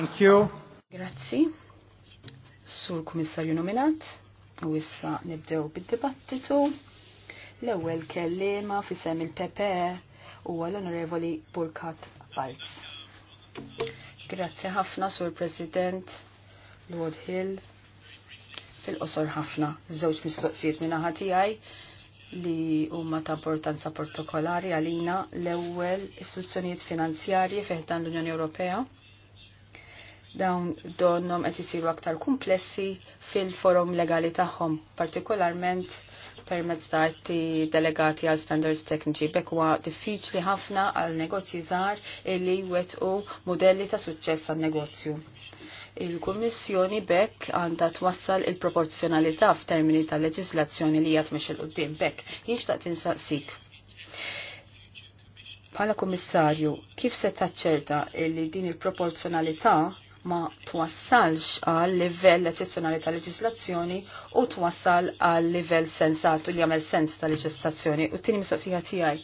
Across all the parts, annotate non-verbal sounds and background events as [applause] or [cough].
Thank you. Grazzi. Sur kummissarju nominat. U issa nibdew bid-dibattitu. L-ewwel kellima fisem il pepe huwa l-Onorevoli Burkat Balz. Grazzi ħafna sur President Lord Hill fil-qosor ħafna. Żewġ mistoqsijiet minn aħħa tiegħi li huma ta' importanza protokolari għalina l-ewwel istituzzjonijiet finanzjarji fih dan l-Unjoni Ewropea dawn donnom qed isiru aktar komplessi fil-forum legali tagħhom, partikolarment permezz ta' delegati għal standards tekniċi. Bekk huwa diffiċli ħafna għal negozji żgħar illi u modelli ta' suċċess għal negozju. Il-Kummissjoni bekk għandha twassal il-proporzjonalità f'termini ta' leġislazzjoni li hija tmexxel quddiem bekk. Jinxtaq tinsaqsik. Pala Kommissarju, kif se taċċerta li din il-proporzjonalità ma twassalx għal livell eccezzjonali ta' leġislazzjoni u twassal għal livell sensat u li għamel sens ta' leġislazzjoni. U t-tini mistoqsija tiegħi.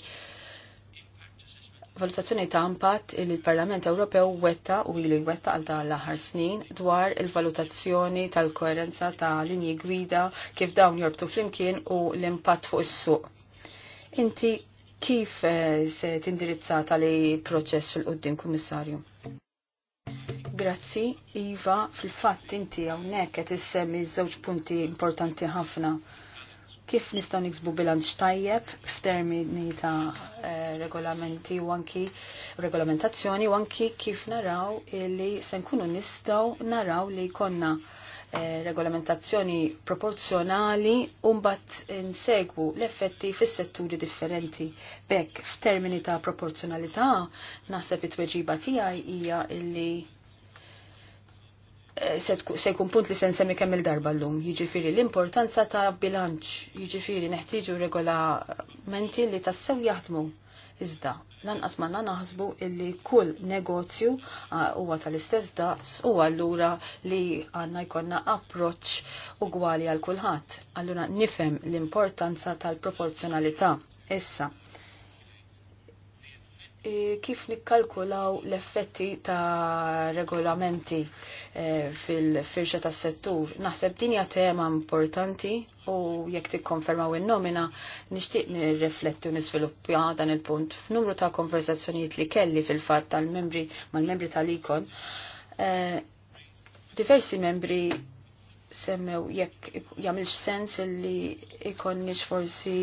Valutazzjoni ta' impatt il parlament Ewropew wetta u li wetta għal ta' l-aħħar snin dwar il-valutazzjoni tal-koerenza ta' linji gwida kif dawn jorbtu flimkien u l-impatt fuq is-suq. Inti kif eh, se tindirizza li proċess fil-qoddim, Kummissarju? Grazzi, Iva, fil-fatt inti hawnhekk qed issemmi żewġ punti importanti ħafna. Kif nistgħu niksbu bilanċ tajjeb f'termini ta' eh, regolamenti u anki regolamentazzjoni u anki kif naraw li se nkunu nistgħu naraw li jkollna eh, regolamentazzjoni proporzjonali mbagħad insegwu l-effetti fis setturi differenti. Bekk, f'termini ta' proporzjonalità, naħseb it-tweġiba tiegħi hija illi se jkun punt li se nsemmi kemm il-darba llum. Jiġifieri l-importanza ta' bilanċ, jiġifieri neħtieġu regolamenti li tassew jaħdmu. Iżda, lanqas ma naħsbu illi kull negozju huwa tal-istess daqs u allura li għandna jkollna approċċ ugwali għal kulħadd. Allura nifhem l-importanza tal-proporzjonalità. Issa, E, kif nikkalkulaw l-effetti ta' regolamenti e, fil-firxa ta' settur. Naħseb din hija tema importanti u jekk tikkonfermaw in-nomina nixtieq nirrifletti u nisviluppja dan il-punt f'numru ta' konversazzjonijiet li kelli fil-fatt tal-membri mal-membri tal-ikon. E, diversi membri semmew jekk jagħmilx sens illi ikonniex forsi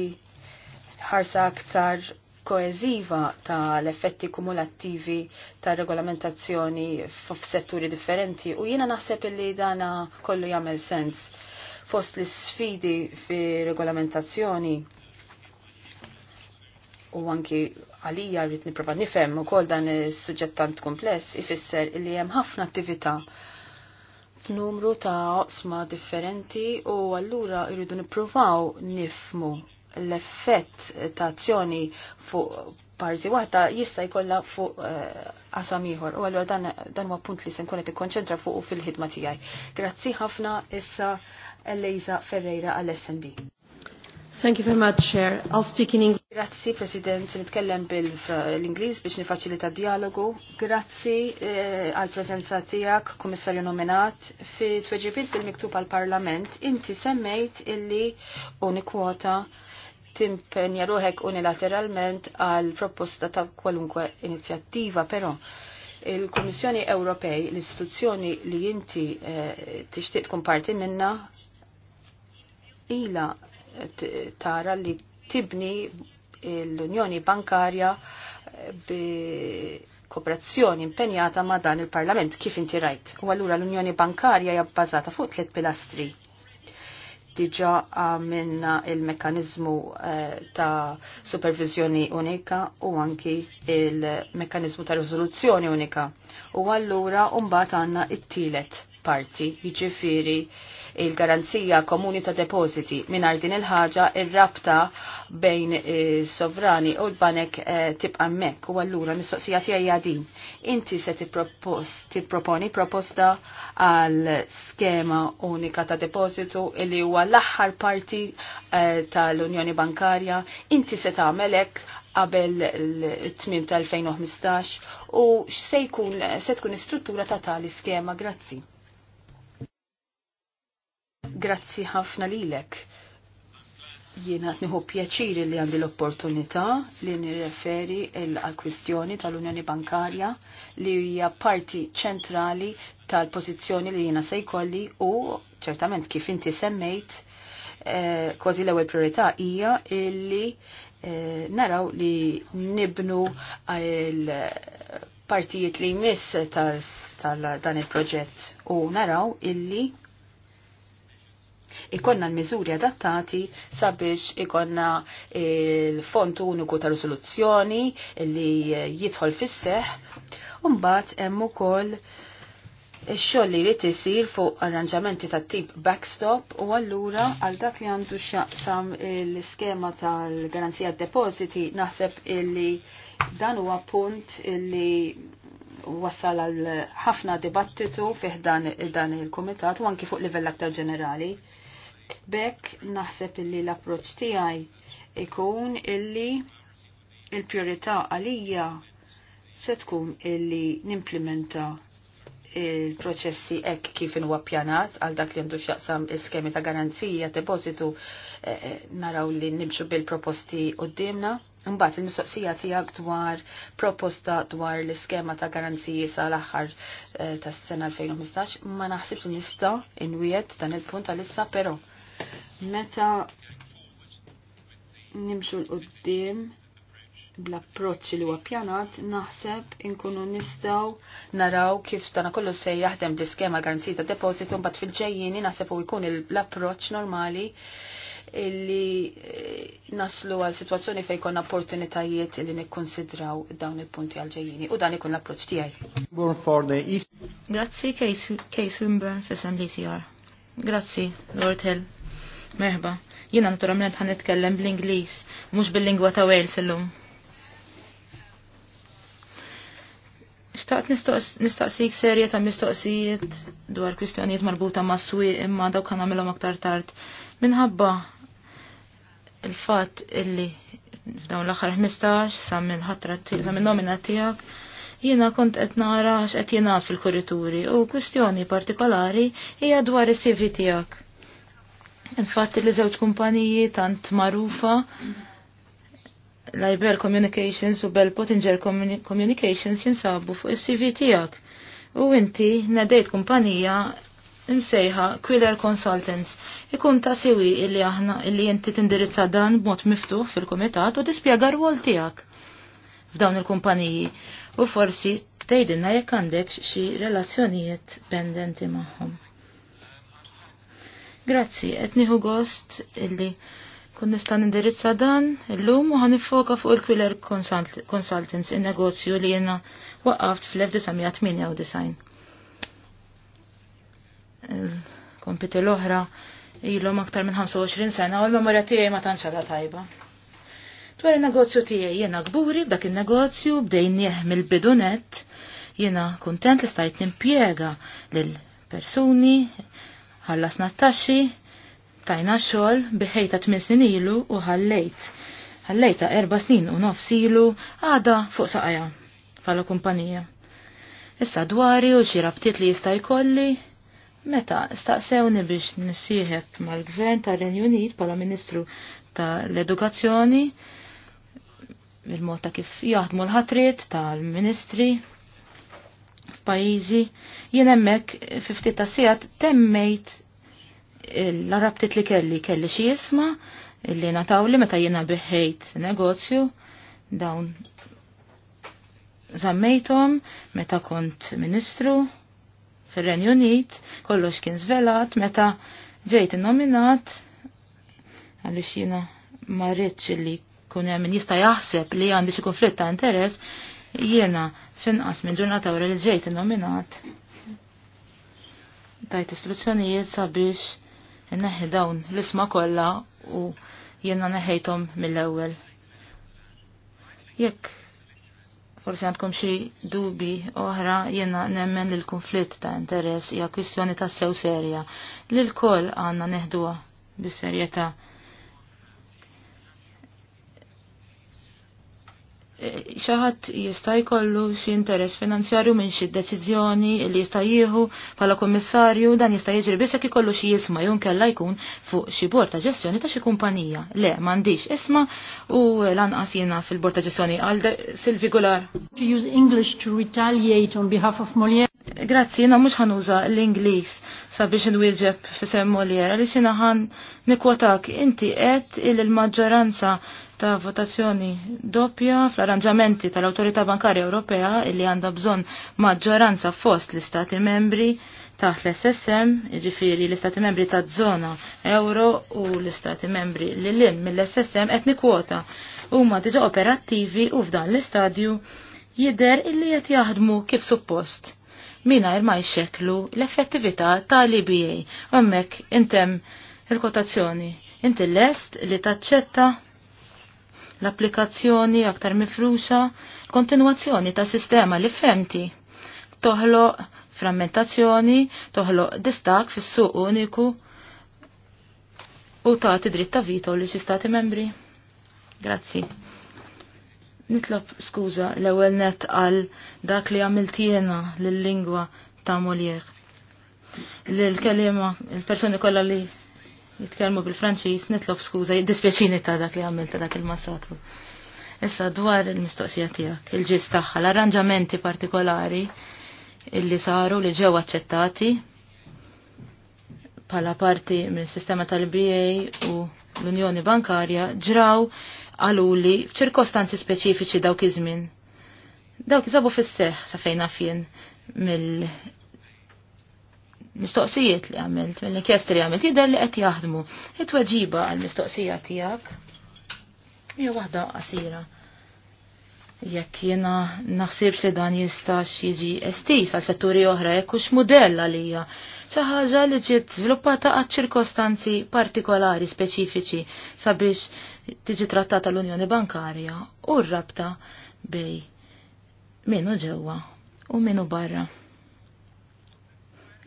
ħarsa aktar koeziva tal-effetti kumulattivi ta' regolamentazzjoni f'setturi differenti u jiena naħseb illi dana kollu jagħmel sens fost l sfidi fi regolamentazzjoni u anki għalija rrit niprofa nifhem ukoll dan is-suġġettant kompless ifisser li hemm ħafna attività f'numru ta' oqsma differenti u allura irridu nippruvaw nifmu l-effett ta' azzjoni fuq parti waħda jista' jkollha fuq eh, qasam ieħor. U allura dan huwa punt li se nkun qed ikkonċentra fuq fil-ħidma tiegħi. Grazzi ħafna issa Eliza Ferreira għall-SND. Thank you very much, Chair. I'll speak in English. Grazzi, President. Nitkellem bil-Inglis biex nifaċilita dialogu. Grazzi eh, għal prezenza tijak, komissarju nominat. Fi tweġibit bil-miktub għal parlament, inti semmejt illi unikwota timpenja ruħek unilateralment għal proposta ta' kwalunkwe inizjattiva, però il komissjoni Ewropej, l-istituzzjoni li inti eh, tixtieq tkun parti minna, ila tara li tibni l-Unjoni Bankarja bi kooperazzjoni impenjata ma' dan il-Parlament kif inti rajt. U allura l-Unjoni Bankarja hija bbażata fuq tliet pilastri diġa għamilna il-mekanizmu eh, ta' supervizjoni unika u anki il-mekanizmu ta' rizoluzzjoni unika. U għallura umbat għanna it-tielet parti, jiġifieri il-garanzija komuni ta' depositi mingħajr din il-ħaġa ir-rabta bejn eh, sovrani u l-banek eh, tibqa' hemmhekk u allura mistoqsija tiegħi din. Inti se tipproponi proposta għal skema unika ta' depositu li huwa l-aħħar parti eh, tal-Unjoni Bankarja, inti se tagħmel hekk qabel l-tmim tal-2015 u se tkun istruttura ta' tali skema, grazzi. Grazzi ħafna lilek. Jiena qed nieħu pjaċiri li għandi l-opportunità li nirreferi għal kwistjoni tal-Unjoni Bankarja li hija parti ċentrali tal-pożizzjoni li jiena se jkolli u ċertament kif inti semmejt eh, kważi l-ewwel priorità hija illi eh, naraw li nibnu għal partijiet li jmiss tal, tal dan il-proġett u naraw illi ikonna l-miżuri adattati sabiex ikonna il-font uniku ta' risoluzzjoni li jidħol fis-seħ. Umbat hemm ukoll Ix-xogħol li jrid isir fuq arranġamenti tat tip backstop u allura għal dak li għandu x'jaqsam l-iskema tal-garanzija depositi naħseb illi dan huwa punt illi wassal għal ħafna dibattitu fih dan, dan il-komitat u anki fuq livell aktar ġenerali. Bekk naħseb illi l-approċ tiegħi ikun illi il pjorità għalija se tkun illi nimplementa il-proċessi ek kif inwa pjanat għal dak li għandu xaqsam iskemi ta' garanzija, depositu, eh, eh, naraw li nimxu bil-proposti d-dimna. Mbagħad il-mistoqsija tiegħek dwar proposta dwar l-iskema ta' garanziji sal-aħħar ta' eh, tas-sena 2015 ma naħsibx nista' inwiet dan il-punt għalissa però Meta nimxu l-qoddim bl-approċċ li huwa pjanat, naħseb inkunu nistgħu naraw kif stana kollu se jaħdem bl-iskema garanzita ta' depositum bat fil-ġejjieni naħseb u jkun l-approċċ normali illi eh, naslu għal situazzjoni fejn konna opportunitajiet li nikkonsidraw dawn il-punti għal ġejjini u dan ikun l-approċċ tiegħi. Grazzi Case Wimburn fis-Assembly Grazzi, Lord Hill. Merħba. Jiena naturalment ħan nitkellem bl-Ingliż, mhux bil-lingwa ta' Wales illum. Xtaqt nistaqsik serje ta' mistoqsijiet dwar kwistjonijiet marbuta ma' swieq imma dawk kan nagħmilhom aktar tard. Minħabba il-fatt illi f'dawn l-aħħar 15 sa minn ħatra sa minn nomina tiegħek jiena kont qed nara x'qed jingħad fil-kurituri u kwistjoni partikolari hija dwar is-CV tiegħek. Infatti li żewġ kumpaniji tant marufa Liber Communications u Bell Pottinger Communications jinsabu fuq is-CV tiegħek. U inti nedejt kumpanija imsejħa Quiller Consultants. Ikun ta' siwi illi aħna illi inti tindirizza dan b'mod miftuħ fil-kumitat u tispjega rwol tiegħek f'dawn il-kumpaniji u forsi tgħidilna jekk għandek xi relazzjonijiet pendenti magħhom. Grazzi, qed nieħu gost illi kun nista' nindirizza dan illum u ħanifoka fuq il-Quiller Consultants in-negozju li jiena waqqaft fl-1998. Il-kompiti l-oħra ilhom aktar minn 25 sena u l-memorja tiegħi ma tanċala tajba. Dwar il-negozju tiegħi jiena kburi b'dak il-negozju bdejnieh mill-bidunet jiena kuntent li stajt nimpjega l persuni ħallasna t-taxxi, tajna xogħol biħejta tmien snin ilu u ħallejt. Ħallejta erba' snin u nofs ilu għada fuq saqajja bħala kumpanija. Issa dwari u xi rabtiet li jista' jkolli meta staqsewni biex nissieħeb mal-Gvern tar-Renju Unit bħala Ministru tal-Edukazzjoni il-mod ta' kif jaħdmu l-ħatriet tal-ministri f'pajjiżi jien hemmhekk fi ftit ta' sigħat temmejt l-rabtit li kelli kelli xi jisma li natawli meta jiena biħejt negozju dawn zammejtom meta kont ministru fir-Renju Unit, kollox kien zvelat meta ġejt nominat għaliex jiena ma rridx li kun hemm jista' jaħseb li għandi xi konflitt ta' interess, Jiena finqas minn ġurnata wara li ġejt nominat tajt istruzzjonijiet sabiex neħi dawn l-isma kollha u jiena neħejtom mill-ewwel. Jekk forsi għandkom xi dubi oħra jiena nemmen li l-konflitt ta' interess hija kwistjoni ta' sew serja lil l għandna neħduha bis-serjetà. xaħat jista' jkollu xi interess finanzjarju minn xi deċiżjoni li jista' jieħu bħala kommissarju dan jista' jiġri biss jekk ikollu xi jisma' jun kellha jkun fuq xi bord ta' ġestjoni ta' xi kumpanija. Le, m'għandix isma u lanqas jiena fil-bord ta' ġestjoni għal Silvi Gular. To use English to retaliate on behalf of Molière. Grazzi, jena mux ħanuża l-Inglis sabiex inwieġeb fi sem Molière, li xina ħan nikwotak inti qed il-maġġoranza ta' votazzjoni doppja fl-arranġamenti tal-Autorità Bankarja Ewropea illi għandha bżonn maġġoranza fost l-Istati membri ta' l-SSM, iġifiri l-Istati membri ta' zona euro u l-Istati membri li l-in mill-SSM etni kwota huma diġa operattivi u f'dan l-istadju jider illi qed jaħdmu kif suppost mingħajr ma jxeklu l-effettività tal-IBA hemmhekk intem il-kotazzjoni. Inti lest li taċċetta l-applikazzjoni aktar mifruxa, kontinuazzjoni ta' sistema li femti toħloq frammentazzjoni, toħloq distak fis-suq uniku u ta' dritt ta' vito li xi stati membri. Grazzi. Nitlob skuża l-ewwel net għal dak li għamilt jiena lill-lingwa ta' Molière. l kelima il-persuni kollha li jitkellmu bil-Franċiż, nitlob skuża, dispjaċini ta' dak li għamilt ta' dak il-massakru. Issa dwar il-mistoqsija tiegħek, il-ġis tagħha, l-arranġamenti partikolari illi saru li ġew aċċettati bħala parti minn sistema tal-BA u l-Unjoni Bankarja ġraw għaluli f'ċirkostanzi speċifiċi dawk iż-żmien. Dawk iżabu fis-seħħ sa fejn fien mill mistoqsijiet li għamilt, mill kjest li għamilt, jider li qed jaħdmu. It-tweġiba għal-mistoqsija tiegħek jgħu waħda qasira. Jekk jiena naħsibx li dan jistax jiġi estis għal setturi oħra jekk hux mudell għalija xi ħaġa li ġiet żviluppata għad ċirkostanzi partikolari speċifiċi sabiex tiġi trattata l-Unjoni Bankarja u r-rabta bej minu ġewwa u minu barra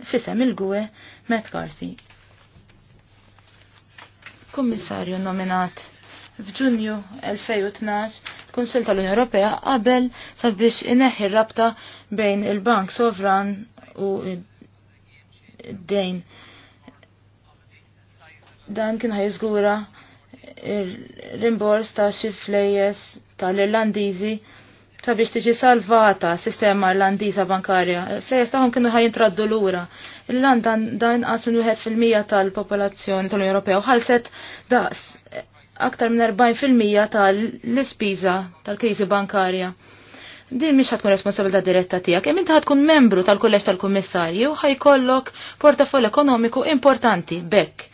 fisem il-gwe Matt Carthy. Kummissarju nominat f'Ġunju 2012 il-Kunsil tal-Unjoni Ewropea qabel sabiex ineħħi rabta bejn il-Bank Sovran u d-dejn. Dan kien ħajżgura ir-rimbors ta' xi flejjes tal-Irlandiżi ta' biex tiġi salvata sistema irlandiża bankarja. Flejes tagħhom kienu ħajintraddu lura. Irlanda dan qas minn wieħed fil-mija tal-popolazzjoni tal-Unjoni Ewropea u ħalset daqs aktar minn 40% tal-ispiża tal-kriżi bankarja. Din mhix ħatkun responsabilità diretta tiegħek, imma inti ħadkun membru tal-kulleġġ tal-kummissarji u ħajkollok portafoll ekonomiku importanti bekk.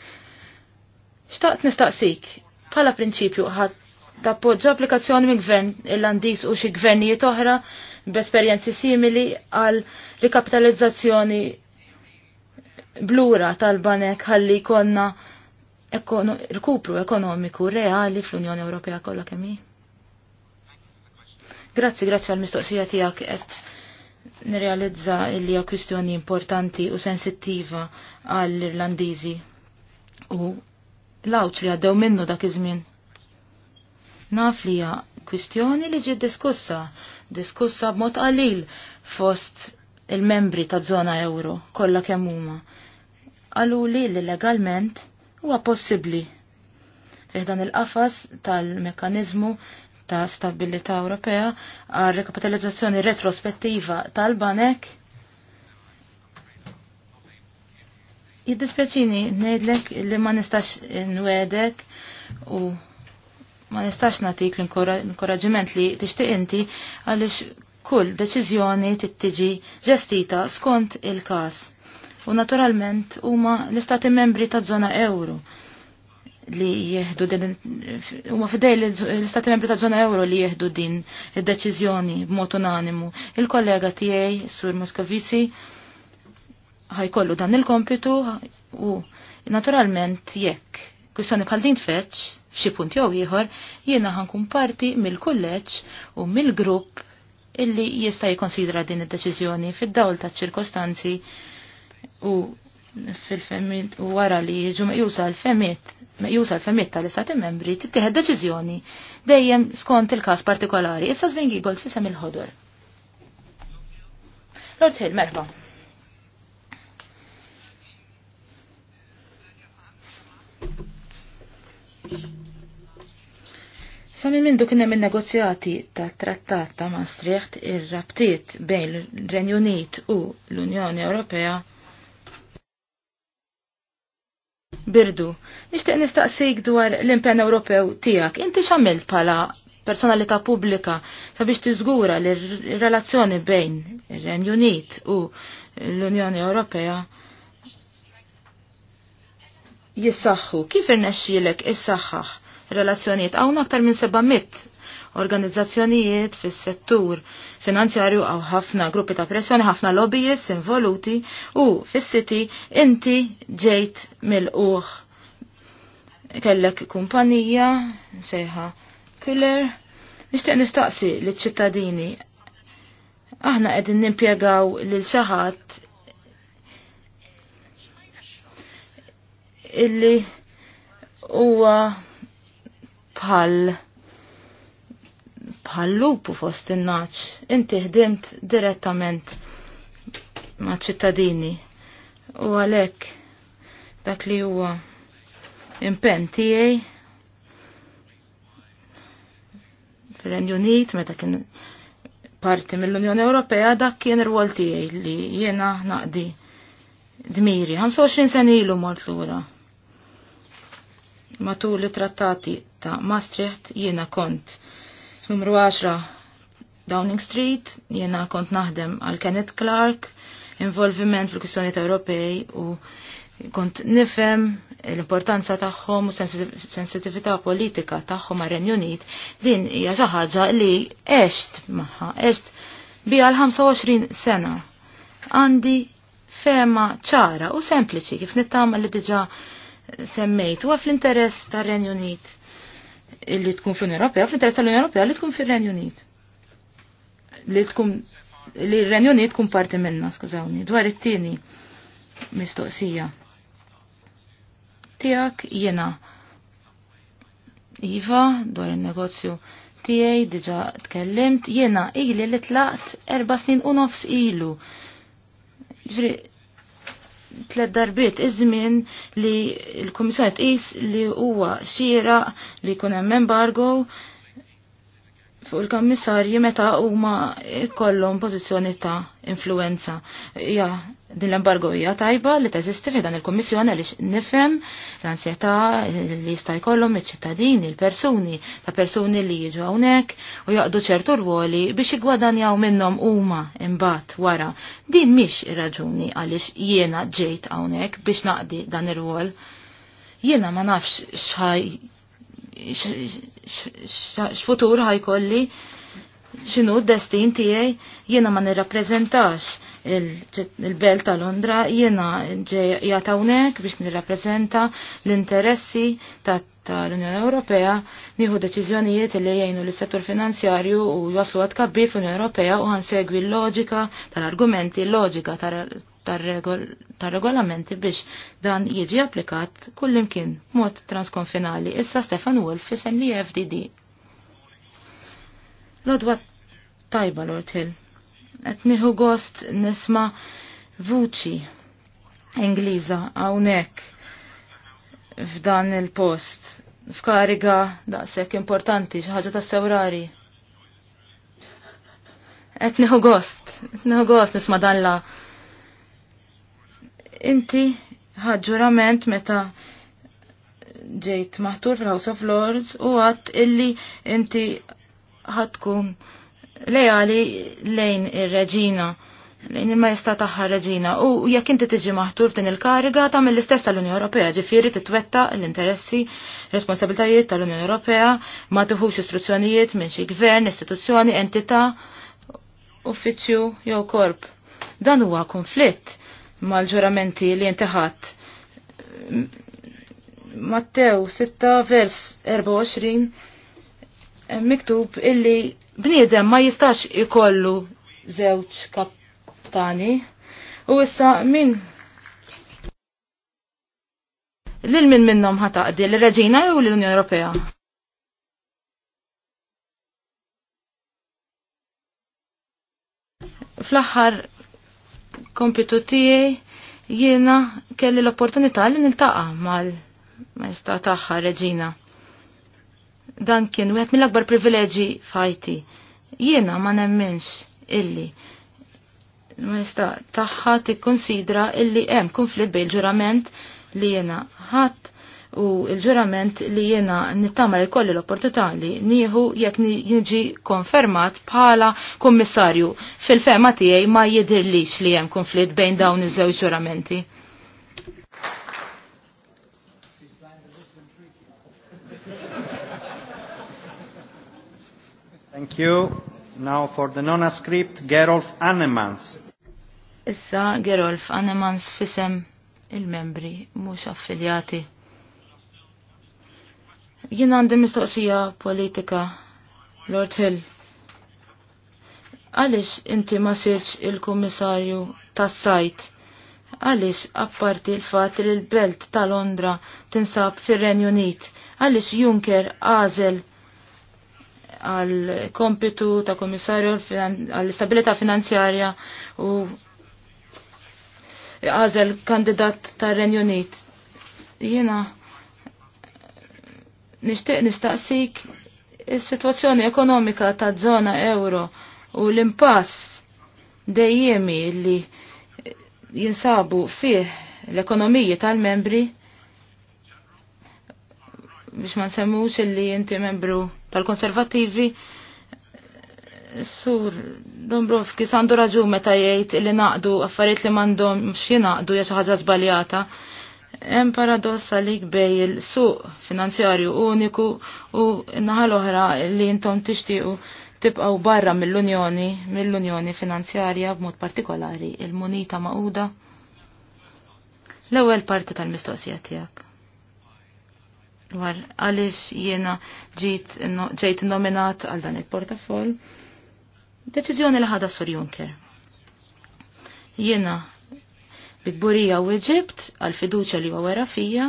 Xtaqt nistaqsik, bħala prinċipju ħadd tappoġġa applikazzjoni mill gvern irlandiż u xi gvernijiet oħra b'esperjenzi simili għal rikapitalizzazzjoni blura tal-banek ħalli jkollna rkupru ekonomiku reali fl-Unjoni Ewropea kollha kemm Grazzi, grazzi għal mistoqsija tiegħek qed nirrealizza li hija kwistjoni importanti u sensittiva għall-Irlandiżi u l-awċ li għaddew minnu dak iż-żmien. Naf li hija kwistjoni li ġiet diskussa, diskussa b'mod qalil fost il-membri ta' zona euro kollha kemm huma. li li legalment huwa possibbli fiħdan il-qafas tal-mekanizmu ta' stabilità Ewropea għal rekapitalizzazzjoni retrospettiva tal-banek Jiddispjaċini ngħidlek li ma nistax nwedek u ma nistax natik l-inkoraġiment li tixtieq inti għaliex kull deċiżjoni tittiġi ġestita skont il-każ. U naturalment huma l-istati membri ta' żona euro li jieħdu din huma fidej l-istati membri ta' żona euro li jieħdu din id-deċiżjoni b'mod unanimu. Il-kollega tiegħi, Sur Moscovici, ħajkollu dan il-kompitu u naturalment jekk kwistjoni bħal din tfetx f'xi punt jew ieħor jiena ħankun parti mill-kulleġġ u mill-grupp illi jista' jikkonsidra din id-deċiżjoni fid-dawl ta' ċirkostanzi u fil-femmit u wara li jiġu meqjusa l-femmit meqjusa l-femmit tal-istati membri tittieħed deċiżjoni dejjem skont il-każ partikolari. Issa żvingi gold fisem il-ħodor. Lord Hill, merba. Sa minn dukin hemm negozjati ta' trattat ta' Maastricht ir-rabtiet bejn l renju Unit u l-Unjoni Ewropea Birdu, nishtiq nistaqsik dwar l-impen Ewropew tiegħek. Inti x'għamilt bħala personalità pubblika sabiex tiżgura li r-relazzjoni bejn ir-Renju Unit u l-Unjoni Ewropea jissaħħu. Kif irnexxielek saħħaħ relazzjonijiet. Hawn aktar minn 700 organizzazzjonijiet fis-settur finanzjarju għaw ħafna gruppi ta' pressjoni, ħafna lobbyist involuti u fis-siti inti ġejt mill-uħ. Kellek kumpanija sejħa killer. Nixtieq nistaqsi liċ ċittadini aħna qegħdin nimpjegaw lil xi illi huwa uh, bħal bħal lupu fost in Inti ħdimt direttament ma' ċittadini. U għalek dak li huwa impen tiegħi fir-Renju Unit meta kien parti mill-Unjoni Ewropea dak kien ir-rwol tiegħi li jiena naqdi dmiri. 25 sen ilu mort lura. Matul li trattati ta' Maastricht jiena kont numru 10 Downing Street, jiena kont naħdem għal Kenneth Clark, involviment fil-kwistjoni ta' Ewropej u kont nifem l-importanza tagħhom u sensitività politika tagħhom għar Unit din hija xi ħaġa li għext magħha, għext biha l-25 sena. Għandi fema ċara u sempliċi kif nittama li diġa semmejt u fl-interess tar Unit illi tkun fl-Unjoni Ewropea, fl tal-Unjoni Ewropea li tkun fir-Renju Unit. Li tkun li r-Renju Unit tkun parti minna, skużawni, dwar it-tieni mistoqsija. Tiegħek jiena Iva, dwar in negozju tiegħi diġà tkellimt, jiena ili li tlaqt erba' snin u nofs ilu. Ġifri, tlet darbiet iż-żmien li l-Kummissjoni tqis li huwa xira li jkun hemm embargo fuq il-kommissarji meta huma kollhom pożizzjoni ta' influenza. Ja, din l-embargo hija tajba li teżisti fi dan il-Kummissjoni għaliex nifhem l-ansjetà li jista' jkollhom iċ-ċittadini, il-persuni ta' persuni li jiġu hawnhekk u jaqdu ċertu rwoli biex jiggwadanjaw minnhom huma imbagħad wara. Din mhix ir-raġuni għaliex jiena ġejt hawnhekk biex naqdi dan ir-rwol. Jiena ma nafx xaj x'futur ħajkolli x'inhu d-destin tiegħi jiena ma nirrappreżentax il-belt ta' Londra, jiena ġejja hawnhekk biex nirrappreżenta l-interessi ta' tal-Unjoni Ewropea nieħu deċiżjonijiet li jgħinu l-settur finanzjarju u jwaslu għad kabbi fl-Unjoni Ewropea u ħansegwi l-loġika tal-argumenti, l-loġika tar-regolamenti biex dan jiġi applikat kullimkien mod transkonfinali. Issa Stefan Wolf isem li FDD. Lodwa tajba Lord Hill. Qed nieħu gost nisma' vuċi Ingliża hawnhekk f'dan il-post f'kariga daqshekk importanti xi ħaġa ta' sewrari. Qed nieħu gost, qed gost nisma' dan la' Inti ħagġurament meta ġejt maħtur fil-House of Lords u għat illi inti ħatkun lejali lejn ir-reġina lejn il-majesta taħħa reġina u jekk inti tiġi maħtur din il-kariga ta' mill-istess tal-Unjoni Ewropea ġifieri titwetta l-interessi, responsabiltajiet tal-Unjoni Ewropea ma tieħux istruzzjonijiet minn xi gvern, istituzzjoni, entità, uffiċċju jew korp. Dan huwa konflitt mal-ġuramenti li intaħat. Mattew 6 vers 24 miktub illi bniedem ma jistax ikollu żewġ kaptani u issa min lil min minnhom ħataqdi l-Reġina jew l-Unjoni Ewropea. Fl-aħħar kompitu tiegħi jiena kelli l-opportunità li niltaqa' mal-mesta tagħha Reġina. Dan kien wieħed mill-akbar privileġġi fajti. Jiena ma nemmenx illi mesta tagħha konsidra illi hemm konflitt bejn ġurament li jiena ħadd u il-ġurament li jena nittamar ikolli l-opportunità li nieħu jekk niġi konfermat bħala kommissarju. Fil-fema tiegħi ma jidirlix li hemm konflitt bejn dawn iż-żewġ ġuramenti. Thank you. Now for the non-script, Gerolf Annemans. Issa Gerolf Annemans fisem il-membri mhux affiljati. Jien għandi mistoqsija politika, Lord Hill. Għalix inti ma sirx il-Kummissarju tas-sajt? Għalix apparti l-fat li l-belt ta' Londra tinsab fir-Renju Unit? Għalix Juncker għażel għal kompitu ta' komissarju għal istabilita finanzjarja u għazel kandidat ta' Unit. Jena Nixtieq nistaqsik is-sitwazzjoni ekonomika ta' żona euro u l-impass dejjemi li jinsabu fih l-ekonomiji tal-membri biex ma nsemmux li inti membru tal-konservativi Sur Dombrov kis għandu raġun meta jgħid li naqdu affarijiet li m'għandhom jingħaqdu hija ħaġa żbaljata hemm paradoss għalik bej il-suq finanzjarju uniku u naħal l-oħra li intom tixtiequ tibqgħu barra mill-Unjoni, mill-Unjoni finanzjarja b'mod partikolari il-munita maquda. L-ewwel parti tal-mistoqsija tiegħek. War għaliex jiena ġejt nominat għal dan il-portafoll. Deċiżjoni li ħada Sur Juncker. Jiena bitburija u Eġibt għal fiduċa li huwa wera fija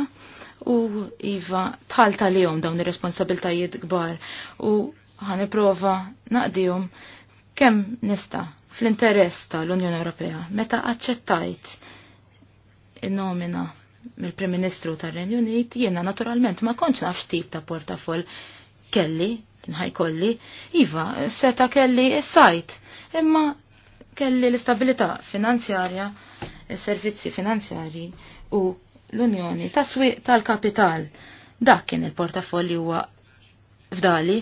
u iva tħalta li jom dawn ir-responsabiltajiet kbar u għan iprofa naqdihom kemm nista fl-interess tal-Unjoni Ewropea meta aċċettajt il nomina mill-Prim Ministru tar-Renju Unit jiena naturalment ma kontx naf tip ta' portafol kelli, nħaj kolli, iva, seta kelli s-sajt, imma kelli l-istabilità finanzjarja servizzi finanzjari u l-Unjoni ta' swieq tal-kapital. Dak kien il-portafolli huwa fdali.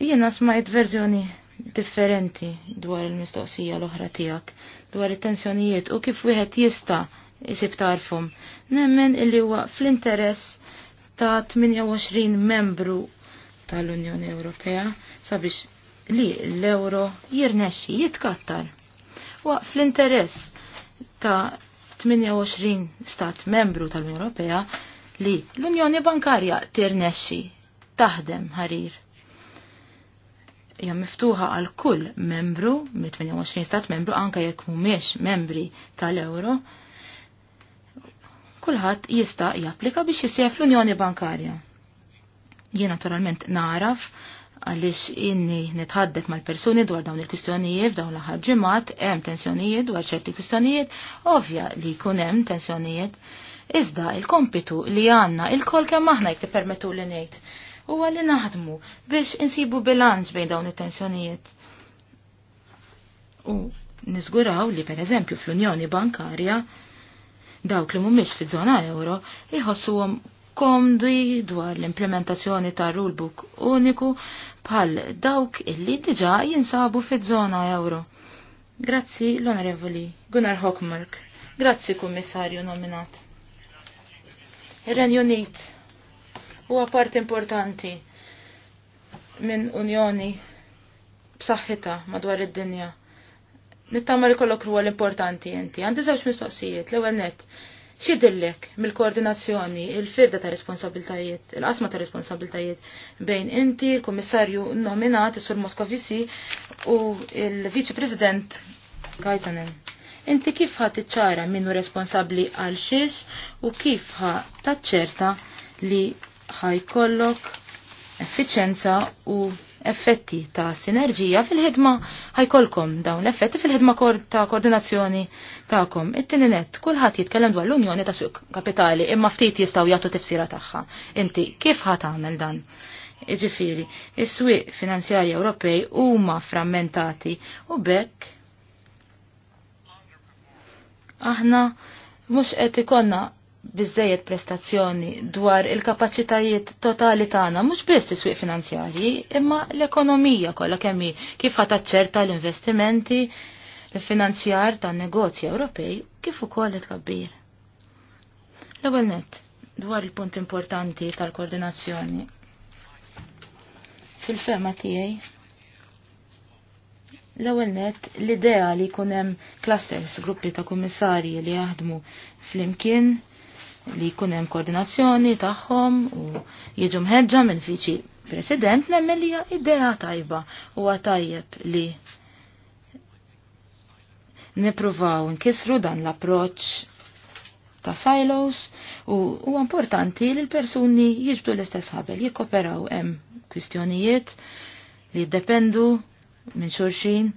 Jiena smajt verżjoni differenti dwar il-mistoqsija l-oħra tiegħek dwar it-tensjonijiet u kif wieħed jista' jisib tarfhom Nemmen illi huwa fl-interess ta' 28 membru tal-Unjoni Ewropea sabiex li l-euro jirnexxi jitkattar fl-interess ta' 28 stat membru tal-Unjoni Ewropea li l-Unjoni Bankarja tirnexxi taħdem ħarir. Hija miftuħa għal kull membru mit 28 stat membru anke jekk mhumiex membri tal-Euro. Kulħadd jista' japplika biex jisef l-Unjoni Bankarja. Jien naturalment naraf għalix inni nitħaddef mal-persuni dwar dawn il-kustjonijiet, dawn l-ħar ġimat, hemm tensjonijiet dwar ċerti kustjonijiet, ovvja li jkun hemm tensjonijiet. Iżda il-kompitu li għanna il-kol kemm aħna jek permetu li ngħid huwa li naħdmu biex insibu bilanċ bejn dawn it-tensjonijiet. U niżguraw li pereżempju fl-Unjoni Bankarja dawk li mhumiex fiż-żona euro jħossuhom komdi dwar l-implementazzjoni ta' rulebook uniku bħal dawk illi diġa jinsabu fid żona euro. Grazzi l-Onorevoli Gunnar Hockmark. Grazzi kummissarju nominat. Ir-Renju Unit huwa part importanti minn Unjoni b'saħħitha madwar id-dinja. Nittama li kollok ruol importanti inti. Għandi żewġ mistoqsijiet, l-ewwel nett xidillek mill-koordinazzjoni il-firda ta' responsabiltajiet, il-qasma ta' responsabiltajiet bejn inti, il-komissarju nominat, il-sur Moskovisi u il-viċi president Gajtanen. Inti kif ħat iċċara minnu responsabli għal xiex u kif ħat taċċerta li ħajkollok effiċenza u effetti ta' sinerġija fil-ħidma ħajkolkom dawn l-effetti fil-ħidma ta' koordinazzjoni ta'kom. It-tini net, kullħat jitkellem dwar l-Unjoni ta' Suq Kapitali imma ftit jistaw jagħtu tifsira tagħha. Inti kif ħat għamel dan? Iġifieri, is-swieq finanzjarji Ewropej huma frammentati u bekk aħna mhux qed ikonna bizzejiet prestazzjoni dwar il-kapacitajiet totali tagħna mhux biss is finanzjarji, imma l-ekonomija kollha kemm kif ħadd l-investimenti, l-finanzjar tan-negozji Ewropej kif ukoll it L-ewwel nett dwar il-punt importanti tal-koordinazzjoni. Fil-fema tiegħi l-ewwel net l-idea li jkun hemm clusters, gruppi ta' kummissarji li jaħdmu flimkien li jkun hemm koordinazzjoni tagħhom u jiġu mħeġġa mill viċi President nemmen li idea tajba u tajjeb li nipruvaw nkisru dan l-approċ ta' silos u huwa importanti li l-persuni jiġbdu l-istess ħabel jikkoperaw hemm kwistjonijiet li jiddependu minn xulxin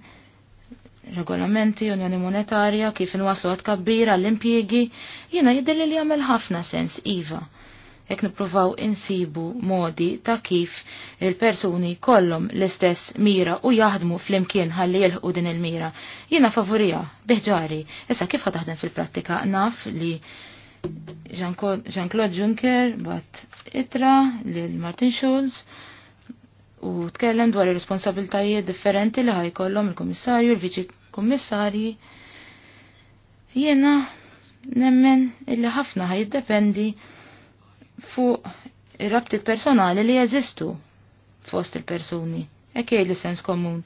regolamenti, unjoni monetarja, kif inwaslu għad kabbir għall-impjegi, jina jidilli li għamil ħafna sens iva. Ek nipruvaw insibu modi ta' kif il-persuni kollom l-istess mira u jaħdmu fl-imkien ħalli jelħu din il-mira. Jina favorija, biħġari, issa kif għataħdem fil-prattika naf li Jean-Claude Juncker bat itra lil Martin Schulz u tkellem dwar ir-responsabiltajiet differenti li ħajkollhom il-Kummissarju, il-Viċi Kummissarji. Jiena nemmen illi ħafna ħajiddependi fuq ir-rabtiet personali li jeżistu fost il-persuni. Ekk li sens komun.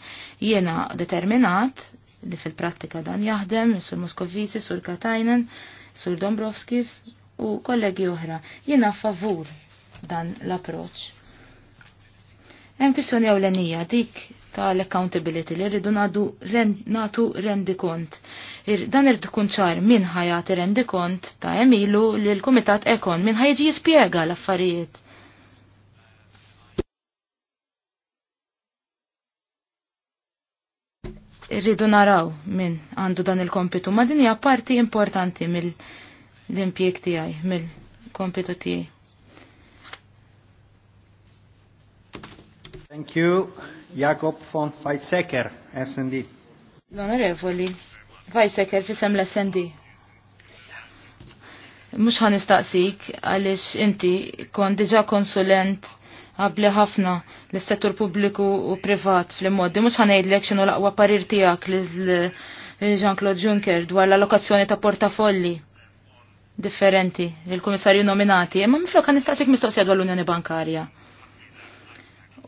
Jiena determinat li fil-prattika dan jaħdem, sur Moskovisi, sur Katajnen, sur Dombrovskis u kollegi oħra. Jiena favur dan l-approċ Hemm kwistjoni ewlenija dik tal-accountability li rridu nagħdu nagħtu rendikont. Dan irid ikun ċar min ħajati rendikont ta' emilu li l-kumitat ekon min ħajġi jispjega l-affarijiet. Irridu naraw min għandu dan il-kompitu ma' din hija parti importanti mill-impjeg tiegħi, mill-kompitu tiegħi. Thank you. Jakob von Weizsäcker, SND. L-onorevoli, Weizsäcker fisem l-SND. Mux ħan istaqsik, għalix inti kon diġa konsulent għabli ħafna l-settur pubbliku u privat fl-immoddi. Mux ħan ejdlek xinu laqwa parir tijak l-Jean-Claude Juncker dwar l-allokazzjoni ta' portafolli differenti l-komissarju nominati. Ma miflok għan istaqsik mistoqsija dwar l-Unjoni Bankarja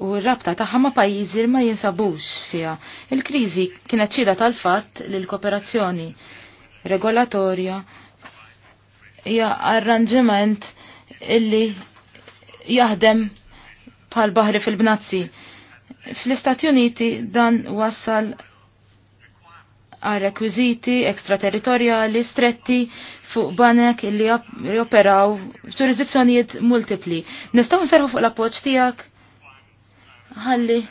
u r-rabta tagħha ma' pajjiżi ma jinsabux fiha. Il-kriżi kienet ċida tal-fatt li l-kooperazzjoni regolatorja hija arranġiment illi jaħdem bħal baħri fil-bnazzi. Fl-Istati Uniti dan wassal għal rekwiziti ekstraterritoriali stretti fuq banek illi operaw f'ġurisdizzjonijiet multipli. Nistgħu nserħu fuq l-appoġġ tiegħek ħalli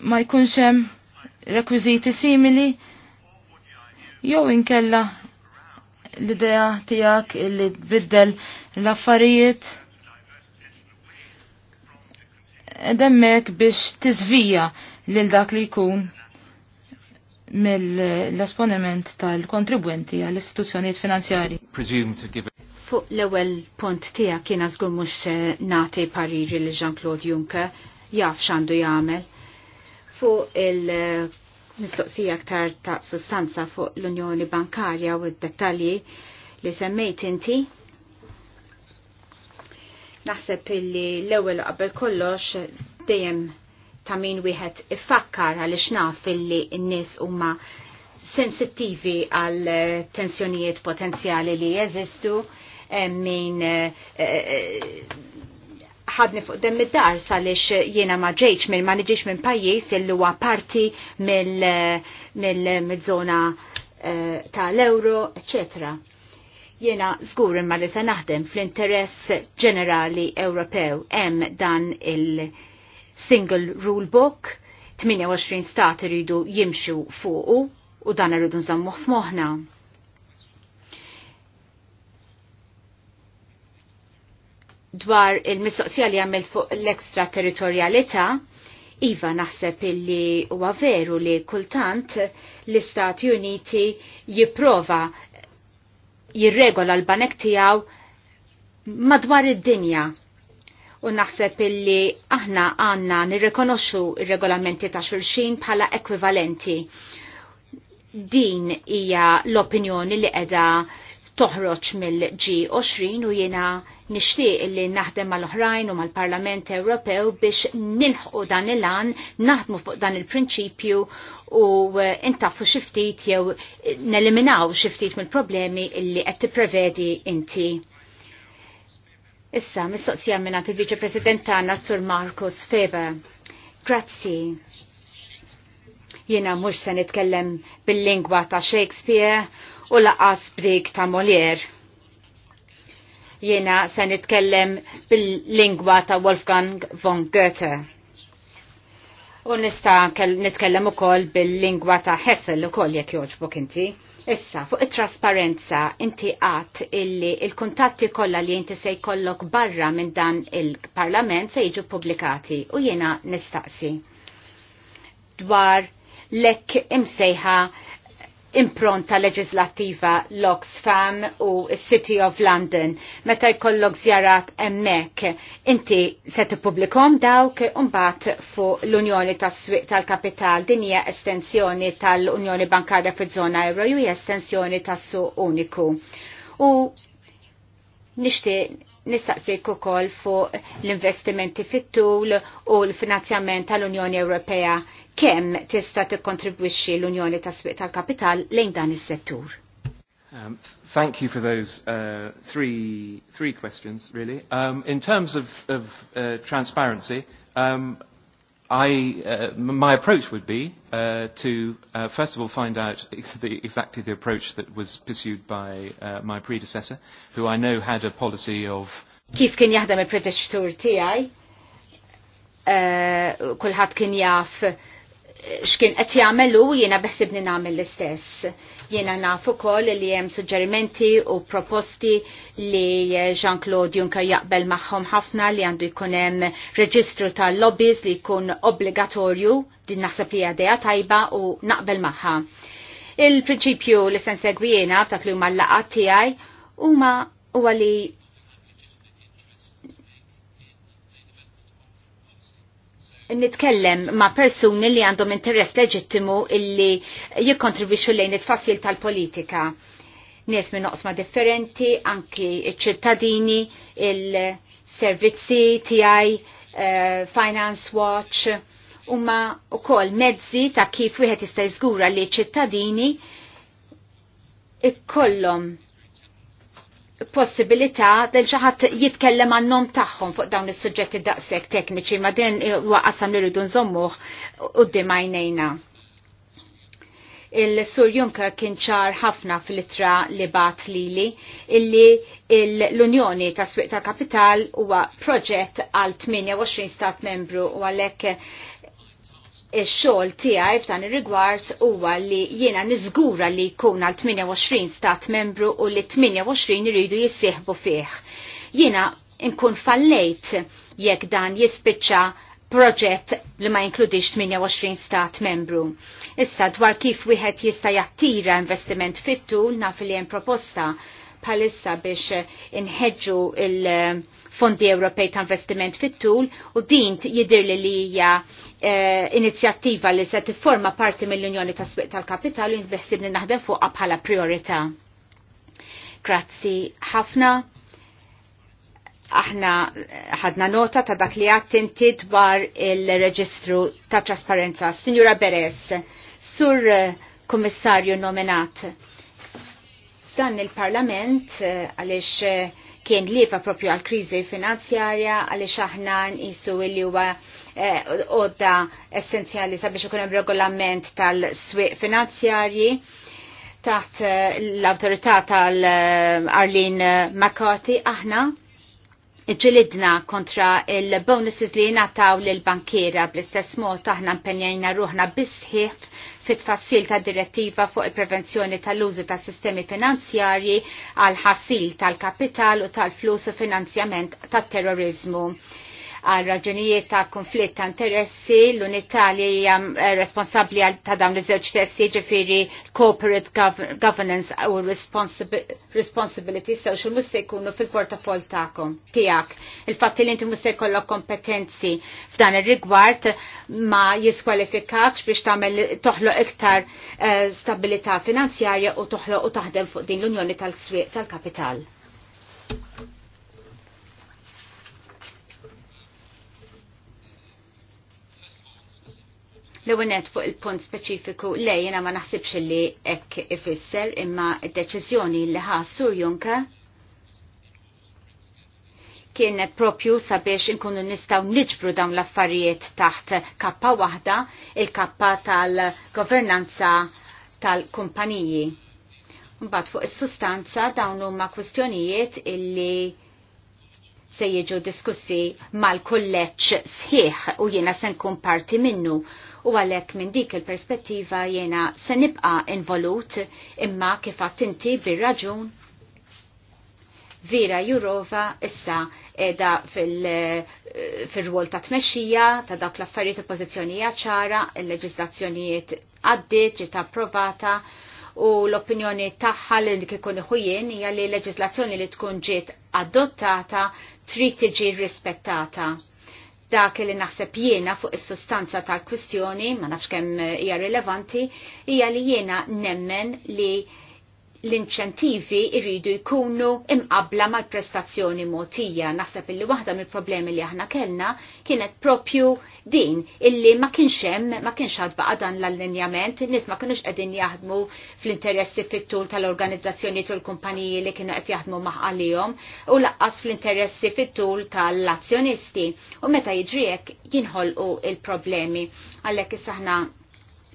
ma jkunx hemm rekwiżiti simili jew inkella l-idea tiegħek li tbiddel l-affarijiet hemmhekk biex tizvija lil dak li jkun mill-esponiment tal-kontribwenti għall-istituzzjonijiet finanzjari. Fuq l-ewwel punt tiegħek kien żgur mhux nagħti pariri li Jean-Claude Juncker jaf xandu jagħmel fuq il-mistoqsija aktar ta' sustanza fuq l-Unjoni Bankarja u d-dettalji li semmejt inti. Naħseb illi l-ewwel qabel kollox dejjem ta' min wieħed iffakkar għaliex naf illi n-nies huma sensittivi għal tensjonijiet potenzjali li jeżistu min eh, eh, ħadni fuq dem id-dar għaliex jiena ma ġejċ minn ma niġiġ minn pajjiż illi huwa parti mill-żona eh, tal-euro, etc. Jiena żgur imma li se naħdem fl-interess ġenerali Ewropew hemm dan il-single rule book 28 stat iridu jimxu fuqu u dan irridu nżammuh f'moħħna. dwar il-mistoqsija li għamil fuq l territorialita, Iva naħseb illi huwa veru li kultant l-Istati Uniti jipprova jirregola l-banek tiegħu madwar id-dinja u naħseb illi aħna għanna nirrekonoxxu ir-regolamenti ta' xulxin bħala ekvivalenti. Din hija l-opinjoni li qiegħda toħroġ mill-G20 u jiena nixtieq li naħdem mal-oħrajn u mal-Parlament Ewropew biex nilħqu dan il-an, naħdmu fuq dan il-prinċipju u eh, intaffu xiftit jew neliminaw xiftit mill-problemi li qed tipprevedi inti. Issa, mistoqsija minna il-Viċe President tagħna Sur Marcos Feber. Grazzi. Jiena mhux se nitkellem bil-lingwa ta' Shakespeare u laqas brik ta' Molière. Jena se nitkellem bil-lingwa ta' Wolfgang von Goethe. U nista nitkellem ukoll bil-lingwa ta' Hessel ukoll jekk jogħġbok inti. Issa, fuq it-trasparenza, inti għat illi il-kuntatti kollha li inti se jkollok barra minn dan il-parlament se jiġu publikati u jiena nistaqsi. Dwar lekk imsejħa impronta leġislattiva l-Oxfam u City of London. Meta jkollok zjarat emmek, inti se tippubblikom dawk umbat fuq l-Unjoni tas-Swiq tal-Kapital din hija estensjoni tal-Unjoni Bankarja fiż zona Euro u hija estensjoni tas-suq uniku. U nixtieq nistaqsik ukoll fuq l-investimenti fit-tul u l-finanzjament tal-Unjoni Ewropea kemm tista' tikkontribwixxi l-Unjoni ta' Sbiq tal-Kapital lejn dan is-settur. Um, thank you for those uh, three, three questions, really. Um, in terms of, of uh, transparency, um, I, uh, my approach would be uh, to, uh, first of all, find out [laughs] ex the, exactly the approach that was pursued by uh, my predecessor, who I know had a policy of... Kif kien jaħdem il-predeċtur tijaj? Uh, Kulħat kien jaf xkien qed jagħmel u jiena beħsibni nagħmel l-istess. Jiena naf ukoll li hemm suġġerimenti u proposti li Jean-Claude Juncker jaqbel magħhom ħafna li għandu jkun hemm reġistru tal-lobbies li jkun obbligatorju din naħseb li għadeja tajba u naqbel magħha. Il-prinċipju li se jiena f'dak li huma l-laqgħat tiegħi huma huwa li nitkellem ma' persuni li għandhom interess leġittimu illi jikkontribwixxu lejn it tfasil tal-politika. Nies minn oqsma differenti, anki iċ-ċittadini, il-servizzi tiegħi, uh, eh, Finance Watch, huma wkoll mezzi ta' kif wieħed jista' jżgura li ċittadini ikollhom possibilità del xaħat jitkellem għannom taħħom fuq dawn is-suġġetti daqsek tekniċi ma din waqasam li rridu nżommuh u għajnejna. Il-Sur Juncker kien ċar ħafna fil-itra li bat lili illi l-Unjoni ta' swieq ta' Kapital huwa proġett għal 28 stat membru u għalhekk il-xol tiegħi f'dan ir-rigward huwa li jiena niżgura li jkun għal 28 stat membru u li 28 iridu jissieħbu fih. Jiena nkun fallejt jekk dan jispiċċa proġett li ma jinkludix 28 stat membru. Issa dwar kif wieħed jista' jattira investiment fit-tul naf li hemm proposta bħalissa biex inħeġġu il- fondi Ewropej ta' investiment fit-tul u din jidir li hija eh, inizjattiva li se tifforma parti mill-Unjoni ta' Sbiq tal-Kapitalu li naħdem fuqha bħala priorità. Grazzi ħafna. Aħna eh, ħadna nota ta' dak li għattinti inti dwar il-reġistru ta' trasparenza. Signora Beres, sur eh, kummissarju nominat dan il-parlament eh, għalix kien lifa propju għal kriżi finanzjarja għaliex aħna nqisu li huwa eh, għodda essenzjali sabiex ikun hemm regolament tal-swieq finanzjarji taħt eh, l-autorità tal-Arlin McCarthy aħna ġilidna kontra il-bonuses li nataw l-bankiera bl-istess mod aħna mpenjajna ruħna bisħiħ fit fassil ta' direttiva fuq il-prevenzjoni tal-użu ta' sistemi finanzjarji għal ħassil tal-kapital u tal-flus u finanzjament tat-terrorizmu għal raġunijiet ta' konflitt ta' interessi, l-unità li hija eh, responsabbli ta' dawn iż-żewġ tessi ġifieri corporate governance u responsibility social mhux se jkunu fil-portafol tagħkom tiegħek. Il-fatt li inti mhux se jkollok kompetenzi f'dan ir-rigward ma jiskwalifikax biex tagħmel toħloq iktar eh, stabilità finanzjarja u toħloq u taħdem fuq din l-Unjoni tal-Swieq tal-Kapital. L-ewenet fuq il-punt speċifiku lej jena ma naħsibx li ek ifisser imma id-deċizjoni li ħa Sur Junka kienet propju sabiex inkunu nistaw niġbru dawn l-affarijiet taħt kappa waħda, il-kappa tal-governanza tal-kumpaniji. Mbagħad fuq is-sustanza dawn huma kwistjonijiet illi se jiġu diskussi mal-kulleċ sħiħ u jiena se nkun parti minnu u għalek minn dik il-perspettiva jiena se nibqa involut imma kif inti bir-raġun Vera Jurova issa edha fil-rwol fil ta' tmexxija ta' dawk l-affarijiet u pożizzjonijiet ċara, il-leġiżlazzjonijiet għaddiet ġiet approvata u l-opinjoni tagħha li dik ikun iħujien hija li leġiżlazzjoni li tkun ġiet adottata trid tiġi rispettata dak li naħseb jiena fuq is-sustanza tal-kwistjoni, ma nafx kemm eh, hija rilevanti, hija li jiena nemmen li l-inċentivi irridu jkunu imqabla mal-prestazzjoni motija. Naħseb illi waħda mill-problemi li aħna kellna kienet propju din illi ma kienx hemm ma kienx baqa dan l-allinjament, nies ma kienux qegħdin jaħdmu fl-interessi fit-tul tal-organizzazzjoni tul kumpaniji li kienu qed jaħdmu maħqalihom u laqqas fl-interessi fit-tul tal-azzjonisti u meta jiġri hekk jinħolqu il-problemi. Għalhekk is aħna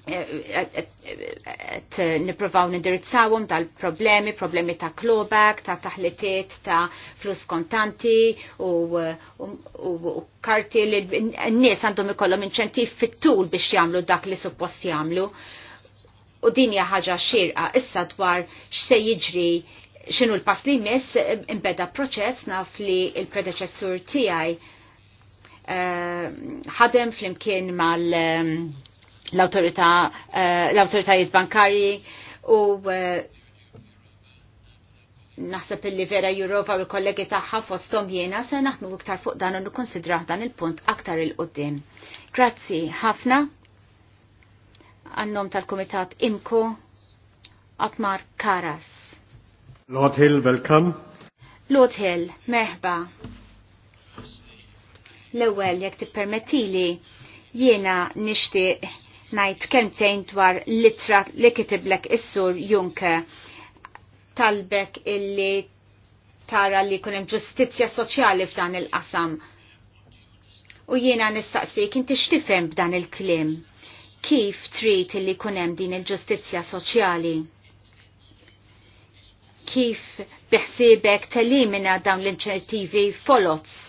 et niprofaw nindirizzawum tal-problemi, problemi ta' klobak, ta' taħlitiet, ta' flus kontanti u karti li n-nies għandhom ikollhom inċentiv fit-tul biex jagħmlu dak li suppost jagħmlu. U din hija ħaġa xirqa issa dwar x'se jiġri x'inhu l-pass li jmiss imbeda proċess naf li l-predeċessur tiegħi eh, ħadem flimkien mal- Eh, l-autoritajiet bankarji u eh, naħseb illi vera Europa u l-kollegi tagħha fosthom jiena se naħmu iktar fuq dan u nikkonsidrah dan il-punt aktar il-qudiem. Grazzi ħafna għannom tal-Kumitat Imko Atmar Karas. Lord Hill, welcome. Lord Hill, merħba. L-ewwel jekk tippermettili jiena nixtieq najt kentejn dwar litra li kitiblek is-sur Junke talbek illi tara li kunem ġustizja soċjali f'dan il-qasam. U jiena nistaqsik inti x'tifhem b'dan il-klim? Kif trid illi kunem din il-ġustizja soċjali? Kif biħsibek telimina dawn l-inċentivi folots?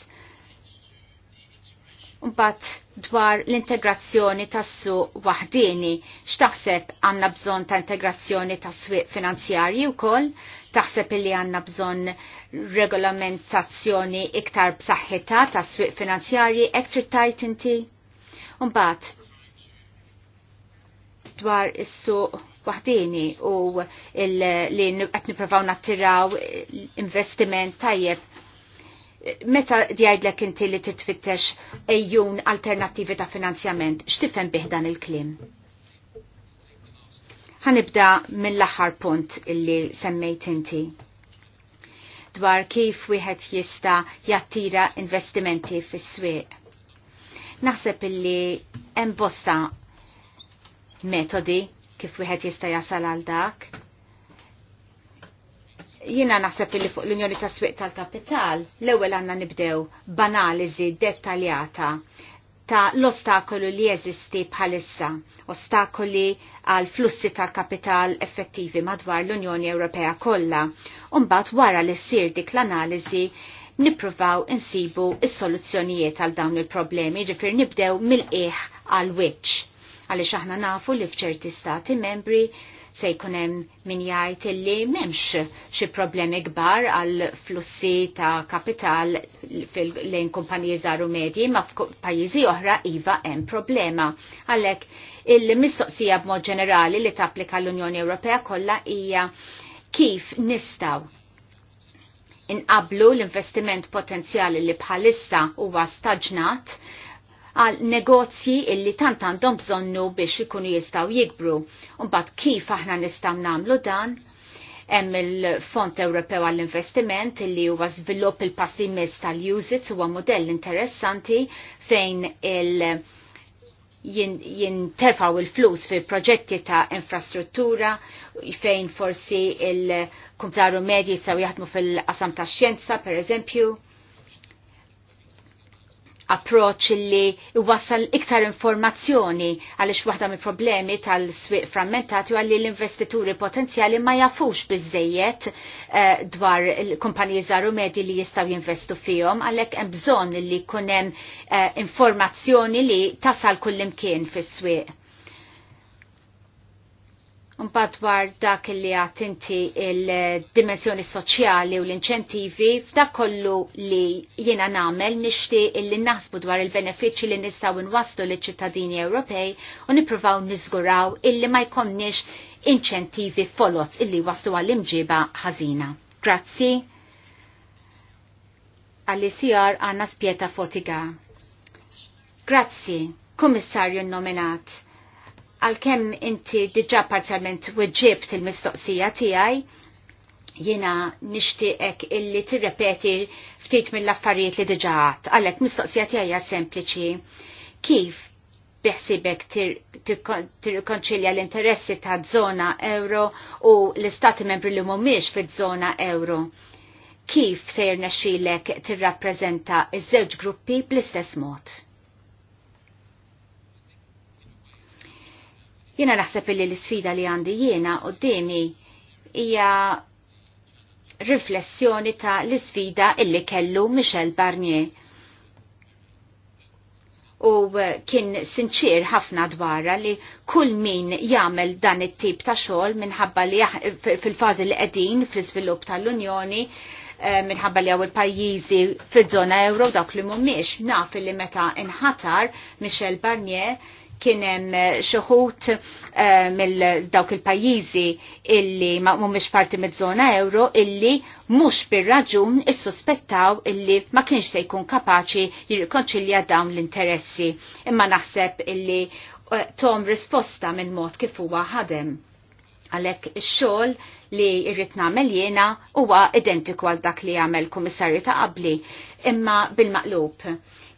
Mbagħad dwar l-integrazzjoni tas-suq waħdini, x'taħseb għandna bżonn ta' integrazzjoni tas-swieq finanzjarji wkoll, taħseb illi għandna bżonn regolamentazzjoni iktar b'saħħitha tas-swieq finanzjarji hekk trid tajt inti? Mbagħad dwar is-suq waħdini u li qed nippruvaw nattiraw investiment tajjeb meta djajdlek inti li titfittex ejjun alternativi ta' finanzjament, xtifem biħdan il-klim? Ħanibda mill-aħħar punt illi semmejt inti dwar kif wieħed jista jattira investimenti fis-swieq. Naħseb illi hemm bosta metodi kif wieħed jista' jasal għal dak Jina naħseb li fuq l-Unjoni ta' Swiq tal-Kapital l-ewwel għandna nibdew banaliżi dettaljata ta' l-ostakolu li jeżisti bħalissa, ostakoli għal flussi tal-kapital effettivi madwar l-Unjoni Ewropea kollha. Umbagħad wara li ssir dik l-analiżi nippruvaw insibu is-soluzzjonijiet għal dawn il-problemi, ġifir nibdew mill-qiegħ għal wiċċ għaliex aħna nafu li f'ċerti stati membri se jkun hemm min jgħid illi m'hemmx xi problemi kbar għal flussi ta' kapital lejn kumpaniji żaru medji ma' f'pajjiżi oħra iva hemm problema. Għalhekk il-mistoqsija b'mod ġenerali li tapplika l-Unjoni Ewropea kollha hija kif nistaw inqablu l-investiment potenzjali li bħalissa huwa staġnat għal negozji illi tant għandhom bżonnu biex ikunu jistaw jikbru. Umbat kif aħna nistaw namlu dan? Hemm il-Fond Ewropew għall-Investiment illi huwa żvilupp il-passi mis tal-Usits huwa modell interessanti fejn il- jinterfaw il-flus fi proġetti ta' infrastruttura fejn forsi il-kumtaru medji saw jaħdmu fil-qasam ta' xjenza per eżempju approach li wasal iktar informazzjoni għalix waħda mill problemi tal-swiq frammentati u għalli l-investituri potenzjali ma jafux bizzejiet eh, dwar kumpaniji zaru medji li jistaw jinvestu fihom għalek hemm bżonn li kunem eh, informazzjoni li tasal kullimkien fis-swieq. Mbagħad dwar dak li għat inti il-dimensjoni soċjali u l-inċentivi, f'dak kollu li jiena nagħmel nixtieq illi naħsbu dwar il-benefiċċji li nistgħu nwasslu liċ-ċittadini Ewropej u nippruvaw niżguraw illi ma jkollniex inċentivi folot illi waslu għall-imġiba ħażina. Grazzi. Għall-ICR għanna spieta fotiga. Grazzi, Kummissarju nominat għal-kem inti diġa parzialment weġġibt il-mistoqsija tijaj, jena nishtiqek illi tirrepeti ftit mill-affarijiet li diġaħat. Għalek, mistoqsija tijaj sempliċi. Kif biħsibek tirkonċilja l-interessi ta' zona euro u l-istati membri li mumiex fit zona euro? Kif sejr naxxilek rapprezenta iż-żewġ gruppi bl-istess mod? Jiena naħseb illi l-sfida li għandi jiena demi hija riflessjoni ta' l-sfida illi kellu Michel Barnier. U kien sinċir ħafna dwarra li kull min jagħmel dan it-tip ta' xogħol minħabba li fil-fażi li qegħdin fl-iżvilupp tal-Unjoni eh, minħabba li għawil il-pajjiżi fiż-żona euro dawk li mhumiex naf li meta inħatar Michel Barnier kienem eh, xoħut uh, eh, mill-dawk il-pajizi illi ma mumiex parti mid-zona euro illi mux bir-raġun issuspettaw illi ma kienx se jkun kapaċi jirrikonċilja dawn l-interessi. Imma naħseb illi eh, tom risposta minn mod kif huwa ħadem. Għalek ix-xogħol li rrid nagħmel jiena huwa identiku għal dak li għamel kummissarju ta' qabli imma bil-maqlub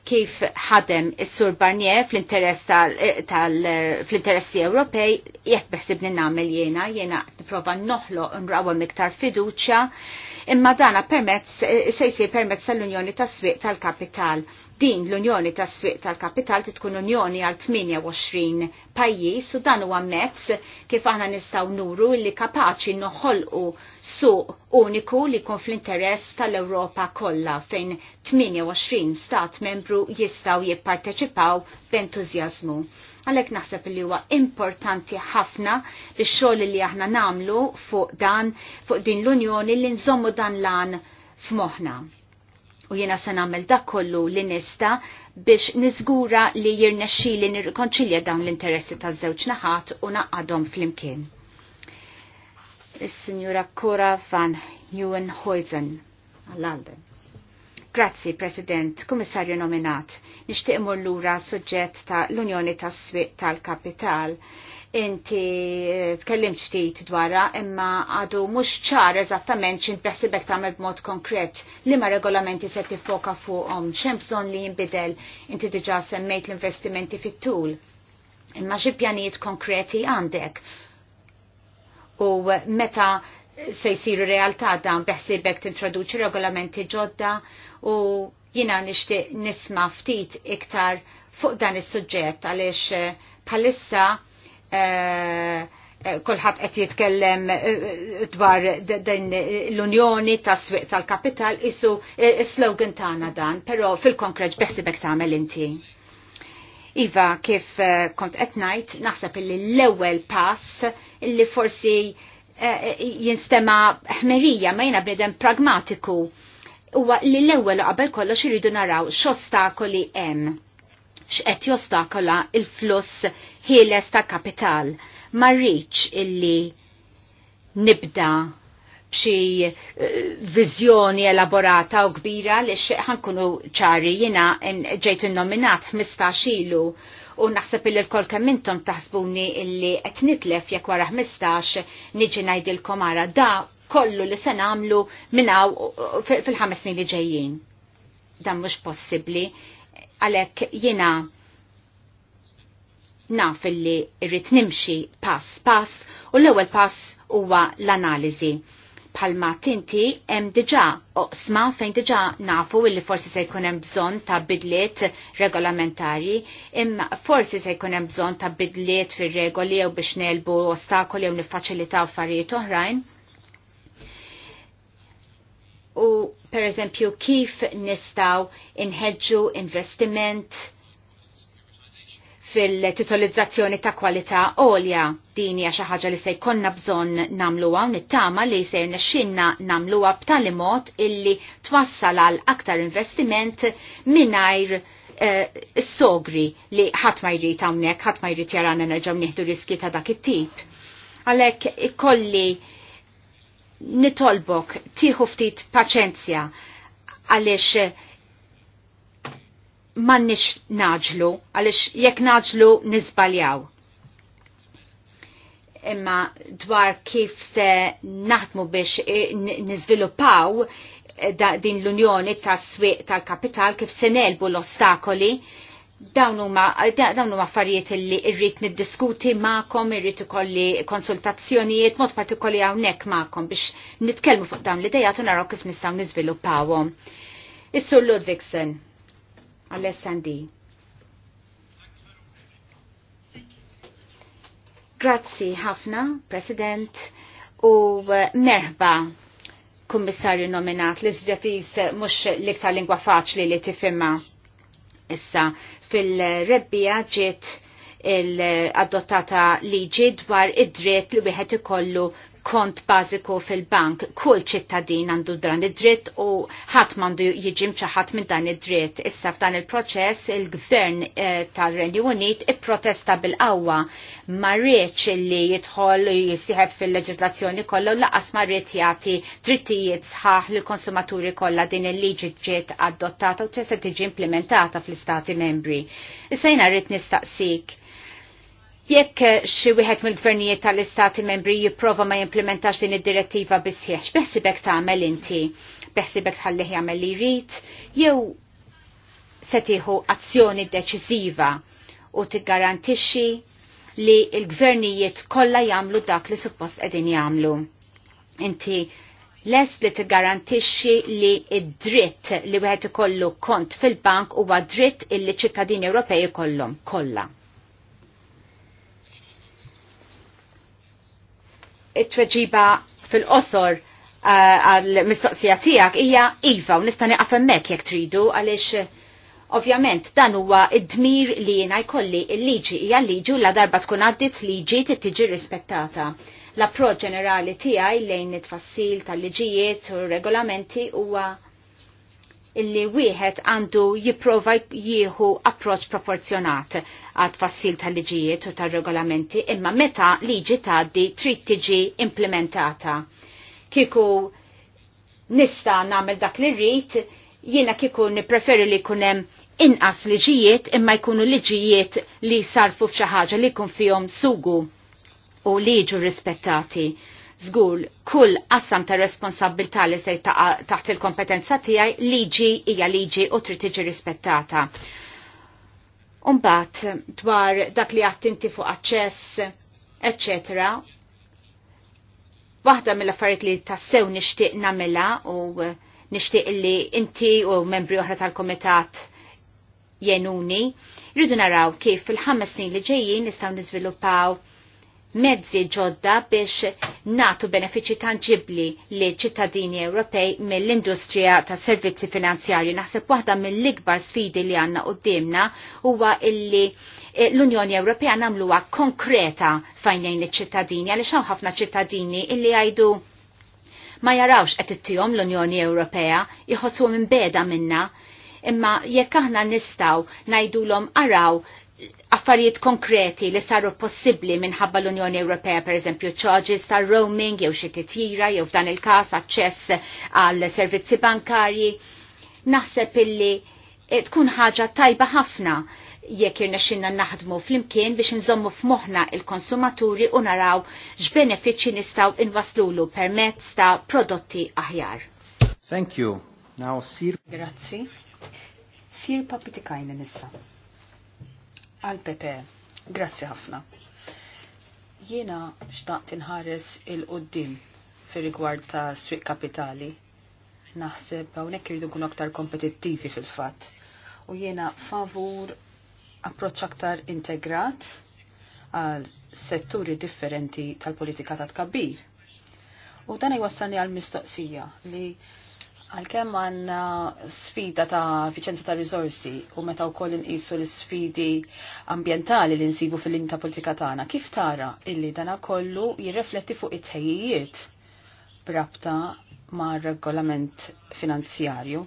kif ħadem is-Sur Barnier fl-interess tal-interessi eh, eh, Ewropej, jekk beħsibni nagħmel jiena, jiena nipprova noħloq nrawa miktar fiduċja imma dana permezz eh, se jsir permezz tal-Unjoni tas-Swieq tal-Kapital. Din l-Unjoni tas-Swieq tal-Kapital titkun Unjoni għal 28 pajjiż u dan huwa mezz kif aħna nistgħu nuru li kapaċi noħolqu suq uniku li jkun fl-interess tal-Ewropa kollha fejn 28 stat membru jistgħu jipparteċipaw b'entużjażmu Għalek naħseb li huwa importanti ħafna li xogħol li aħna namlu fuq dan fuq din l-Unjoni li nżommu dan lan f'moħħna. U jiena se nagħmel dak kollu li nista biex niżgura li jirnexxi li nirrikonċilja dawn l-interessi taż-żewġ naħat u naqadhom flimkien. Is-Sinjura Kura van Juwenhuizen għall-Alden. Grazzi, President, Kummissarju nominat. Nishtiq imur lura suġġett ta' l-Unjoni tas Swiq tal-Kapital. Inti eh, tkellimt ftit dwarha imma għadu mhux ċar eżattament x'int beħsibek tagħmel b'mod konkret li ma regolamenti se tifoka fuqhom x'hemm bżonn li jinbidel inti diġà semmejt l-investimenti fit-tul. Imma xi pjanijiet konkreti għandek u meta se jisiru realtà dan beħsibek t-introduċi regolamenti ġodda u jina nishtiq nisma ftit iktar fuq dan is suġġett għaliex eh, bħalissa eh, eh, kolħat qed jitkellem dwar l-Unjoni tas-swieq tal-kapital isu slogan tagħna dan, però fil konkreġ beħsibek tagħmel inti. Iva, kif kont qed ngħid, naħseb illi l-ewwel pass illi forsi jinstema ħmerija ma jina bnedem pragmatiku huwa li l-ewwel qabel kollox iridu naraw x'ostakoli hemm x'qed jostakola il-fluss ħieles ta' kapital. Ma rridx illi nibda b'xi eh, viżjoni elaborata u kbira li ħankunu ċari jina ġejt innominat 15 ilu u naħseb illi l-kol kemmintom taħsbuni illi qed nitlef jekk wara 15 niġi ngħidilkom ara da kollu li se nagħmlu minnaw fil-ħames snin li ġejjin. Dan mhux possibbli għalhekk jiena naf illi rrid nimxi pass pass u l-ewwel pass huwa l-analiżi palma tinti hemm diġà oqsma fejn diġà nafu illi forsi se jkun hemm bżonn ta' bidliet regolamentari, imma forsi se jkun hemm bżonn ta' bidliet fir-regoli jew biex nelbu ostakoli jew niffaċilitaw affarijiet oħrajn. U per eżempju kif nistaw inħedġu investiment fil-titolizzazzjoni ta' kwalità olja. Dini għaxa ħaġa li se bżon namluwa u nittama li se jirnexxinna namluwa b'tali mod illi twassal għal aktar investiment minnajr eh, s-sogri li ħadd ma jrid hawnhekk, ħadd ma jrid jarana nerġgħu nieħdu riski ta' dak it-tip. Għalhekk ikolli nitolbok tieħu ftit paċenzja għaliex mannix naġlu, għalix jekk naġlu nizbaljaw. Imma dwar kif se naħdmu biex eh, nizviluppaw eh, din l-unjoni ta' swiq tal-kapital kif se nelbu l-ostakoli, dawn huma affarijiet li rrid niddiskuti magħkom, irrid ikolli konsultazzjonijiet, mod partikoli hawnhekk ma'kom biex nitkellmu fuq dawn l-idejat u naraw kif nistgħu niżviluppawhom. Is-Sur Ludwigsen għall-SND. Grazzi ħafna, President, u eh, merħba kummissarju nominat li zvjatiz eh, mux liktar lingwa faċli li tifimma. Issa, fil-rebbija ġiet il-adottata liġi dwar id-dritt li wieħed ikollu kont bażiku fil-bank, kull ċittadin għandu dan id-dritt u ħadd m'għandu jiġi mċaħat minn dan id-dritt. Issa f'dan il-proċess il-gvern eh, tal-Renju Unit ipprotesta bil-qawwa ma rridx li jidħol u jisieħeb fil-leġislazzjoni kollha u laqas ma rrid jagħti drittijiet sħaħ lil konsumaturi kollha din il-liġi ġiet adottata u tista' tiġi implementata fl-istati membri. Issa jiena rrid nistaqsik Jekk eh, xi wieħed mill-gvernijiet tal-istati membri jipprova ma jimplementax din id-direttiva bisħiex, beħsibek tagħmel inti, beħsibek tħallih jagħmel li jrid, jew se tieħu azzjoni deċiżiva u tiggarantixxi li l-gvernijiet kollha jagħmlu dak li suppost qegħdin jagħmlu. Inti les li tiggarantixxi li id-dritt li wieħed ikollu kont fil-bank huwa dritt illi ċittadini Ewropej kollhom kollha. it-tweġiba fil-qosor eh, għal-mistoqsija tijak hija Iva u nistani għafemmek jek tridu għalix eh, ovvjament dan huwa id-dmir li jena jkolli il-liġi hija liġi u la darba tkun għaddit liġi tiġi rispettata. l pro ġenerali tijaj lejn it-fassil tal-liġijiet u regolamenti huwa illi wieħed għandu jipprova jieħu approċ proporzjonat għad fassil tal-liġijiet u tal-regolamenti imma meta liġi taddi trid tiġi implementata. Kiku nista nagħmel dak li rrit, jiena kiku nippreferi li kunem inqas liġijiet imma jkunu liġijiet li sarfu fxaħġa ħaġa li jkun fihom sugu u liġu rispettati Zgur, kull assam ta' responsabilta li se taħt il-kompetenza tijaj, liġi hija liġi u trid tiġi rispettata. Umbat, dwar dak li għattinti fuq aċċess, eccetera, waħda mill-affarijiet li tassew nixtieq namela u nixtieq li inti u membri oħra tal-komitat jenuni, rridu naraw kif fil-ħames snin li ġejjin nistgħu niżviluppaw mezzi ġodda biex natu benefiċi tangibli li ċittadini Ewropej mill-industrija ta' servizzi finanzjarji. Naħseb waħda mill-ikbar sfidi li għanna dimna huwa illi eh, l-Unjoni Ewropea namluwa konkreta fajnejn iċ-ċittadini, għaliex hawn ħafna ċittadini illi jgħidu ma jarawx qed ittihom l-Unjoni Ewropea, jħossu minn beda minna, imma jekk aħna nistgħu ngħidulhom araw affarijiet konkreti li saru possibbli minħabba l-Unjoni Ewropea, per eżempju, charges tal roaming, jew xi titjira, jew f'dan il-każ aċċess għal servizzi bankarji. Naħseb illi eh, tkun ħaġa tajba ħafna jekk irnexxinna naħdmu flimkien biex nżommu f'moħħna il-konsumaturi u naraw x'benefiċċji nistgħu inwaslulu permezz ta' prodotti aħjar. Thank you. Now Sir. Grazzi. Sir Papitikainen issa għal Pepe. Grazzi ħafna. Jiena xtaqt inħares il-qoddim fir rigward ta' swieq kapitali. Naħseb hawnhekk irridu nkunu aktar kompetittivi fil-fatt. U jiena favur approċċ aktar integrat għal setturi differenti tal-politika ta' tkabbir. U dan jwassalni għal mistoqsija li Għalkemm għanna sfida ta' efficienza ta' risorsi u meta wkoll inqisu l-sfidi ambjentali li nsibu fil-lim ta' politika tagħna, kif tara illi dana kollu jirrefletti fuq it-tejjijiet brabta ma' regolament finanzjarju?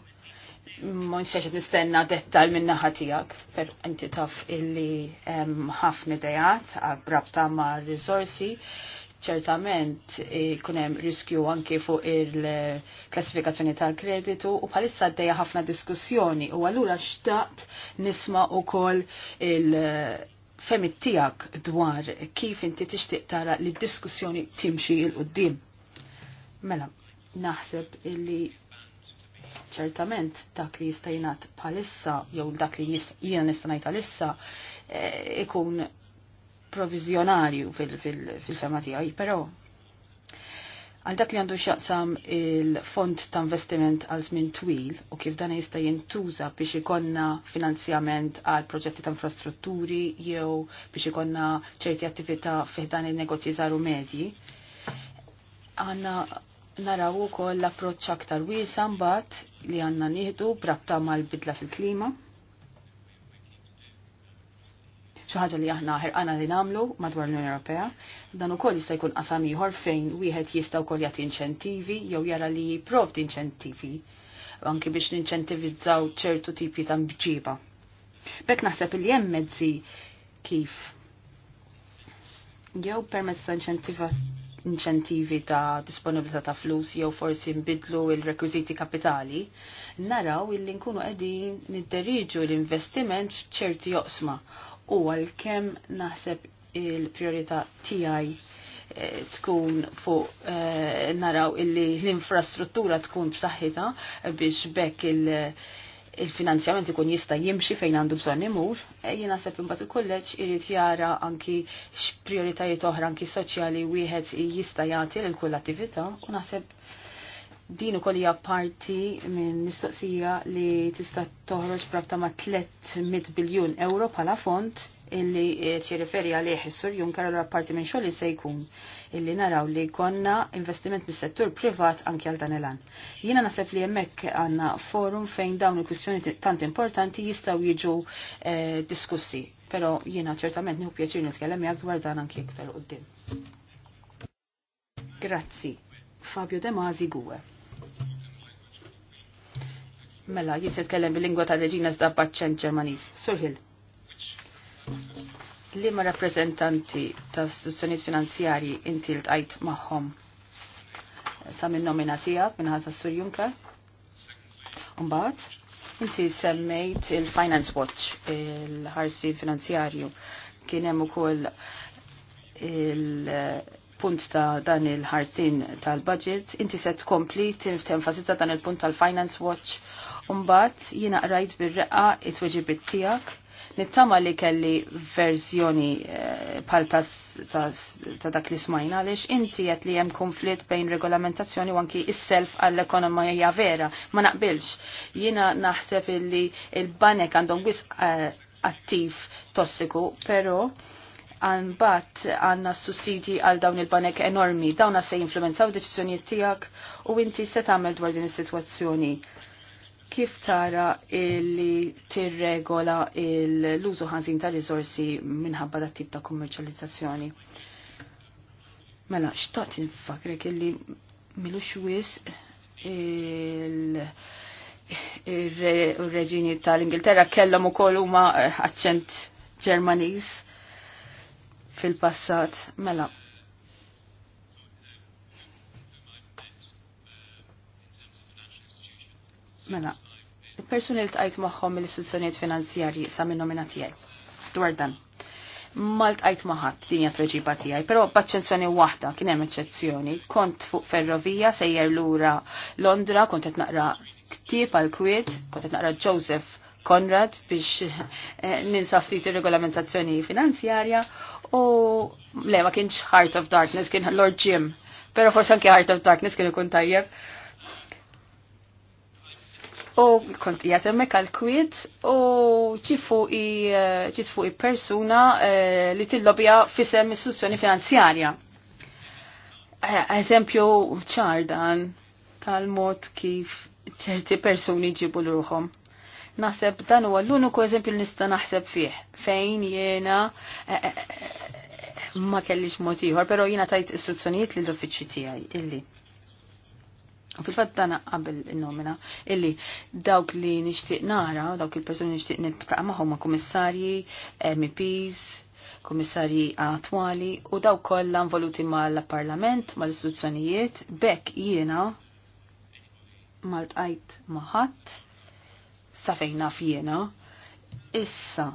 Ma nxiex nistenna dettal minna naħa tiegħek, per inti taf illi ħafna dejat brabta ma' risorsi ċertament kunem riskju anki fuq il-klassifikazzjoni tal-kreditu u bħalissa għaddeja ħafna diskussjoni u għallura xtaqt nisma u kol il-femit tijak dwar kif inti tixtiq tara li diskussjoni timxi il-qoddim. Mela, naħseb illi ċertament dak li jistajnat bħalissa jew dak li jiena nistanajt bħalissa eh, ikun provizjonarju fil-fema tiegħi, però għal dak li għandu xaqsam il-fond ta' investiment għal żmien twil u kif dan jista' jintuża biex ikonna finanzjament għal proġetti ta' infrastrutturi jew biex ikonna ċerti attività fih dan il-negozji żaru medji. Għanna naraw ukoll l-approċċ aktar wiesa mbagħad li għandna nieħdu brabta mal-bidla fil-klima xi ħaġa li aħna ħerqana li nagħmlu madwar l-Unjoni Ewropea. Dan ukoll jista' jkun qasam ieħor fejn wieħed jista' wkoll jagħti inċentivi jew jara li jipprovdi inċentivi anki biex ninċentivizzaw ċertu tipi ta' mġiba. Bekk naħseb li hemm mezzi kif jew permezz ta' inċentiva inċentivi ta' disponibilità ta' flus jew forsi nbidlu il-rekwiziti kapitali, naraw illi nkunu qegħdin nidderiġu l-investiment f'ċerti joqsma u għalkemm naħseb il-priorità tiegħi eh, tkun fuq eh, naraw illi l-infrastruttura tkun b'saħħitha biex bekk il- finanzjament ikun jista' jimxi fejn għandu bżonn imur, eh, jiena naħseb imbagħad il-kulleġġ irid jara anki x'prijoritajiet oħra anki soċjali wieħed jista' jagħti lil kull attività u naħseb din u kolija parti minn mistoqsija li tista' toħroġ prabta ma' 300 biljun euro pala font illi ċirriferi għalih is-sur Juncker għal parti minn xogħol se jkun illi naraw li konna investiment mis-settur privat anke għal dan il-an. Jiena naħseb li hemmhekk għandna forum fejn dawn il-kwistjoni tant importanti jistgħu jiġu eh, diskussi, però jiena ċertament nieħu pjaċir nitkellem jak dwar dan anke iktar quddiem. Grazzi. Fabio De Masi Gue. Mela, jisset kellem bil-lingwa ta' reġina Zdabbaċċen Ġermaniż. Surħil. Lima rappresentanti ta' istituzzjoniet finanzjarji inti l tajt magħhom? Sa minn nomina tijak minn ta' Sur Juncker. inti semmejt il-Finance Watch, il-ħarsi finanzjarju. Kien hemm ukoll il-, il punt ta' dan il-ħarsin tal-budget, inti se tkompli tenfasizza dan il-punt tal-Finance Watch, umbat jina rajt bil-reqqa it it tijak, nittama li kelli verżjoni eh, pal ta' dak li smajna, għalix inti jett li jem konflitt bejn regolamentazzjoni u anki is-self għall-ekonomija vera, ma naqbilx. Jina naħseb li il-banek għandhom għis eh, attiv tossiku, pero bat għanna sussidi għal dawn il-banek enormi, dawna se jinfluenzaw deċizjoniet tijak u inti se tagħmel dwar din is-sitwazzjoni. Kif tara li tirregola l-użu ħanżin ta' risorsi minħabba da' tip ta' kummerċjalizzazzjoni? Mela, xtaqt infakrek illi milux wis il- ir-reġini tal-Ingilterra kellhom ukoll huma aċċent Ġermaniż fil-passat mela. Mela, il personil li tqajt magħhom mill-istituzzjonijiet finanzjarji sa minn nominatijaj dwar dan. Mal tqajt maħat din hija tweġiba tiegħi, però b'aċċenzjoni waħda kien hemm eċċezzjoni. Kont fuq ferrovija sejjer lura Londra, kont qed naqra ktieb għal kwiet, kont qed naqra Joseph Konrad biex eh, ninsa ftit ir-regolamentazzjoni finanzjarja u le ma kienx Heart of Darkness kien Lord Jim. Pero forsi anke Heart of Darkness kien ikun tajjeb. U kont jgħat emmek kalkwit kwiet u ċifu eh, i persuna eh, li tillobja fisem istituzzjoni finanzjarja. Eżempju ċardan tal-mod kif ċerti persuni ġibu l-ruħom. Naħseb dan huwa l-uniku eżempju li nista' naħseb fih fejn jiena eh, eh, eh, ma kellix mod ieħor, però jiena tajt istruzzjonijiet lill uffiċċji tiegħi illi. U fil-fatt dana qabel nomina illi dawk li nixtieq nara, dawk il-persuni nixtieq nibqa' magħhom kummissarji, MEPs, kummissarji attwali u daw kollha involuti mal-Parlament, mal-istituzzjonijiet, bekk jiena mal-tqajt maħat sa fejn naf jiena. Issa.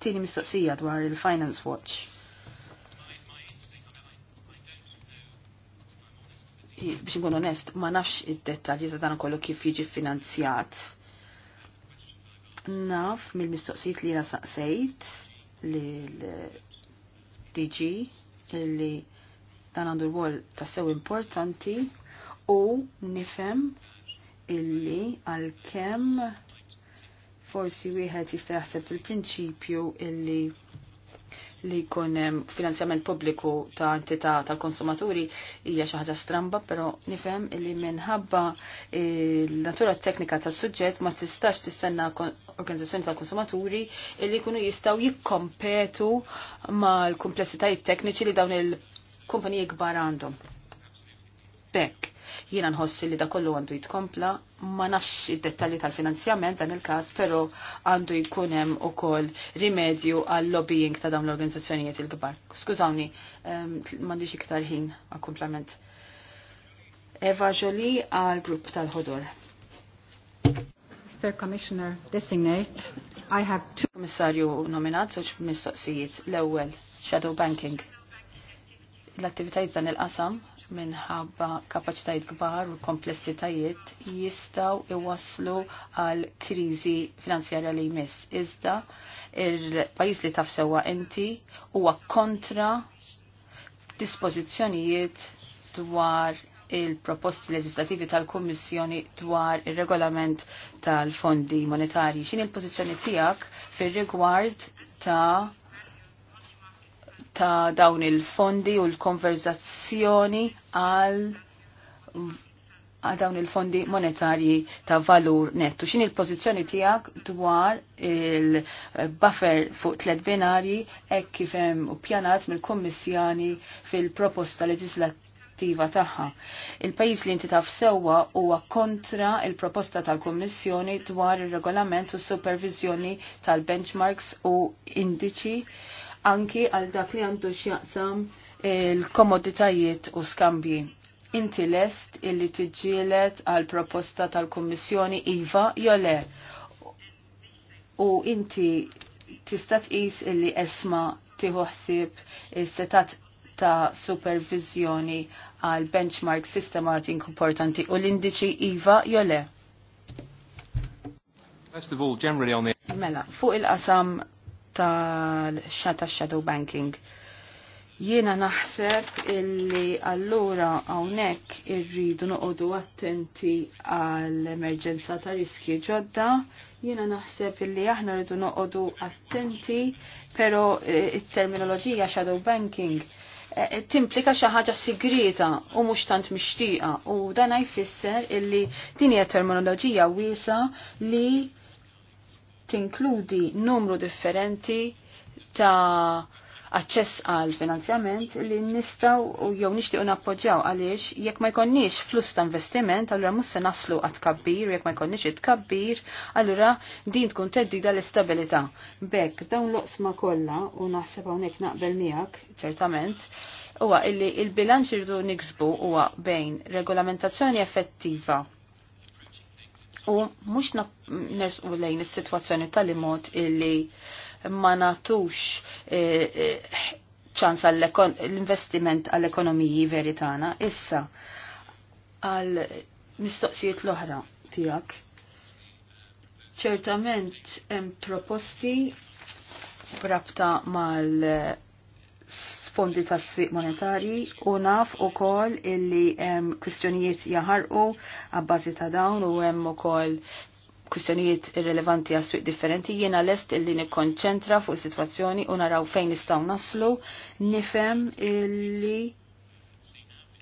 Tieni mistoqsija dwar il-Finance Watch. biex nkun onest, ma nafx id-dettalji ta' dan kollu kif jiġi finanzjat. Naf mill-mistoqsijiet li jena saqsejt li l-DG li dan għandu l ta' sew importanti u nifem illi għal kem forsi wieħed jista' jaħseb fil-prinċipju illi li jkun finanzjament pubbliku ta' entità tal-konsumaturi hija xi ħaġa stramba, però nifhem illi minħabba l-natura teknika tas-suġġett ma tistax tistenna organizzazzjoni tal-konsumaturi illi jkunu jistgħu jikkompetu mal-kumplessitajiet tekniċi li dawn il kumpanija kbar għandhom. Bekk, jiena nħossi li da kollu għandu jitkompla, ma nafx id-dettalji tal-finanzjament dan il-każ, però għandu jkun hemm ukoll rimedju għal lobbying ta' dawn l-organizzazzjonijiet il-kbar. Skużawni, ehm, m'għandix iktar ħin għal kumplament. Eva Joli għal grupp tal-ħodur. Mr. Commissioner designate, I have two. Komissarju nominat, zoċ mistoqsijiet, l-ewel, shadow banking L-attivitajiet dan il-qasam minħabba kapaċitajiet kbar u komplessitajiet jistaw iwaslu għal kriżi finanzjarja li jmiss. Iżda il-pajis li tafsewa inti huwa kontra dispożizzjonijiet dwar il-proposti leġislativi tal-Kummissjoni dwar il-regolament tal-fondi monetari. Xin il-pozizjoni tijak fil-rigward ta' ta' dawn il-fondi u l-konverzazzjoni għal għal dawn il-fondi monetarji ta' valur nettu. Xin il-pozizjoni tijak dwar il-buffer fuq tlet binari ek kifem u pjanat mill-kommissjani fil-proposta leġislat taħħa. tagħha. Il-pajjiż li inti taf sewwa huwa kontra il-proposta tal-Kummissjoni dwar ir-regolament u supervizjoni tal-benchmarks u indiċi anki għal dak li għandu x'jaqsam il-komoditajiet u skambji. Inti lest illi tiġġielet għal proposta tal-Kummissjoni IVA jole. U inti tista' tqis illi esma tiħuħsib ħsieb is-setat ta' supervizjoni għal benchmark sistemati importanti u l-indiċi IVA jole. First of all, generally on the... Mela, fuq il-qasam ta' shadow banking. Jiena naħseb illi allura hawnhekk irridu noqogħdu attenti għall emerġenza ta' riski ġodda. Jiena naħseb illi aħna rridu noqogħdu attenti, però eh, it-terminoloġija shadow banking eh, eh, timplika xi ħaġa sigrita u mhux tant mixtieqa u dan jfisser illi din hija terminoloġija wiesa li tinkludi numru differenti ta' aċċess għal finanzjament li nistaw u jew nixtiequ nappoġġjaw għaliex jekk ma jkonniex flus ta' investiment allura mhux se naslu għat kabbir jekk ma jkonniex itkabbir, kabbir allura din tkun teddida l-istabilità. Bekk dawn l-oqsma kollha u naħseb hawnhekk naqbel miegħek ċertament huwa illi il-bilanċ irdu niksbu huwa bejn regolamentazzjoni effettiva U mux nersqu lejn is-sitwazzjoni tal-imot illi ma natux e, e, ċans għall-investiment għall-ekonomiji veritana. Issa, għal-mistoqsijiet l-oħra tijak. ċertament hemm proposti brabta mal fondi tas sviq monetari u naf u kol illi um, kwistjonijiet jaħarqu għabbażi ta' dawn u hemm ukoll kwistjonijiet irrelevanti għas sviq differenti, jiena lest illi nikkonċentra fuq situazzjoni u naraw fejn nistgħu naslu, nifhem illi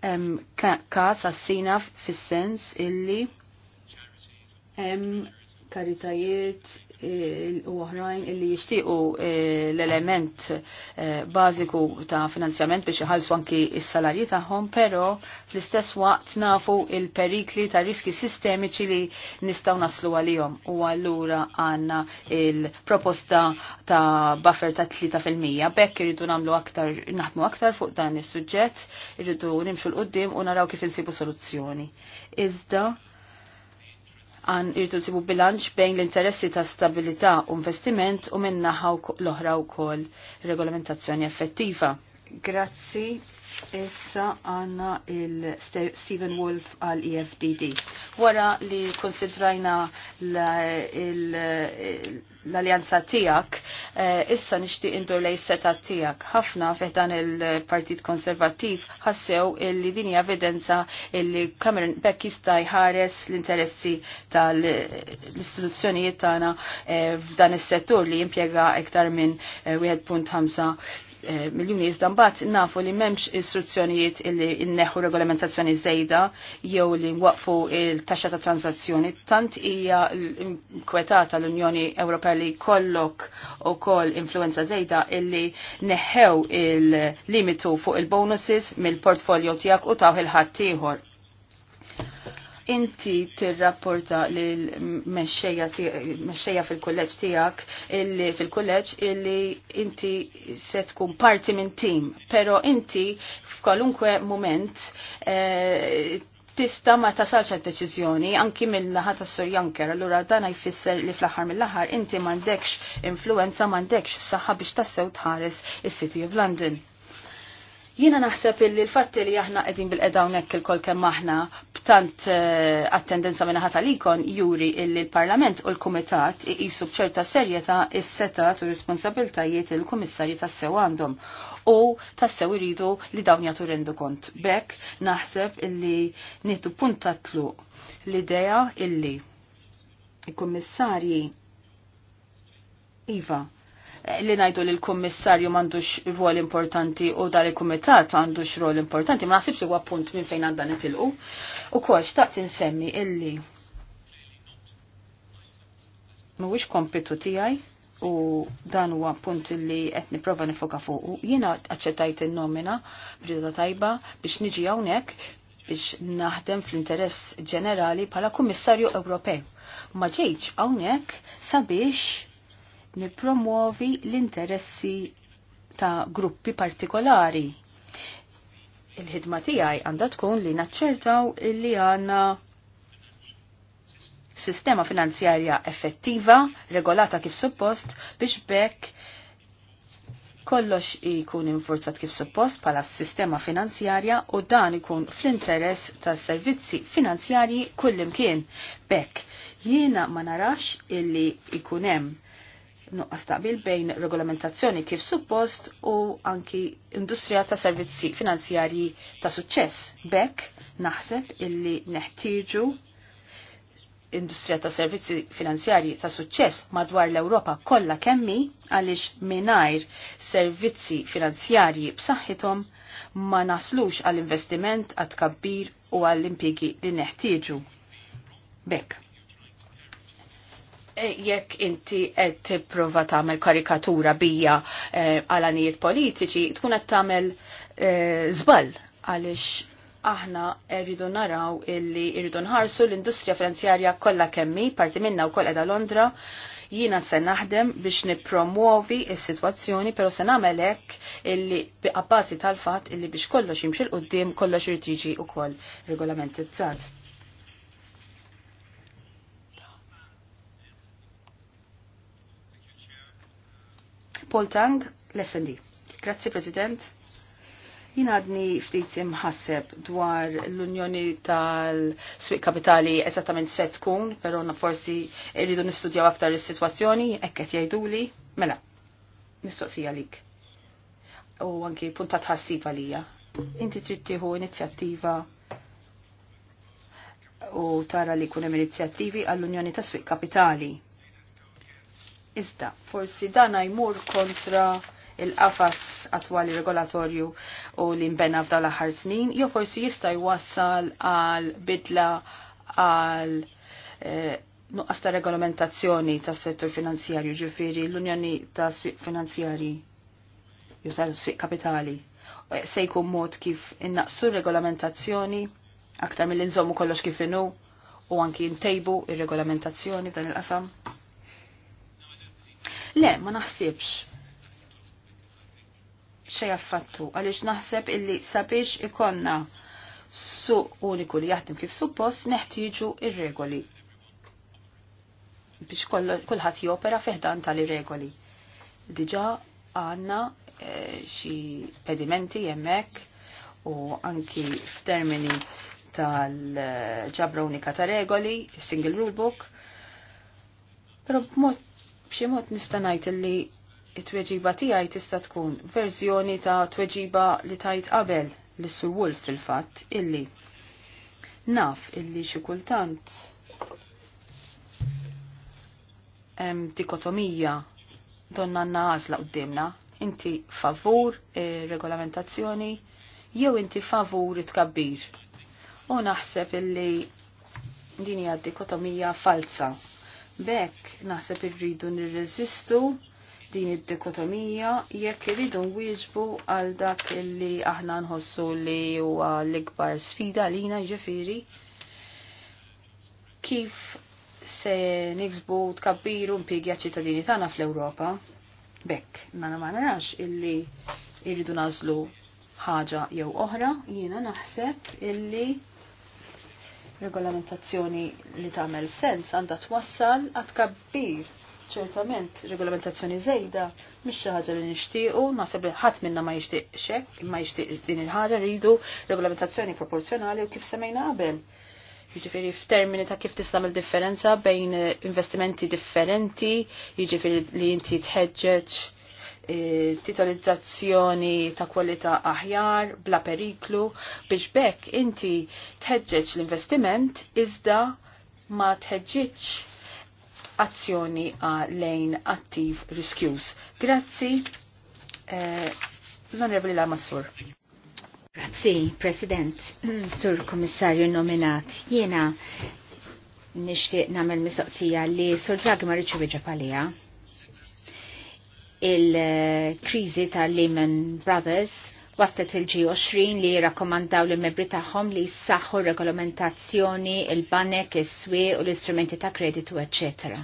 hemm każ għas-sina fis-sens illi hemm karitajiet u oħrajn illi jishtiqu eh, l-element eh, bażiku ta' finanzjament biex iħallsu anki s-salarji tagħhom, però fl-istess waqt nafu il-perikli ta' riski sistemiċi li nistgħu naslu għalihom. U allura għandna il-proposta ta' buffer ta' 3%. Bekk irridu nagħmlu aktar naħdmu aktar fuq dan is-suġġett, irridu nimxu l qoddim u naraw kif insibu soluzzjoni. Iżda għan irtu nsibu bilanċ bejn l-interessi ta' stabilita u investiment u minnaħa l-oħra u kol regolamentazzjoni effettiva. Grazzi, issa għanna il steven Wolf għal EFDD. Wara li konsidrajna l-, l-aljanza tijak, eh, issa nishtiq indur lej seta tijak. ħafna fiħdan il-Partit Konservativ ħassew il-li dini evidenza il-li Cameron Beck jista jħares l-interessi tal-istituzzjonijiet tagħna eh, f'dan is-settur li jimpjega iktar minn 1.5 eh, Eh, miljoni jizdan mbagħad nafu li m'hemmx istruzzjonijiet illi nneħħu regolamentazzjoni żejda jew li nwaqfu il-taxxa ta' transazzjoni tant hija kwetata l-Unjoni Ewropea li kollok ukoll influenza żejda illi neħew il-limitu fuq il-bonuses mill-portfolio tiegħek u taw il-ħadd ieħor inti tirrapporta l-mexxejja fil-kulleġġ tiegħek illi fil-kulleġġ illi inti se tkun parti minn tim, però inti f'kwalunkwe moment eh, tista ma tasalx deċiżjoni anki mill-laħat tas sur Janker, allura dan jfisser li fl-aħħar mill-aħħar inti m'għandekx influenza m'għandekx saħħa biex tassew tħares is-City of London. Jiena naħseb illi l-fatti li aħna qegħdin bil-qeda hawnhekk il-kol kemm aħna tant uh, eh, tendenza minna ħata likon juri illi l-Parlament u l-Kumitat jisu bċerta serjeta is-seta u responsabiltajiet il-Kummissarji tassew għandhom u tassew iridu li dawn jagħtu rendu kont. Bek naħseb illi nitu puntatlu l-idea illi il-Kummissarji Iva li najdu li l-kommissarju mandux rwol importanti u dal il-komitat mandux rwol importanti, ma nasibx huwa punt minn fejn għandha nitilqu. U kol xtaqt insemmi illi mhuwiex kompitu tiegħi u dan huwa punt li qed nipprova nifoka fuq. Jiena aċċettajt in-nomina b'rida tajba biex niġi hawnhekk biex naħdem fl-interess ġenerali bħala Kummissarju Ewropew. Ma ġejtx hawnhekk sabiex nipromuovi l-interessi ta' gruppi partikolari. Il-ħidma tiegħi għandha tkun li naċċertaw li għandna sistema finanzjarja effettiva, regolata kif suppost, biex bekk kollox ikun infurzat kif suppost pala sistema finanzjarja u dan ikun fl-interess tas servizzi finanzjarji kullimkien. Bekk, jiena ma narax illi ikunem nuqqas taqbil bejn regolamentazzjoni kif suppost u anki industrija ta' servizzi finanzjarji ta' suċċess. Bekk naħseb illi neħtieġu industrija ta' servizzi finanzjarji ta' suċċess madwar l-Ewropa kollha kemmi għaliex mingħajr servizzi finanzjarji b'saħħithom ma naslux għall-investiment għat kabbir u għall-impjegi li neħtieġu. Bekk Eh, jekk inti qed tipprova tagħmel karikatura bija eh, għal politiċi, tkun qed tagħmel eh, żball għaliex aħna rridu naraw illi rridu nħarsu l-industrija finanzjarja kollha kemmi, parti minna wkoll qiegħda Londra, jina se naħdem biex nipromuovi is-sitwazzjoni, pero se nagħmel hekk illi bqabbażi tal-fatt illi biex kollox jimxil qudiem kollox irid jiġi wkoll regolamentizzat. Paul Tang, l-SND. Grazzi, President. Jina għadni ftit imħasseb dwar l-Unjoni tal-Swiq Kapitali eżattament se tkun, pero na forsi irridu nistudjaw aktar is-sitwazzjoni, ekket jgħiduli, mela, mistoqsija lik. U anki punta tħassib għalija. Inti trid tieħu inizjattiva u tara li kunem inizjattivi għall-Unjoni tal swiq Kapitali Iżda, forsi dan jmur kontra il-qafas attwali regolatorju u li nbena f'dal l-aħħar snin, jew forsi jista' jwassal għal bidla għal eh, nuqqas ta' regolamentazzjoni tas settur finanzjarju ġifiri l-Unjoni ta' Swieq Finanzjarji jew ta' swieq Kapitali eh, se jkun mod kif innaqsu regolamentazzjoni aktar mill-inżommu kollox kif inhu u anki ntejbu ir-regolamentazzjoni f'dan il-qasam. Le, ma naħsibx xej affattu, għaliex naħseb illi sabiex ikonna su uniku li jaħdem kif suppost neħtieġu ir-regoli biex kullħat jopera feħdan tal-regoli. Diġa għanna eh, xi pedimenti jemmek u anki f'termini tal-ġabra unika ta' regoli, single rule book, pero b'mod nista' nistanajt li it-tweġiba tiegħi tista' tkun verżjoni ta' tweġiba li tajt qabel li Sir Wolf fil-fatt illi naf illi xi kultant hemm dikotomija donna għażla qudiemna inti favur regolamentazzjoni jew inti favur it-kabbir. U naħseb illi din hija dikotomija falsa Bekk naħseb irridu nirreżistu din id-dikotomija jekk irridu nwieġbu għal dak li aħna nħossu li huwa l-ikbar sfida lina ġifiri kif se niksbu tkabbiru mpiegja ċittadini tagħna fl-Ewropa. Bekk, nana ma narax illi irridu nażlu ħaġa jew oħra, jiena naħseb illi regolamentazzjoni li tagħmel sens għandha twassal għad kabbir ċertament regolamentazzjoni żejda mhix xi ħaġa li nixtiequ, naħseb li ħadd minna ma jixtieqx hekk, ma jixtieq din il-ħaġa rridu regolamentazzjoni proporzjonali u kif semmejna qabel. Jiġifieri f'termini ta' kif tista' mill differenza bejn investimenti differenti, jiġifieri li inti tħeġġeġ titolizzazzjoni ta' kwalità aħjar bla periklu biex bekk inti tħeġġeġ l-investiment iżda ma tħeġġeġ azzjoni lejn attiv riskjus. Grazzi, eh, l-Onorevoli Lamassur. Grazzi, President, [clears throat] Sur Komissarju nominat. Jena nishtiq namel misoqsija li Sur Draghi ma riċu bieġa palija il-krizi ta' Lehman Brothers waslet il-G20 li rakkomandaw li membri tagħhom li jissaħħu regolamentazzjoni il-banek, is swi u l-istrumenti ta' kreditu, eccetera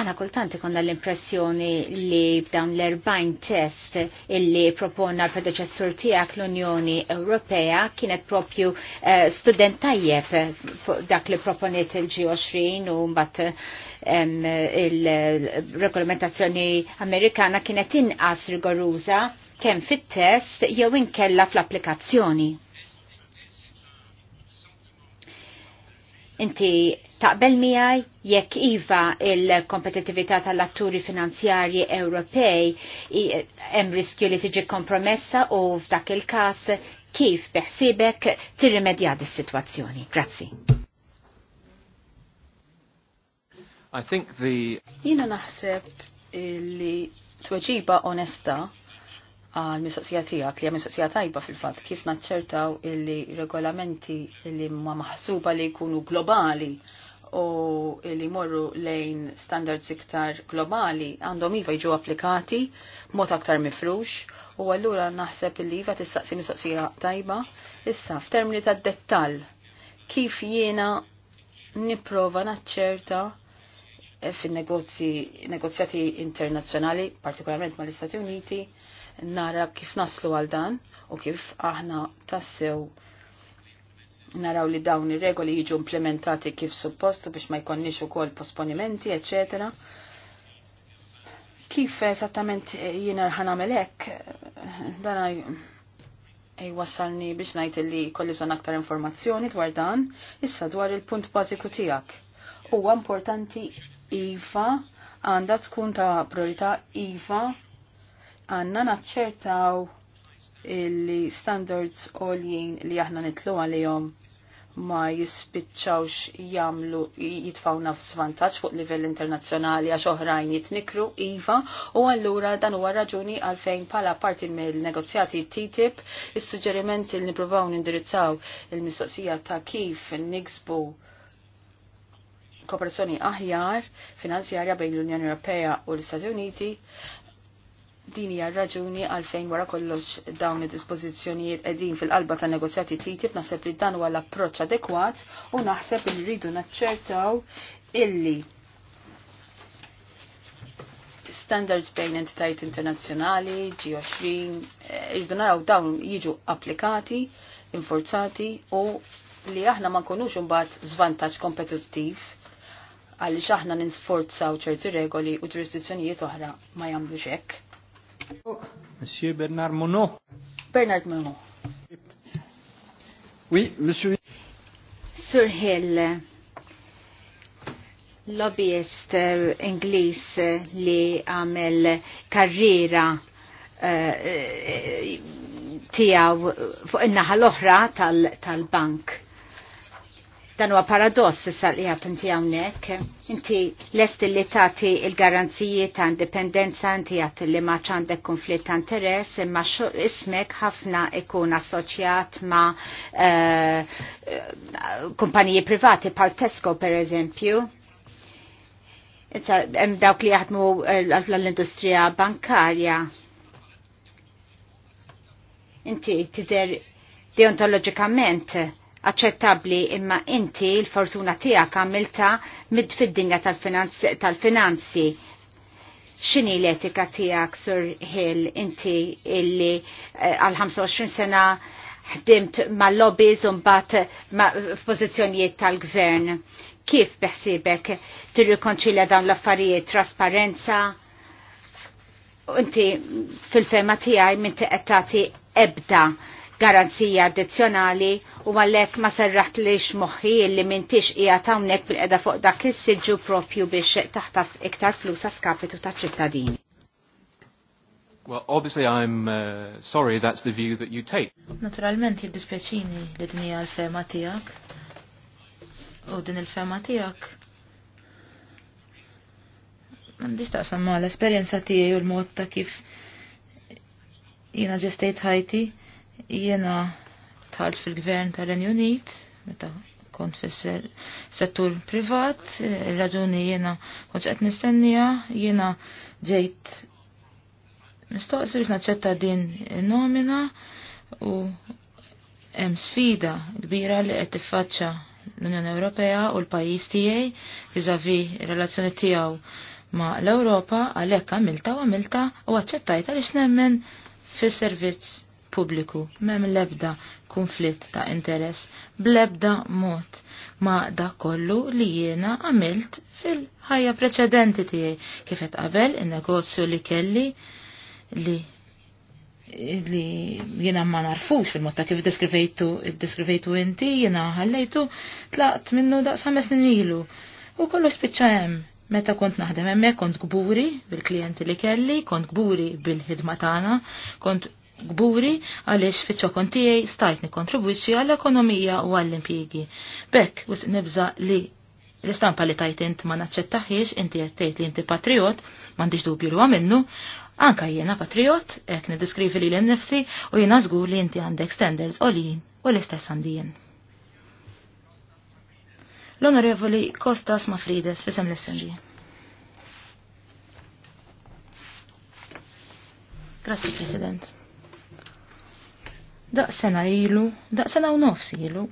Għana kultanti konna l-impressjoni li b'dawn l-40 test illi proponna l-predeċessur tijak l-Unjoni Ewropea kienet propju uh, student tajjeb dak li proponiet il-G20 u mbatt um, il-regolamentazzjoni Amerikana kienet inqas rigoruza kemm fit-test jew inkella fl-applikazzjoni. Inti taqbel miħaj jekk iva il-kompetitività tal-atturi finanzjarji Ewropej hemm riskju li tiġi kompromessa u f'dak il-każ kif beħsibek tirrimedja dis-sitwazzjoni. Grazzi. I think the Jiena naħseb li tweġiba onesta għal mistoqsija tiegħek li hija mistoqsija tajba fil-fatt kif naċċertaw illi regolamenti illi ma maħsuba li jkunu globali u li morru lejn standards iktar globali għandhom iva jġu applikati mod aktar mifrux u allura naħseb illi iva tistaqsi mistoqsija tajba issa f'termini ta' dettall kif jiena nipprova naċċerta fin-negozji negozjati internazzjonali, partikolarment mal-Istati Uniti, nara kif naslu għal dan u kif aħna tassew naraw li dawn ir-regoli jiġu implementati kif suppostu biex ma jkonniex ukoll posponimenti, etc. Kif esattament jiena ħanamel hekk dan jwassalni biex ngħid li kolli bżonn aktar informazzjoni dwar dan, issa dwar il-punt bażiku tiegħek. Huwa importanti iva għandha tkun ta' priorità iva għanna naċċertaw illi standards għoljien li aħna nitlu għalihom ma jispiċċawx jamlu jitfawna f-svantaċ fuq livell internazzjonali għax oħrajn jitnikru iva u allura dan huwa raġuni għalfejn pala parti mill-negozjati TTIP is-suġġerimenti li nippruvaw nindirizzaw il-mistoqsija ta' kif niksbu kooperazzjoni aħjar finanzjarja bejn l-Unjoni Ewropea u l-Istati Uniti din hija raġuni għalfejn wara kollox dawn id-dispożizzjonijiet qegħdin fil-qalba ta' negozjati TTIP naħseb li dan huwa l-approċċ adekwat u naħseb li rridu naċċertaw illi standards bejn entitajt internazzjonali, G20, eh, irridu naraw dawn jiġu applikati, infurzati u li aħna ma nkunux imbagħad żvantaġġ kompetittiv għaliex aħna ninsforzaw ċerti regoli u ġurisdizzjonijiet oħra ma jagħmlux hekk Monsieur Bernard Monod. Bernard Monod. Oui, monsieur. Sir Hill, lobbyist uh, eh, Inglis uh, eh, li għamel karriera uh, tijaw fuq in-naħa tal-bank. Tal Dan huwa paradoss issa li għat inti hawnhekk. Inti lest li tagħti l-garanziji ta' indipendenza inti għat li ma għandek konflitt ta' interess imma ismek ħafna ikun assoċjat ma' eh, kumpaniji privati bħal Tesco pereżempju. eżempju. hemm dawk li jaħdmu eh, l-industrija bankarja. Inti tidher deontologikament aċċettabli imma inti l-fortuna tiegħek għamilta mid fid-dinja tal-finanzi. X'inhi l-etika tijak, Sir Hill, inti illi eh, għal 25 sena ħdimt ma' lobbies un bat f'pożizzjonijiet tal-gvern. Kif beħsibek tirrikonċilja dawn l-affarijiet trasparenza? Inti fil-fema tijaj minn tagħti ebda garanzija addizzjonali u għallek ma serraħt li xmoħi illi mintix ija tawnek bil-qeda fuq dak il-sidġu propju biex taħtaf iktar flus skapitu ta' ċittadini. Well, obviously I'm uh, sorry that's the view that you take. Naturalment jiddispjaċini li din hija l-fema tiegħek. U din il-fema tiegħek m'għandix taqsam ma l-esperjenza tiegħi u l-mod ta' kif jiena ġestejt ħajti Jiena tħalt fil-gvern tal-Renju Unit, meta kont fis-settur privat, il-raġuni jiena kont qed nistennija, jiena ġejt mistoqsi biex naċċetta din nomina u hemm sfida kbira li qed tiffaċċa l-Unjoni Ewropea u l-pajjiż tiegħi viżavi r-relazzjoni tiegħu ma' l-Ewropa għalhekk għamilta u għamilta u aċċettajt għaliex nemmen fis-servizz pubbliku mem lebda konflitt ta' interess, blebda mod ma' da kollu li jiena għamilt fil-ħajja preċedenti tiegħi kif qed qabel in-negozju li kelli li li jiena ma narfux fil-mod ta' kif deskrivejtu deskrivejtu inti jiena ħallejtu tlaqt minnu daqs ħames snin ilu u kollu spiċċa hemm meta kont naħdem hemmhekk kont kburi bil-klijenti li kelli, kont kburi bil-ħidma tagħna, kont gburi għaliex fiċ-ċokon tiegħi stajt nikkontribwixxi għall-ekonomija u għall-impjiegi. Bekk wisq nibża li l-istampa li tajt int ma naċċettaħiex inti qed tgħid li inti patriot, m'għandix dubju li għamennu, minnu, anka jiena patriot, hekk nidiskrivi li l-nifsi u jiena żgur li inti għandek standards li u l-istess għandijen. L-Onorevoli Kostas Mafrides fisem l-SNG. Grazie President daqsena ilu, daqsena u nofs ilu.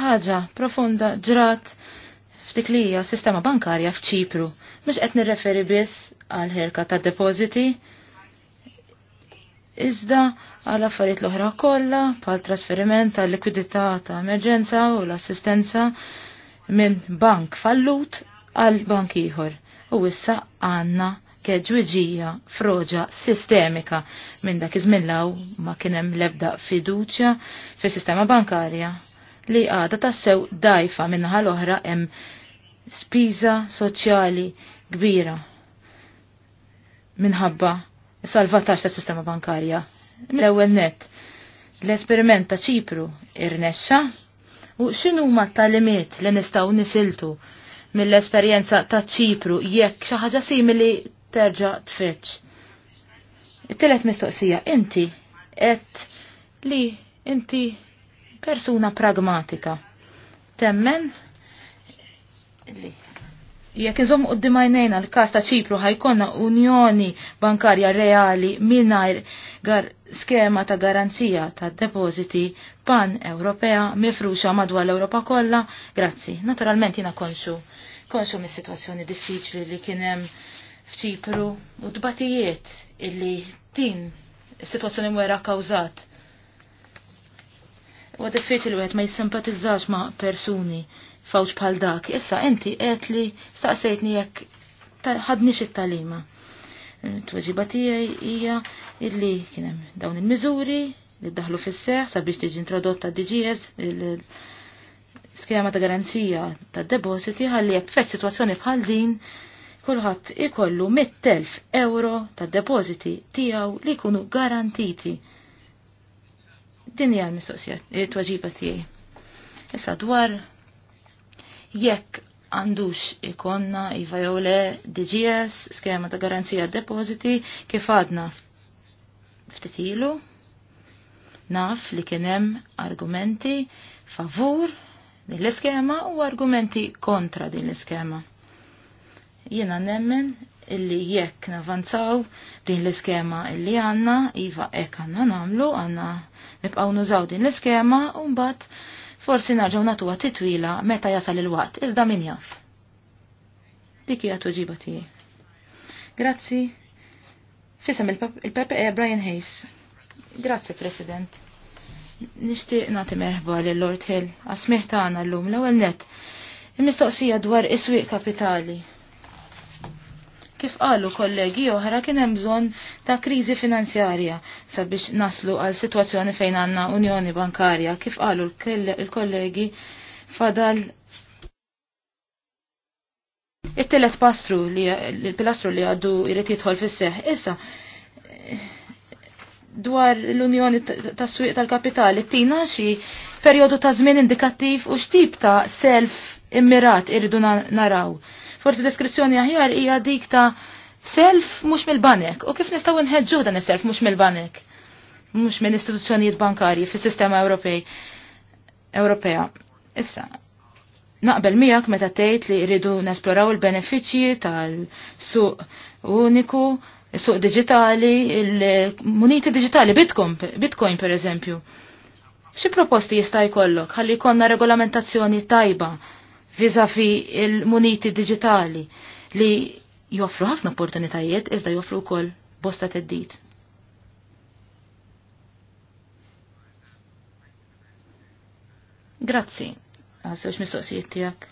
ħaġa profonda ġrat ftik li hija sistema bankarja f'Ċipru, mhux qed nirreferi biss għal ħerka ta' depożiti, iżda għal affarijiet l-oħra kollha bħal trasferiment tal likwidità ta' emerġenza u l-assistenza minn bank fallut għal bank ieħor. U issa għandna keġwiġija froġa sistemika minn dak iż ma kien hemm l-ebda fiduċja fis-sistema bankarja li għada tassew dajfa minnaħa l-oħra hemm spiża soċjali kbira minħabba salvataġġ tas-sistema bankarja. L-ewwel net l-esperiment ta' Ċipru irnexxa u x'inhuma t-talimiet li nistgħu nisiltu mill-esperjenza ta' ċipru jekk xi ħaġa simili terġa tfittx. It-telet mistoqsija, inti et li inti persuna pragmatika. Temmen li jekk iżom u d-dimajnejna l-kas ta' ċipru ħajkonna unjoni bankarja reali minnajr gar skema ta' garanzija ta' depoziti pan-Ewropea mifruxa madwar l europa kollha, grazzi. Naturalment jina konxu konxu mis-sitwazzjoni diffiċli li kienem f'ċipru u dbatijiet illi din is-sitwazzjoni mwera kawżat. U diffiċli wieħed ma jissimpatizzax ma' persuni fawċ bħal dak. Issa inti qed li staqsejtni jekk ħadni it-talima. Tweġiba tiegħi hija illi kien hemm dawn il-miżuri li daħlu fis-seħ sabiex tiġi introdotta DGS il-skema ta' garanzija ta' depositi ħalli jekk tfett sitwazzjoni bħal din kulħadd ikollu 100,000 euro ta' depositi tiegħu li jkunu garantiti. Din hija l-mistoqsija t-tweġiba tiegħi. Issa dwar jekk għandux ikonna iva jew DGS, skema ta' garanzija depositi, kif għadna ftit ilu. Naf li kien hemm argumenti favur din l-iskema u argumenti kontra din l-iskema. Jiena nemmen illi jekk navanzaw din l-iskema illi għanna, iva ek għanna namlu, għanna nibqaw nużaw din l-iskema, unbat forsi naġaw natuwa titwila meta jasal il-waqt, iżda min jaff. Dik hija tweġiba tiegħi. Grazzi. Fisem il e eh, Brian Hayes. Grazzi, President. Nishtiq nagħti merħba lil Lord Hill. Għasmiħ tagħna llum l-ewwel net. Il-mistoqsija dwar iswiq kapitali Kif qalu kollegi oħra kien hemm bżonn ta' kriżi finanzjarja sabiex naslu għal sitwazzjoni fejn għandna Unjoni Bankarja. Kif qalu l-kollegi fadal it-telet pastru li l-pilastru li għaddu jrid jidħol fis-seħ. Issa dwar l-Unjoni tas-Swieq tal-Kapitali tina xi perjodu ta' żmien indikattiv u x'tip ta' self immirat irridu naraw. Na Forsi deskrizzjoni aħjar hija dik ta' self mhux mill-banek. U kif nistgħu nħeġġu dan is-self mhux mill-banek? Mhux minn istituzzjonijiet bankarji fis-sistema Ewropej. Ewropea. Issa, naqbel miegħek meta tgħid li jridu nesploraw il-benefiċċji tal-suq uniku, suq diġitali, il-muniti diġitali Bitcoin, Bitcoin per eżempju. Xi proposti jista' jkollok ħalli jkollna regolamentazzjoni tajba fi il-muniti digitali li joffru ħafna opportunitajiet iżda joffru wkoll bosta teddit. Grazzi, għazzewx mistoqsijiet tijak.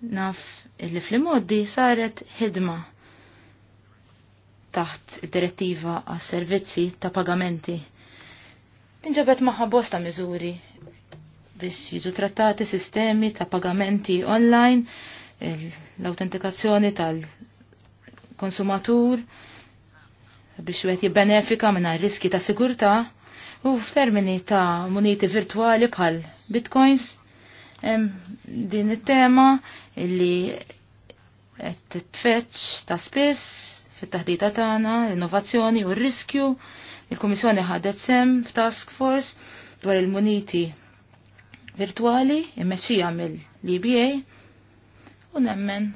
Naf illi fl-moddi saret ħidma taħt direttiva għas servizzi ta' pagamenti. Tinġabet maħħa bosta miżuri biex jiġu trattati sistemi ta' pagamenti online, l-autentikazzjoni tal-konsumatur, biex wieħed jibbenefika minn riski ta' sigurtà u f'termini ta' muniti virtuali bħal bitcoins. Din it-tema li qed tfetx ta' spiss fit-taħdita tagħna, innovazzjoni u r-riskju. Il-Kummissjoni ħadet sem f'task force dwar il-muniti virtuali immexxija mill-EBA u nemmen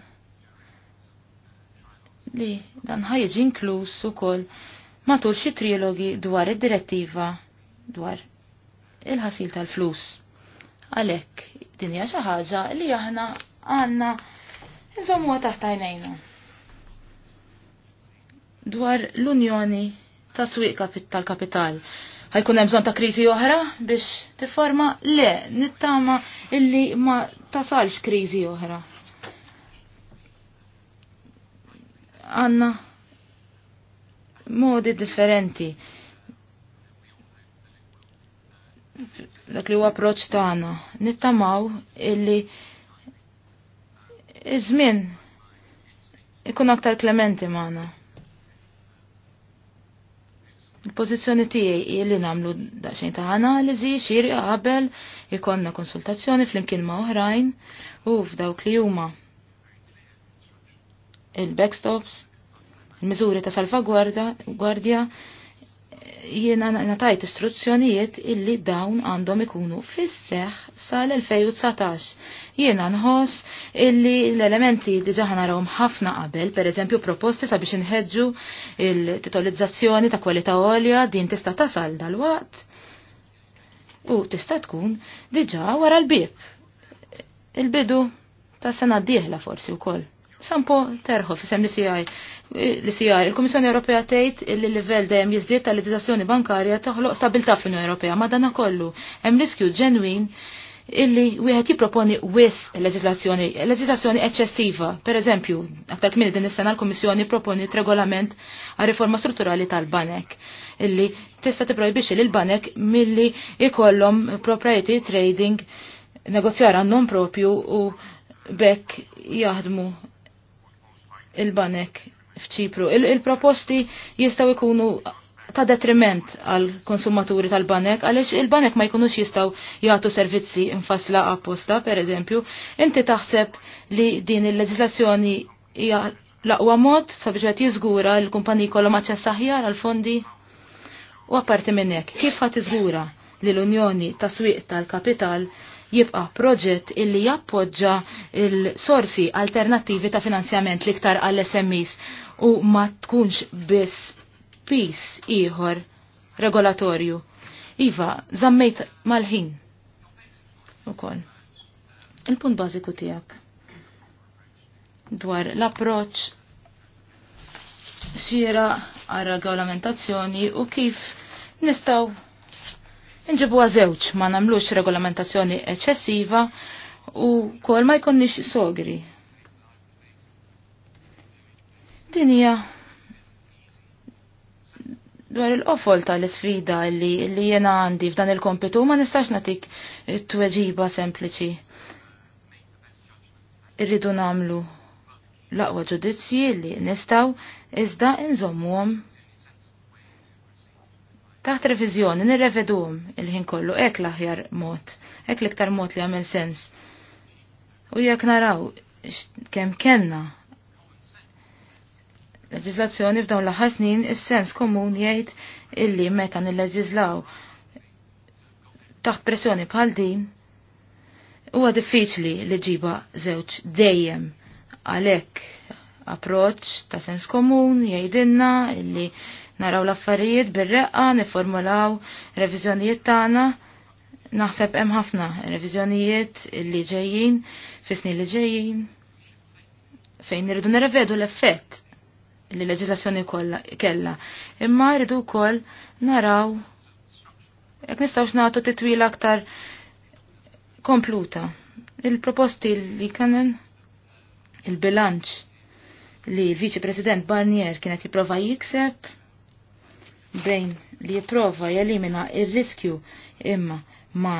li dan ħajġi inkluż ukoll matul xi trilogi dwar id-direttiva dwar il-ħasil tal-flus. Għalhekk din hija xi ħaġa li aħna għandna nżommuha taħt għajnejna. Dwar l-Unjoni ta' Swieq tal-Kapital ħajkun hemm bżonn ta' kriżi oħra biex tifforma? Le, nittama illi ma tasalx kriżi oħra. Għanna modi differenti. Dak li huwa approċċ tagħna. Nittamaw illi iż-żmien ikun aktar klementi magħna. Il-pozizjoni tiegħi li nagħmlu daqsxejn ta' analiżi xiri qabel ikonna konsultazzjoni flimkien ma' oħrajn u f'dawk li huma il-backstops, il-miżuri ta' salvagwardja, jiena natajt istruzzjonijiet illi dawn għandhom ikunu fis-seħ sal-2019. Jiena nħoss illi l-elementi diġa ħanarawhom ħafna qabel, per eżempju proposti sabiex inħeġġu il-titolizzazzjoni ta' kwalità għolja din tista' tasal dal-waqt u tista' tkun diġa wara l-bib. Il-bidu ta' sena d-dieħla forsi wkoll. Sampo terħu fisem li CIA. Li CIA, il-Komissjoni Ewropea tgħid li l-livell dejjem jiżdied tal-leġiżlazzjoni bankarja taħloq stabilità fl-Unjoni Ewropea, ma dana kollu hemm riskju ġenwin illi wieħed jipproponi wis leġiżlazzjoni, leġislazzjoni eċċessiva. Per eżempju, aktar kmini din is-sena l-Kummissjoni proponi regolament għal riforma strutturali tal-banek illi tista' tipprojbixxi lil banek milli ikollhom propriety trading negozjar għandhom propju u bekk jaħdmu il-banek f'ċipru. Il-proposti jistaw ikunu ta' detriment għal konsumaturi tal-banek, għalix il-banek ma jkunux jistaw jgħatu servizzi infasla apposta, per eżempju, inti taħseb li din il-leġislazzjoni hija laqwa mod sabiex qed jiżgura l-kumpaniji kollhom aċċess aħjar għal fondi. U apparti minn hekk, kif ħadd iżgura li l-Unjoni ta' Swieq tal-Kapital jibqa' proġett illi jappoġġa il-sorsi alternattivi ta' finanzjament liktar għall-SMEs u ma tkunx biss pis ieħor regolatorju. Iva, zammejt mal-ħin. Ukoll. Il-punt bażiku tiegħek dwar l-approċ xira għal regolamentazzjoni u kif nistaw Nġibu għazewċ ma namlux regolamentazzjoni eċessiva u kol ma jkonnix sogri. Dinija dwar il-qofol tal-sfida li, li jena għandi f'dan il-kompetu ma nistax natik tweġiba sempliċi. Irridu namlu laqwa ġudizzji li nistaw iżda nżommuhom Taħt revizjoni nirrevedum il-ħin kollu hekk l-aħjar mod, hekk l-iktar mod li għamil sens. U jekk naraw kemm kenna leġizlazzjoni f'dawn l-aħħar snin is-sens komun jgħid illi meta nilleġiżlaw taħt pressjoni bħal din huwa diffiċli li ġiba żewġ dejjem għalhekk approċ ta' sens komun jgħidilna illi naraw l-affarijiet bir-reqqa, niformulaw reviżjonijiet tagħna. Naħseb hemm ħafna reviżjonijiet li ġejjin, fis-snin li ġejjin, fejn irridu nirrevedu l-effett li l-leġislazzjoni kellha Imma rridu wkoll naraw jekk nistgħux nagħtu titwila aktar kompluta. Il-proposti li kanen il-bilanċ li Viċi President Barnier kienet jipprova jikseb brain li jiprofa jelimina il riskju imma ma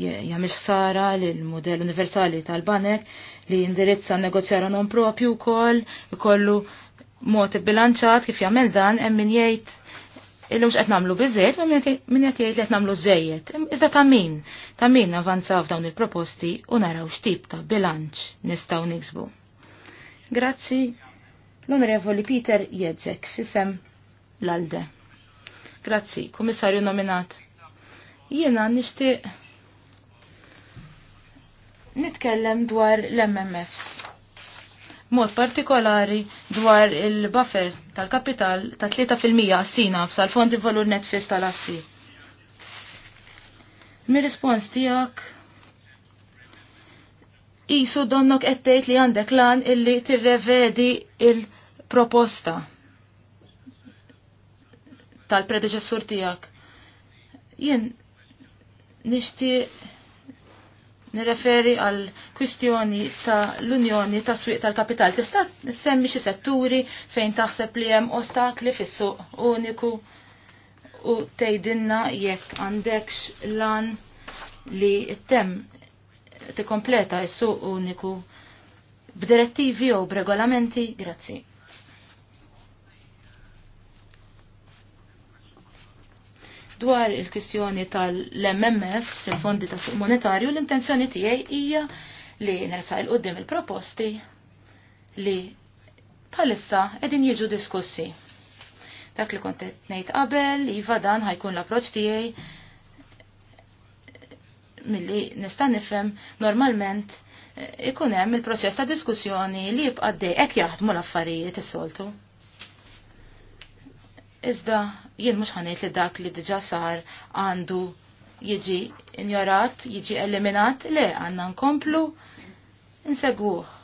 jagħmilx sara l mudell universali tal-banek li jindirizza negozjara non propju wkoll ikollu mod bilanċat kif jagħmel dan hemm min jgħid illum x'qed nagħmlu biżejjed ma min qed jgħid li qed nagħmlu żejjed. Iżda ta' min ta' min avanzaw f'dawn il-proposti u naraw x'tip ta' bilanċ nistgħu niksbu. Grazzi l-Onorevoli Peter Jedzek fisem l-Alde. Grazzi, kummissarju nominat. Jiena nixtieq nitkellem dwar l-MMFs. Mod partikolari dwar il-buffer tal-kapital ta' 3% għassina f'sal-fondi valur net fis tal-assi. Mi rispons tijak jisu donnok ettejt li għandek lan illi tirrevedi il-proposta tal-predeċessur tiegħek. Jien nixtieq nirreferi għal kwistjoni ta' l-Unjoni ta' Swieq tal-Kapital. Tista' semmi xi setturi fejn taħseb li hemm ostakli fis-suq uniku u tgħidilna jekk għandekx lan li tem tikkompleta s-suq uniku b'direttivi jew b'regolamenti. Grazie. Dwar il-kwistjoni tal mmf il-fondi ta' fuq monetarju, l-intenzjoni tiegħi hija li nersa il qoddim il-proposti li bħalissa qegħdin jiġu diskussi. Dak li kont ngħid qabel, iva dan ħajkun l-approċċ tiegħi milli nista' nifhem normalment ikun hemm il-proċess ta' diskussjoni li jibqa' dej jaħdmu l-affarijiet is-soltu. Iżda jien mhux ħanejt li dak li diġà sar għandu jiġi injorat, jiġi eliminat, le għandna nkomplu nsegwuh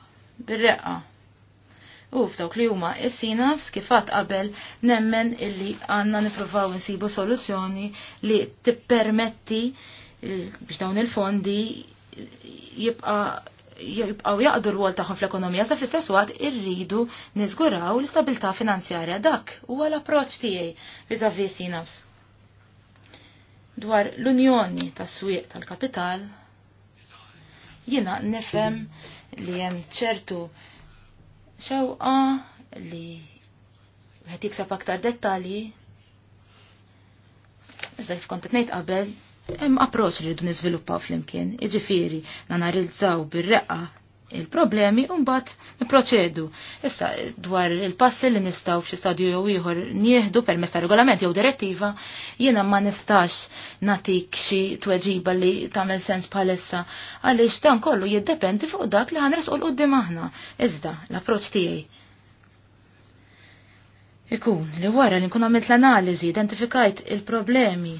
bir-reqqa. U f'dawk li huma is-sina f'skifat qabel nemmen illi għandna nippruvaw insibu soluzzjoni li tippermetti biex dawn il-fondi jibqa' jibqaw jaqdu rwol wol tagħhom fl-ekonomija sa fl-istess waqt irridu niżguraw l istabilta finanzjarja dak huwa l-approċċ tiegħi viżavi sinafs. Dwar l-unjoni tas-swieq tal-kapital jiena nifhem li hemm ċertu xewqa li qed jiksab aktar dettalji Iżda f'kont qed qabel hemm approċċ li rridu niżviluppaw flimkien. Iġifieri nanarizzaw bir-reqqa il-problemi u mbagħad niproċedu. Issa dwar il-passi li nistgħu f'xi stadju jew ieħor nieħdu permezz ta' regolament jew direttiva, jiena ma nistax natik xi tweġiba li tagħmel sens bħalissa għaliex dan kollu jiddependi fuq dak li ħanresqu l qudiem aħna. Iżda l-approċċ tiegħi Ikun li wara li nkun għamilt l-analiżi, identifikajt il-problemi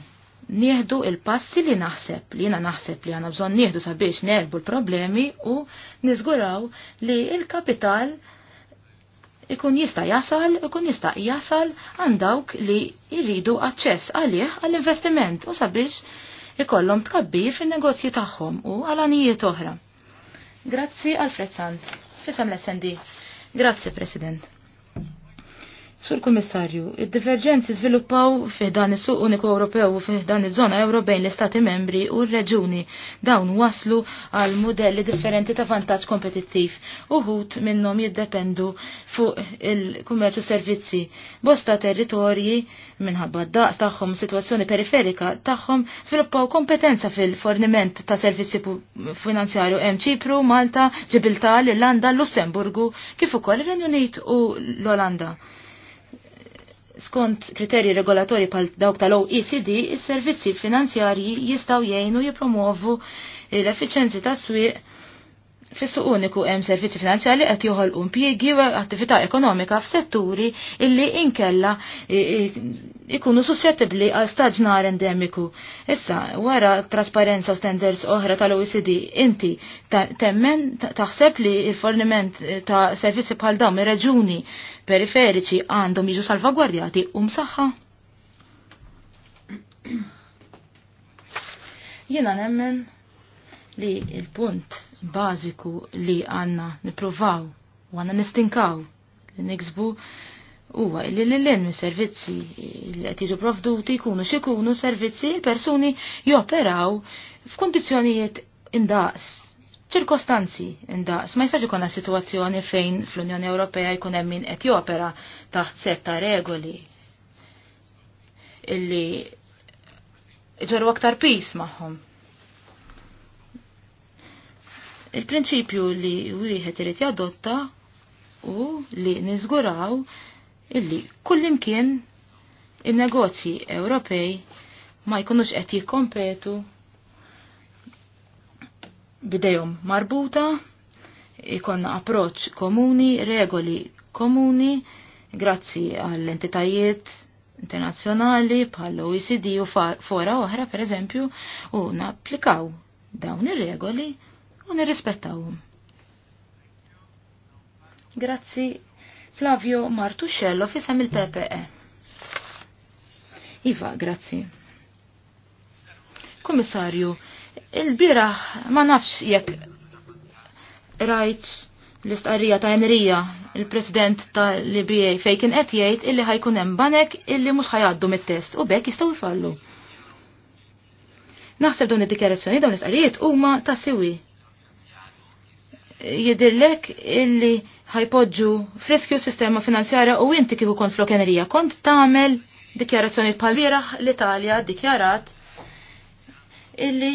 nieħdu il-passi li naħseb, li jiena naħseb li għana bżon nieħdu sabiex nerbu l-problemi u nizguraw li il-kapital ikun jista jasal, ikun jista jasal għandawk li jridu aċċess għalih għall-investiment u sabiex ikollhom tkabbir fin-negozji tagħhom u għal oħra. Grazzi għal Frezzant. Fisam l-SND. Grazzi, President. Sur Kummissarju, id-diverġenzi sviluppaw fih dan is-suq uniku Ewropew u fih dan iż-żona Ewro bejn l-Istati membri u r-reġuni dawn waslu għal modelli differenti ta' vantaġġ kompetittiv. ħut minnhom jiddependu fuq il-kummerċu servizzi. Bosta territorji minħabba daqs tagħhom situazzjoni periferika tagħhom sviluppaw kompetenza fil-forniment ta' servizzi finanzjarju hemm Ċipru, Malta, Ġibiltar, l-Irlanda, Lussemburgu, kif ukoll ir-Renju Unit u l-Olanda skont kriterji regolatori pal dawk tal-OECD, is-servizzi finanzjarji jistaw jgħinu jipromovu l-effiċenzi tas-swieq fissu uniku hemm servizzi finanzjali qed joħolqu impjiegi u attività ekonomika f'setturi illi inkella ikunu suscettibbli għal staġnar endemiku. Issa, wara trasparenza u standards oħra tal-OECD, inti temmen taħseb li il-forniment ta' servizzi bħal dawn ir-reġuni periferiċi għandhom jiġu salvagwardjati u msaħħa? [clears throat] Jiena nemmen li il-punt bażiku li għanna niprovaw u għanna nistinkaw li niksbu huwa li l-lin servizzi li qed jiġu provduti jkunu jkunu servizzi l-persuni joperaw f'kundizzjonijiet indaqs ċirkostanzi indaqs. Ma jistax ikun situazzjoni fejn fl-Unjoni Ewropea jkun hemm min qed jopera taħt setta regoli illi ġeru aktar pis magħhom. Il-prinċipju li wieħed irid jadotta u li niżguraw illi kullimkien il-negozji Ewropej ma jkunux qed jikkompetu bidejhom marbuta, ikonna approċ komuni, regoli komuni, grazzi għall-entitajiet internazzjonali bħall OECD u fora oħra per eżempju, u napplikaw dawn ir-regoli u nirrispettawhom. Grazzi Flavio Martuscello fisem il-PPE. Iva, grazzi. Komissarju, il-biraħ ma nafx jekk rajt l-istqarrija ta' Enrija, il-president ta' l-IBA fejkin kien qed jgħid illi ħajkun hemm banek illi mhux ħajgħaddu mit-test u bekk jistgħu jfallu. Naħseb dawn id-dikjarazzjoni dawn l-istqarrijiet huma ta' siwi jidirlek illi ħajpoġġu friskju sistema finanzjarja u inti kieku kont flokenerija kont tagħmel dikjarazzjoni bħal-bieraħ l-Italja dikjarat illi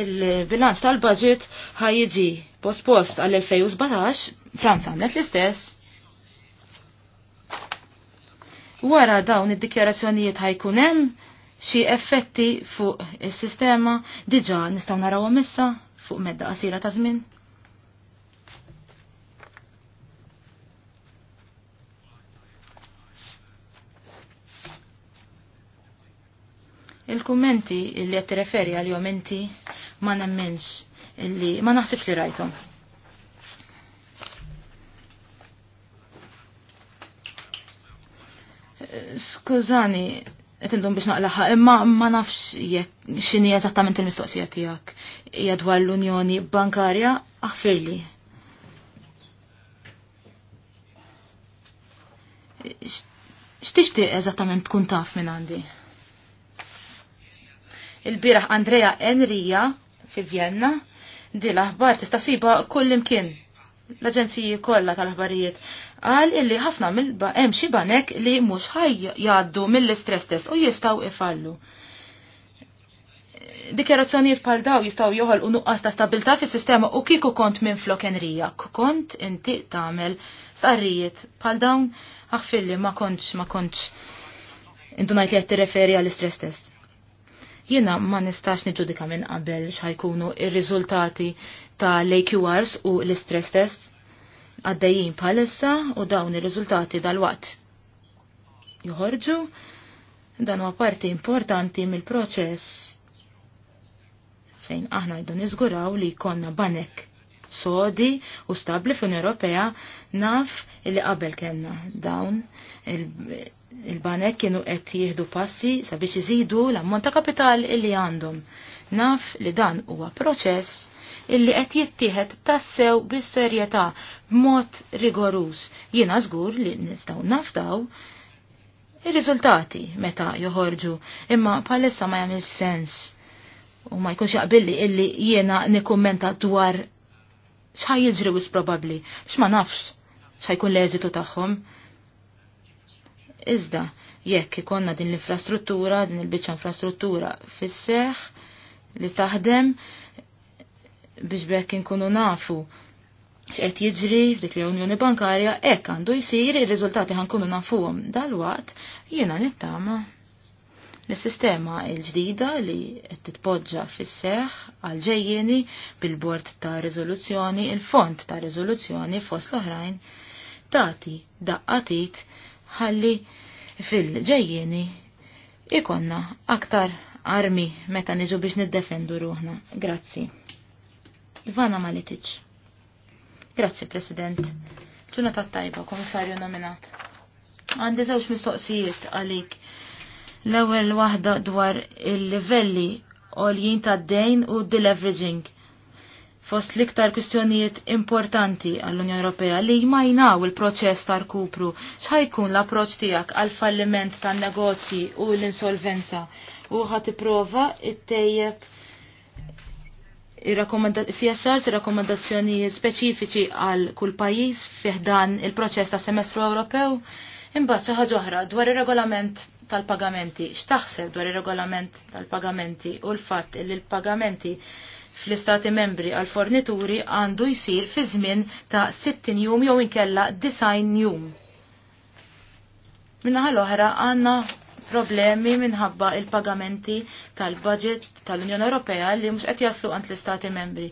il-bilanċ tal-budget jiġi postpost għall 2017 Franza għamlet l-istess. Wara dawn id-dikjarazzjonijiet ħajkun hemm xi effetti fuq is-sistema diġà nistgħu narawhom issa fuq medda qasira ta' żmien. Il-kummenti li qed tirreferi għal-jom inti ma nemmenx illi ma naħsibx li rajtom. Skużani, qed indum biex naqlaħa, imma ma nafx jekk x'inhi eżattament il-mistoqsija tiegħek. Hija dwar l-Unjoni Bankarja aħfirli. X'tixtieq eżattament tkun taf minn għandi? il-biraħ Andrea Enrija fi Vienna, di l-aħbar tista' siba kull imkien l-aġenziji kollha tal-aħbarijiet qal illi ħafna mill-ba hemm xi banek li mhux ħaj jgħaddu mill-istress test u jistgħu ifallu Dikjerazzjonijiet pal daw jistaw joħol nuqqas ta' stabilta fis sistema u kieku kont minn Enrija, Kont inti tagħmel sarrijiet pal dawn għaffilli ma kontx ma kontx. Intu najt li għatti referi għal istress test. Jiena ma nistax niġudika minn qabel xajkunu il riżultati ta' l-AQRs u l-istress test għaddejjin bħalissa u dawn ir-riżultati dal wat joħorġu. Dan huwa parti importanti mill-proċess fejn aħna jdu niżguraw li jkollna banek sodi u stabli fl Ewropea naf li qabel kellna dawn il-banek kienu qed jieħdu passi sabiex iżidu l-ammont ta' kapital illi għandhom. Naf li dan huwa proċess illi qed jittieħed tassew bis-serjetà b'mod rigorus. Jiena żgur li nistgħu nafdaw ir-riżultati meta joħorġu, imma palissa ma jagħmel sens u ma jkunx jaqbilli illi jiena nikkummenta dwar x'ħaj jiġri wis probabbli, x'ma nafx x'ħajkun l-eżitu tagħhom. Iżda, jekk ikonna din l-infrastruttura, din il-biċċa infrastruttura fis-seħ li taħdem biex bekk inkunu nafu x'qed jiġri f'dik l-Unjoni Bankarja, hekk għandu jsir ir-riżultati ħankunu nafuhom dalwaqt jiena nittama l-sistema l-ġdida li qed titpoġġa fis-seħ għal ġejjeni bil-bord ta' riżoluzzjoni, il-font ta' riżoluzzjoni fost l-oħrajn tagħti daqqatit ħalli fil-ġejjeni ikonna aktar armi meta niġu biex niddefendu ruħna. Grazzi. Ivana Malitic. Grazzi, President. Ġuna ta' tajba, komissarju nominat. Għandi żewġ mistoqsijiet għalik. L-ewwel waħda dwar il-livelli għoljien ta' dejn u deleveraging fost liktar kwistjonijiet importanti għall-Unjoni Ewropea li jmajnaw il-proċess ta' kupru x'ħajkun l-approċċ tiegħek għall-falliment tan-negozji u l-insolvenza u ħadd tipprova ttejjeb CSR rakkomandazzjonijiet speċifiċi għal kull pajjiż fih dan il-proċess ta' semestru Ewropew. Imbagħad xi ħaġa oħra dwar ir-regolament tal-pagamenti. X'taħseb dwar ir-regolament tal-pagamenti u l-fatt li l-pagamenti fl-istati membri għal fornituri għandu jisir fi żmien ta' 60 jum jew inkella 90 jum. Minna l-oħra għanna problemi minħabba il-pagamenti tal-budget tal-Unjoni Ewropea li mhux qed jaslu għand l-istati membri.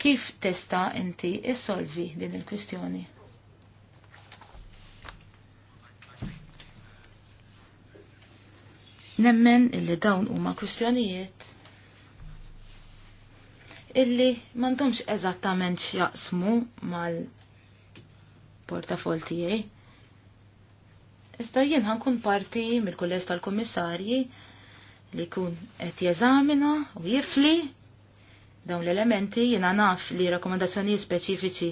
Kif testa' inti issolvi din il-kwistjoni? Nemmen illi dawn huma kwistjonijiet illi mandomx eżattament x'jaqsmu mal-portafol tiegħi. Iżda jien ħankun parti mill-kulleġġ tal-kummissarji li jkun qed jeżamina u jifli dawn l-elementi jiena naf li rakkomandazzjonijiet speċifiċi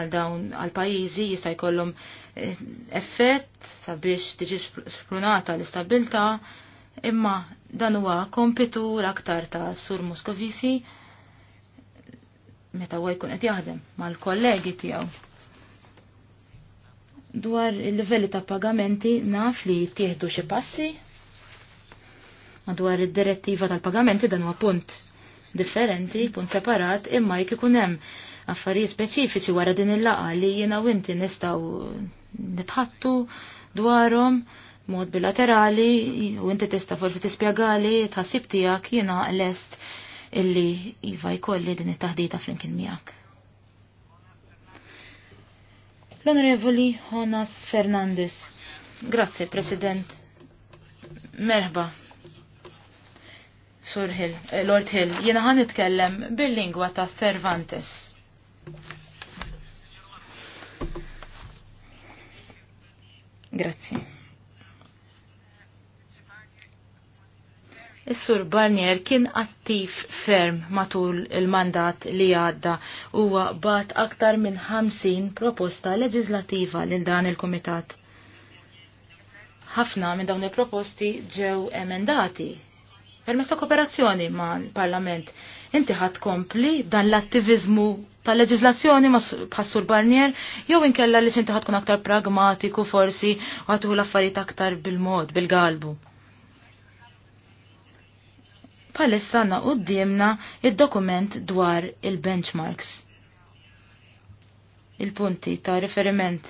għal dawn għal pajjiżi jista' jkollhom eh, effett sabiex tiġi sprunata l-istabilta imma dan huwa kompitur aktar ta' Sur Moscovici meta huwa jkun qed jaħdem mal-kollegi tiegħu. Dwar il-livelli ta' pagamenti naf li jittieħdu xi passi madwar id-direttiva tal-pagamenti dan huwa punt differenti, punt separat, imma jekk ikun hemm affarijiet speċifiċi wara din il-laqa li jiena u inti nistgħu nitħattu dwarhom mod bilaterali u inti tista' forsi tispjegali tħassib tiegħek jiena lest illi iva jkolli din it-taħdita flimkien miegħek. L-Onorevoli Jonas Fernandez. Grazie, President. Merħba. Sur Hill, eh, Lord Hill, jena ħan nitkellem bil-lingwa ta' Cervantes. Grazie. Is-Sur Barnier kien attiv ferm matul il-mandat li għadda huwa bat aktar minn 50 proposta leġislativa lil dan il-Kumitat. Ħafna minn dawn il-proposti ġew emendati permezz ta' kooperazzjoni ma' l-Parlament. Inti ħadd kompli dan l-attivizmu tal leġislazzjoni ma' Pastur Barnier, jew inkella li xinti ħatkun aktar pragmatiku forsi u għatuħu l-affarijiet aktar bil-mod, bil-galbu palissa na uddimna il dokument dwar il-benchmarks. Il-punti ta' riferiment.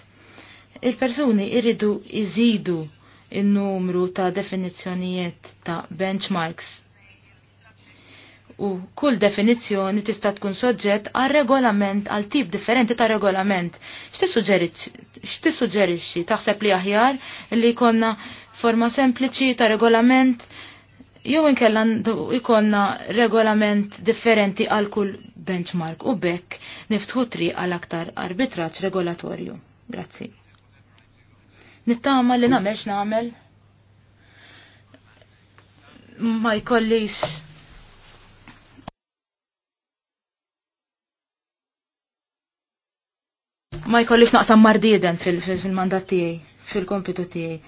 Il-persuni irridu iżidu il-numru ta' definizzjonijiet ta' benchmarks. U kull definizzjoni tista' tkun soġġett għal regolament għal tip differenti ta' regolament. X'tissuġġerixxi taħseb li aħjar li jkollna forma sempliċi ta' regolament jew inkella ikonna regolament differenti għal kull benchmark u bekk niftħu tri għal aktar arbitraċ regolatorju. Grazzi. Nittama li namelx namel ma jkollix ma jkollix naqsam mardiden fil-mandat fil, fil tiegħi, fil-kompitu tiegħi.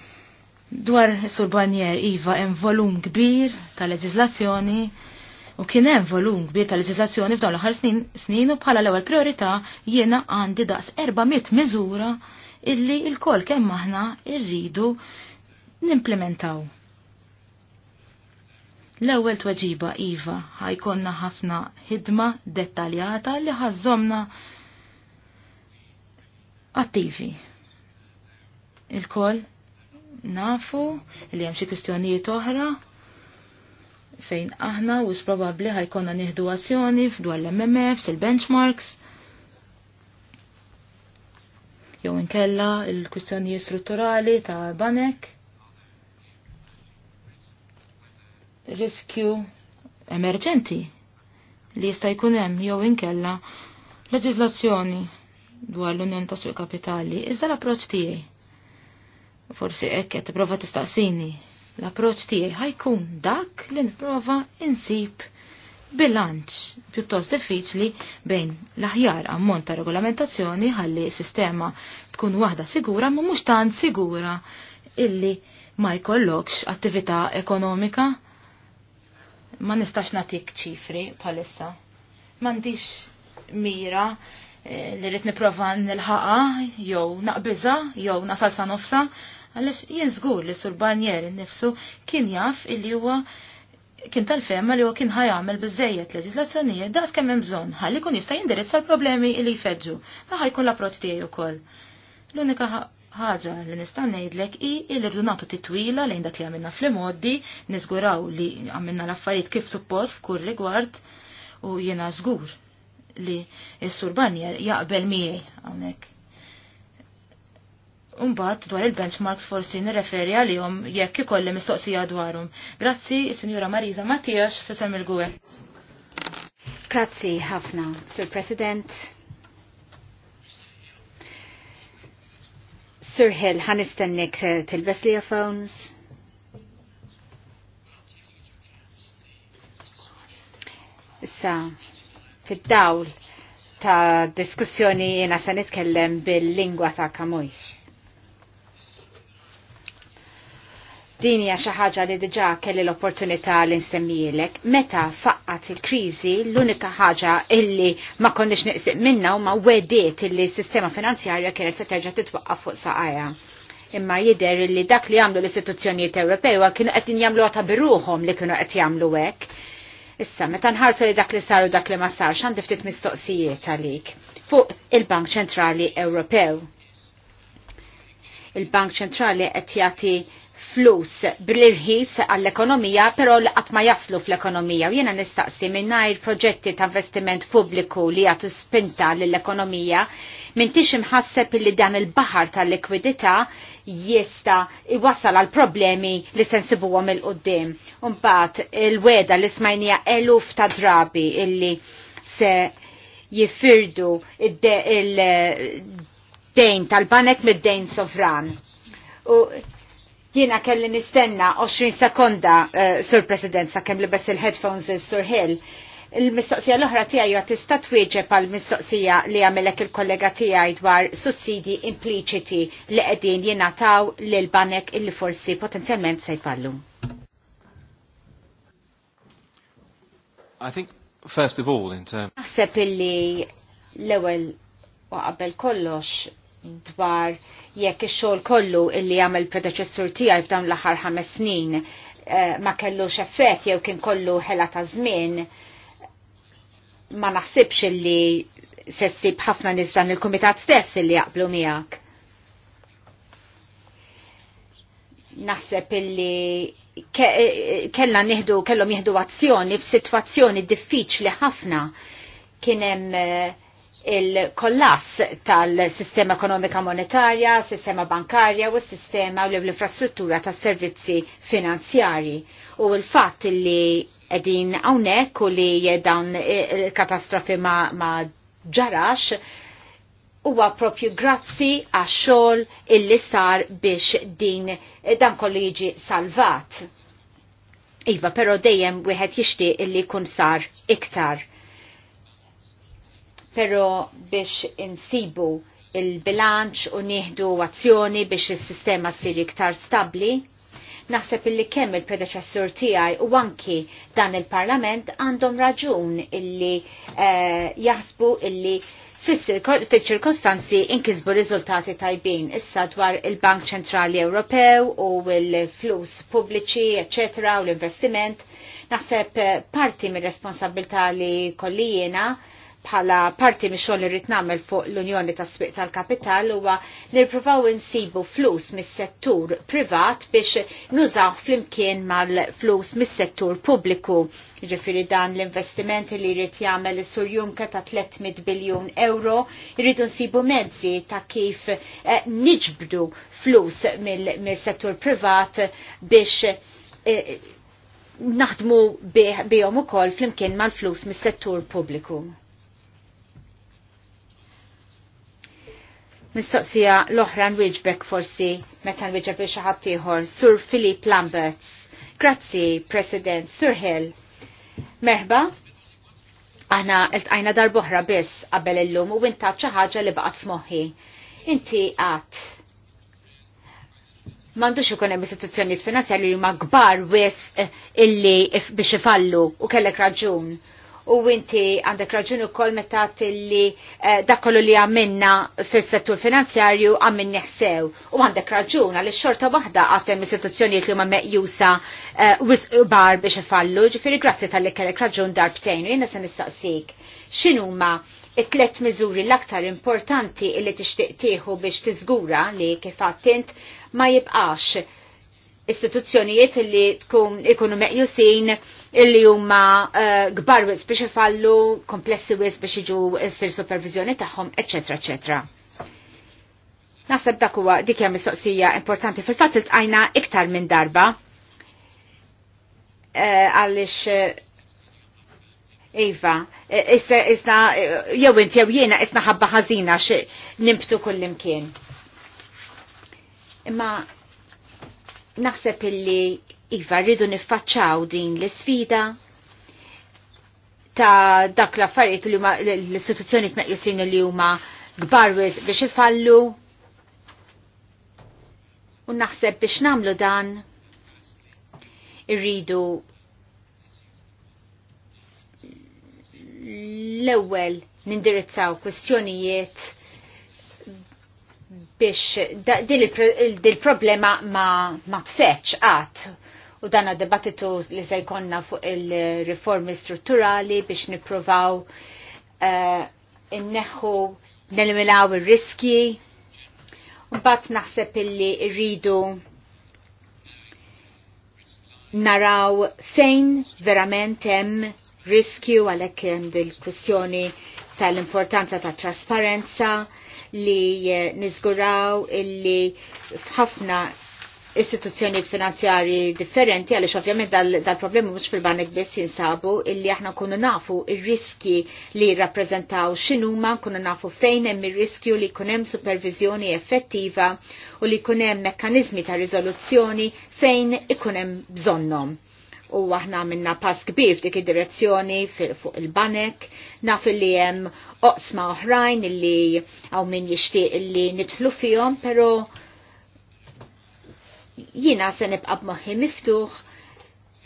Dwar Sur Barnier iva hemm volum kbir ta' leġiżlazzjoni u kien hemm volum kbir ta' leġiżlazzjoni f'dawn l-aħħar snin, snin u bħala l-ewwel priorità jiena għandi daqs 400 miżura illi l-kol kemm aħna rridu nimplementaw. L-ewwel tweġiba iva ħajkonna ħafna ħidma dettaljata li ħażomna attivi. Il-kol nafu li hemm xi kwistjonijiet oħra fejn aħna u probabbli ħajkonna nieħdu azzjoni f'dwar l-MMFs, il-benchmarks. Jew inkella il-kwistjonijiet strutturali ta' banek. Riskju emerġenti li jista' jkun hemm jew inkella leġiżlazzjoni dwar l-Unjoni ta' Suq Kapitali. Iżda l-approċċ tiegħi Forsi t qed tipprova tistaqsini. L-approċċ tiegħi ħajkun dak li nipprova insib bilanċ pjuttost diffiċli bejn l-aħjar ammont ta' regolamentazzjoni ħalli sistema tkun waħda sigura ma mhux tant sigura illi ma jkollokx attività ekonomika. Ma nistax natik ċifri palissa. M'għandix mira eh, li rrit niprofa nilħaqa jew naqbiża jew nasal sa nofsa Għalix jien żgur li sur Barnier nifsu kien jaf illi huwa kien tal fema li huwa kien ħajamel biżejjed leġislazzjonijiet daqs kemm hemm bżonn ħalli jkun jista' jindirizza l-problemi li jfeġġu. Da ħajkun l-approċċ tiegħi wkoll. L-unika ħaġa li nista' ngħidlek hi li irdunatu nagħtu titwila lejn dak li għamilna fl imodi niżguraw li għamilna l-affarijiet kif suppost f'kull rigward u jiena żgur li s-sur Barnier jaqbel miegħi hawnhekk. Umbat dwar il-benchmarks forsi nirreferi għalihom jekk ikolli mistoqsija dwarhom. Grazzi, Sinjura Marisa Mattijax fisem il-Gwe. Grazzi ħafna, Sir President. Sir Hill, ħanistennik eh, tilbes li phones. Issa, fid-dawl ta' diskussjoni jena se nitkellem bil-lingwa ta' kamujx Din hija xi ħaġa li diġà kelli l-opportunità li nsemmijilek. Meta faqqat il-kriżi, l-unika ħaġa illi ma konniex neqsiq minna u ma wediet illi s-sistema finanzjarja kienet se terġa' titwaqqaf fuq saqajja. Imma jidher li dak li jagħmlu l-istituzzjonijiet Ewropewa kienu qed jagħmlu ta' biruhom li kienu qed jagħmlu hekk. Issa, meta nħarsu li dak li saru dak li ma sarx għandi ftit mistoqsijiet għalik fuq il-Bank Ċentrali Ewropew. Il-Bank Ċentrali qed jagħti flus bil-irħis għall-ekonomija, pero li qatt ma jaslu fl-ekonomija. U jiena nistaqsi minnajr proġetti ta' investiment pubbliku li għatu spinta lill-ekonomija, mintix imħasseb li dan il-baħar tal-likwidità jista iwassal għal problemi li għom il-qoddim. Umbat il-weda li smajnija eluf ta' drabi illi se jiffirdu il-dejn tal-banek mid-dejn sovran. U Jiena kelli nistenna 20 sekonda, uh, Sur President, sa' kemm bess il-headphones Sur Hill. Il-mistoqsija l-oħra tijaj għat tista' twieġeb għal mistoqsija li għamilek il-kollega tiegħi dwar sussidi impliċiti li qegħdin jingħataw l banek illi forsi potenzjalment se jfallu. I think first of all in terms Naħseb illi l-ewwel waqabel kollox dwar jekk ix-xogħol kollu illi għamel predeċessur tiegħi f'dawn l-aħħar ħames snin eh, ma kellux effett jew kien kollu ħela ta' żmien ma naħsibx illi se ssib ħafna nies dan il-kumitat stess illi jaqblu miegħek. naħseb illi kellna nieħdu kellhom jieħdu azzjoni f'sitwazzjoni diffiċli ħafna kien hemm eh, il-kollass tal-sistema ekonomika monetarja, sistema bankarja u s-sistema u l-infrastruttura tas servizzi finanzjari. U il-fat li edin għawnek u li dawn katastrofi ma, ma ġarax huwa propju grazzi għax xogħol illi sar biex din dan kolliġi salvat. Iva, pero dejjem wieħed jixtieq li kun sar iktar pero biex insibu il-bilanċ u nieħdu azzjoni biex il-sistema siri iktar stabli, naħseb illi kemm il-predeċessur tiegħi u anki dan il-Parlament għandhom raġun illi eh, jaħsbu illi fil-ċirkostanzi inkisbu riżultati tajbin issa dwar il-Bank Ċentrali Ewropew u l-flus pubbliċi, eccetera, u l-investiment. Naħseb eh, parti mir responsabilità li kollijena bħala parti mi xogħol irrid nagħmel fuq l-Unjoni tas Spiq tal-Kapital huwa nirprovaw insibu flus mis-settur privat biex nużaw flimkien mal-flus mis-settur pubbliku. Ġifiri dan l-investimenti li jrid jagħmel is-Sur Juncker ta' 300 biljun euro, jridu nsibu mezzi ta' kif eh, niġbdu flus mill-settur privat biex eh, naħdmu bihom ukoll flimkien mal-flus mis-settur pubbliku. Mistoqsija l-oħra nwieġbek forsi meta nwieġbek biex ħadd ieħor, Sur Philip Lamberts. Grazzi, President, Sur Hill. Merba, aħna ltqajna tqajna darboħra biss qabel illum u inta xi ħaġa li baqgħet f'moħħi. Inti qatt M'għandux ikun hemm istituzzjonijiet finanzjarji li huma kbar wis eh, illi biex ifallu u kellek raġun u inti għandek raġun kol meta li eh, dakollu li għamilna fis-settur finanzjarju għammin neħsew. U għandek raġun għalli xorta waħda għatem istituzzjoni li huma meqjusa eh, bar biex ifallu, Ġifiri grazzi tal-li kellek raġun darbtejn u jiena se nistaqsik. X'inhuma it-tlet miżuri l-aktar importanti li tixtieq tieħu biex tiżgura li kif għattint ma jibqax istituzzjonijiet li tkun ikunu meqjusin illi huma kbar eh, wis biex ifallu, komplessi wis biex iġu ssir supervizjoni tagħhom, eċetera, eċetera. Naħseb dak huwa dik hija mistoqsija importanti fil-fatt iltqajna iktar minn darba eh, għaliex eh, Iva, isna, jew inti jew jiena isna ħabba ħażina nimbtu kullimkien. Imma naħseb illi Iva rridu niffaċċaw din l-sfida ta' dak l-affarijiet li huma l-istituzzjoni tmeqjusin li huma kbar biex ifallu. U naħseb biex namlu dan irridu l-ewwel nindirizzaw kwestjonijiet biex din problema ma, ma tfetx għat u dana debattitu li se jkonna fuq il-riformi strutturali biex niprovaw uh, eh, inneħu nelmilaw il-riski. Mbatt naħseb illi rridu naraw fejn verament hemm riskju għalhekk hemm il kwistjoni tal-importanza ta' trasparenza li eh, nizguraw illi ħafna istituzzjonijiet finanzjari differenti għaliex ovvjament dal-problemi mhux fil-banek biss jinsabu illi aħna nkunu nafu ir-riski li rappreżentaw x'inhuma, nkunu nafu fejn hemm ir-riskju li jkun hemm supervizjoni effettiva u li jkun hemm mekkaniżmi ta' riżoluzzjoni fejn ikun hemm bżonnhom u aħna minna pass kbir f'dik id-direzzjoni fuq il-banek, naf li hemm oqsma oħrajn illi għaw min jixtieq illi nidħlu fihom, pero jina se nibqa' b'moħħi miftuħ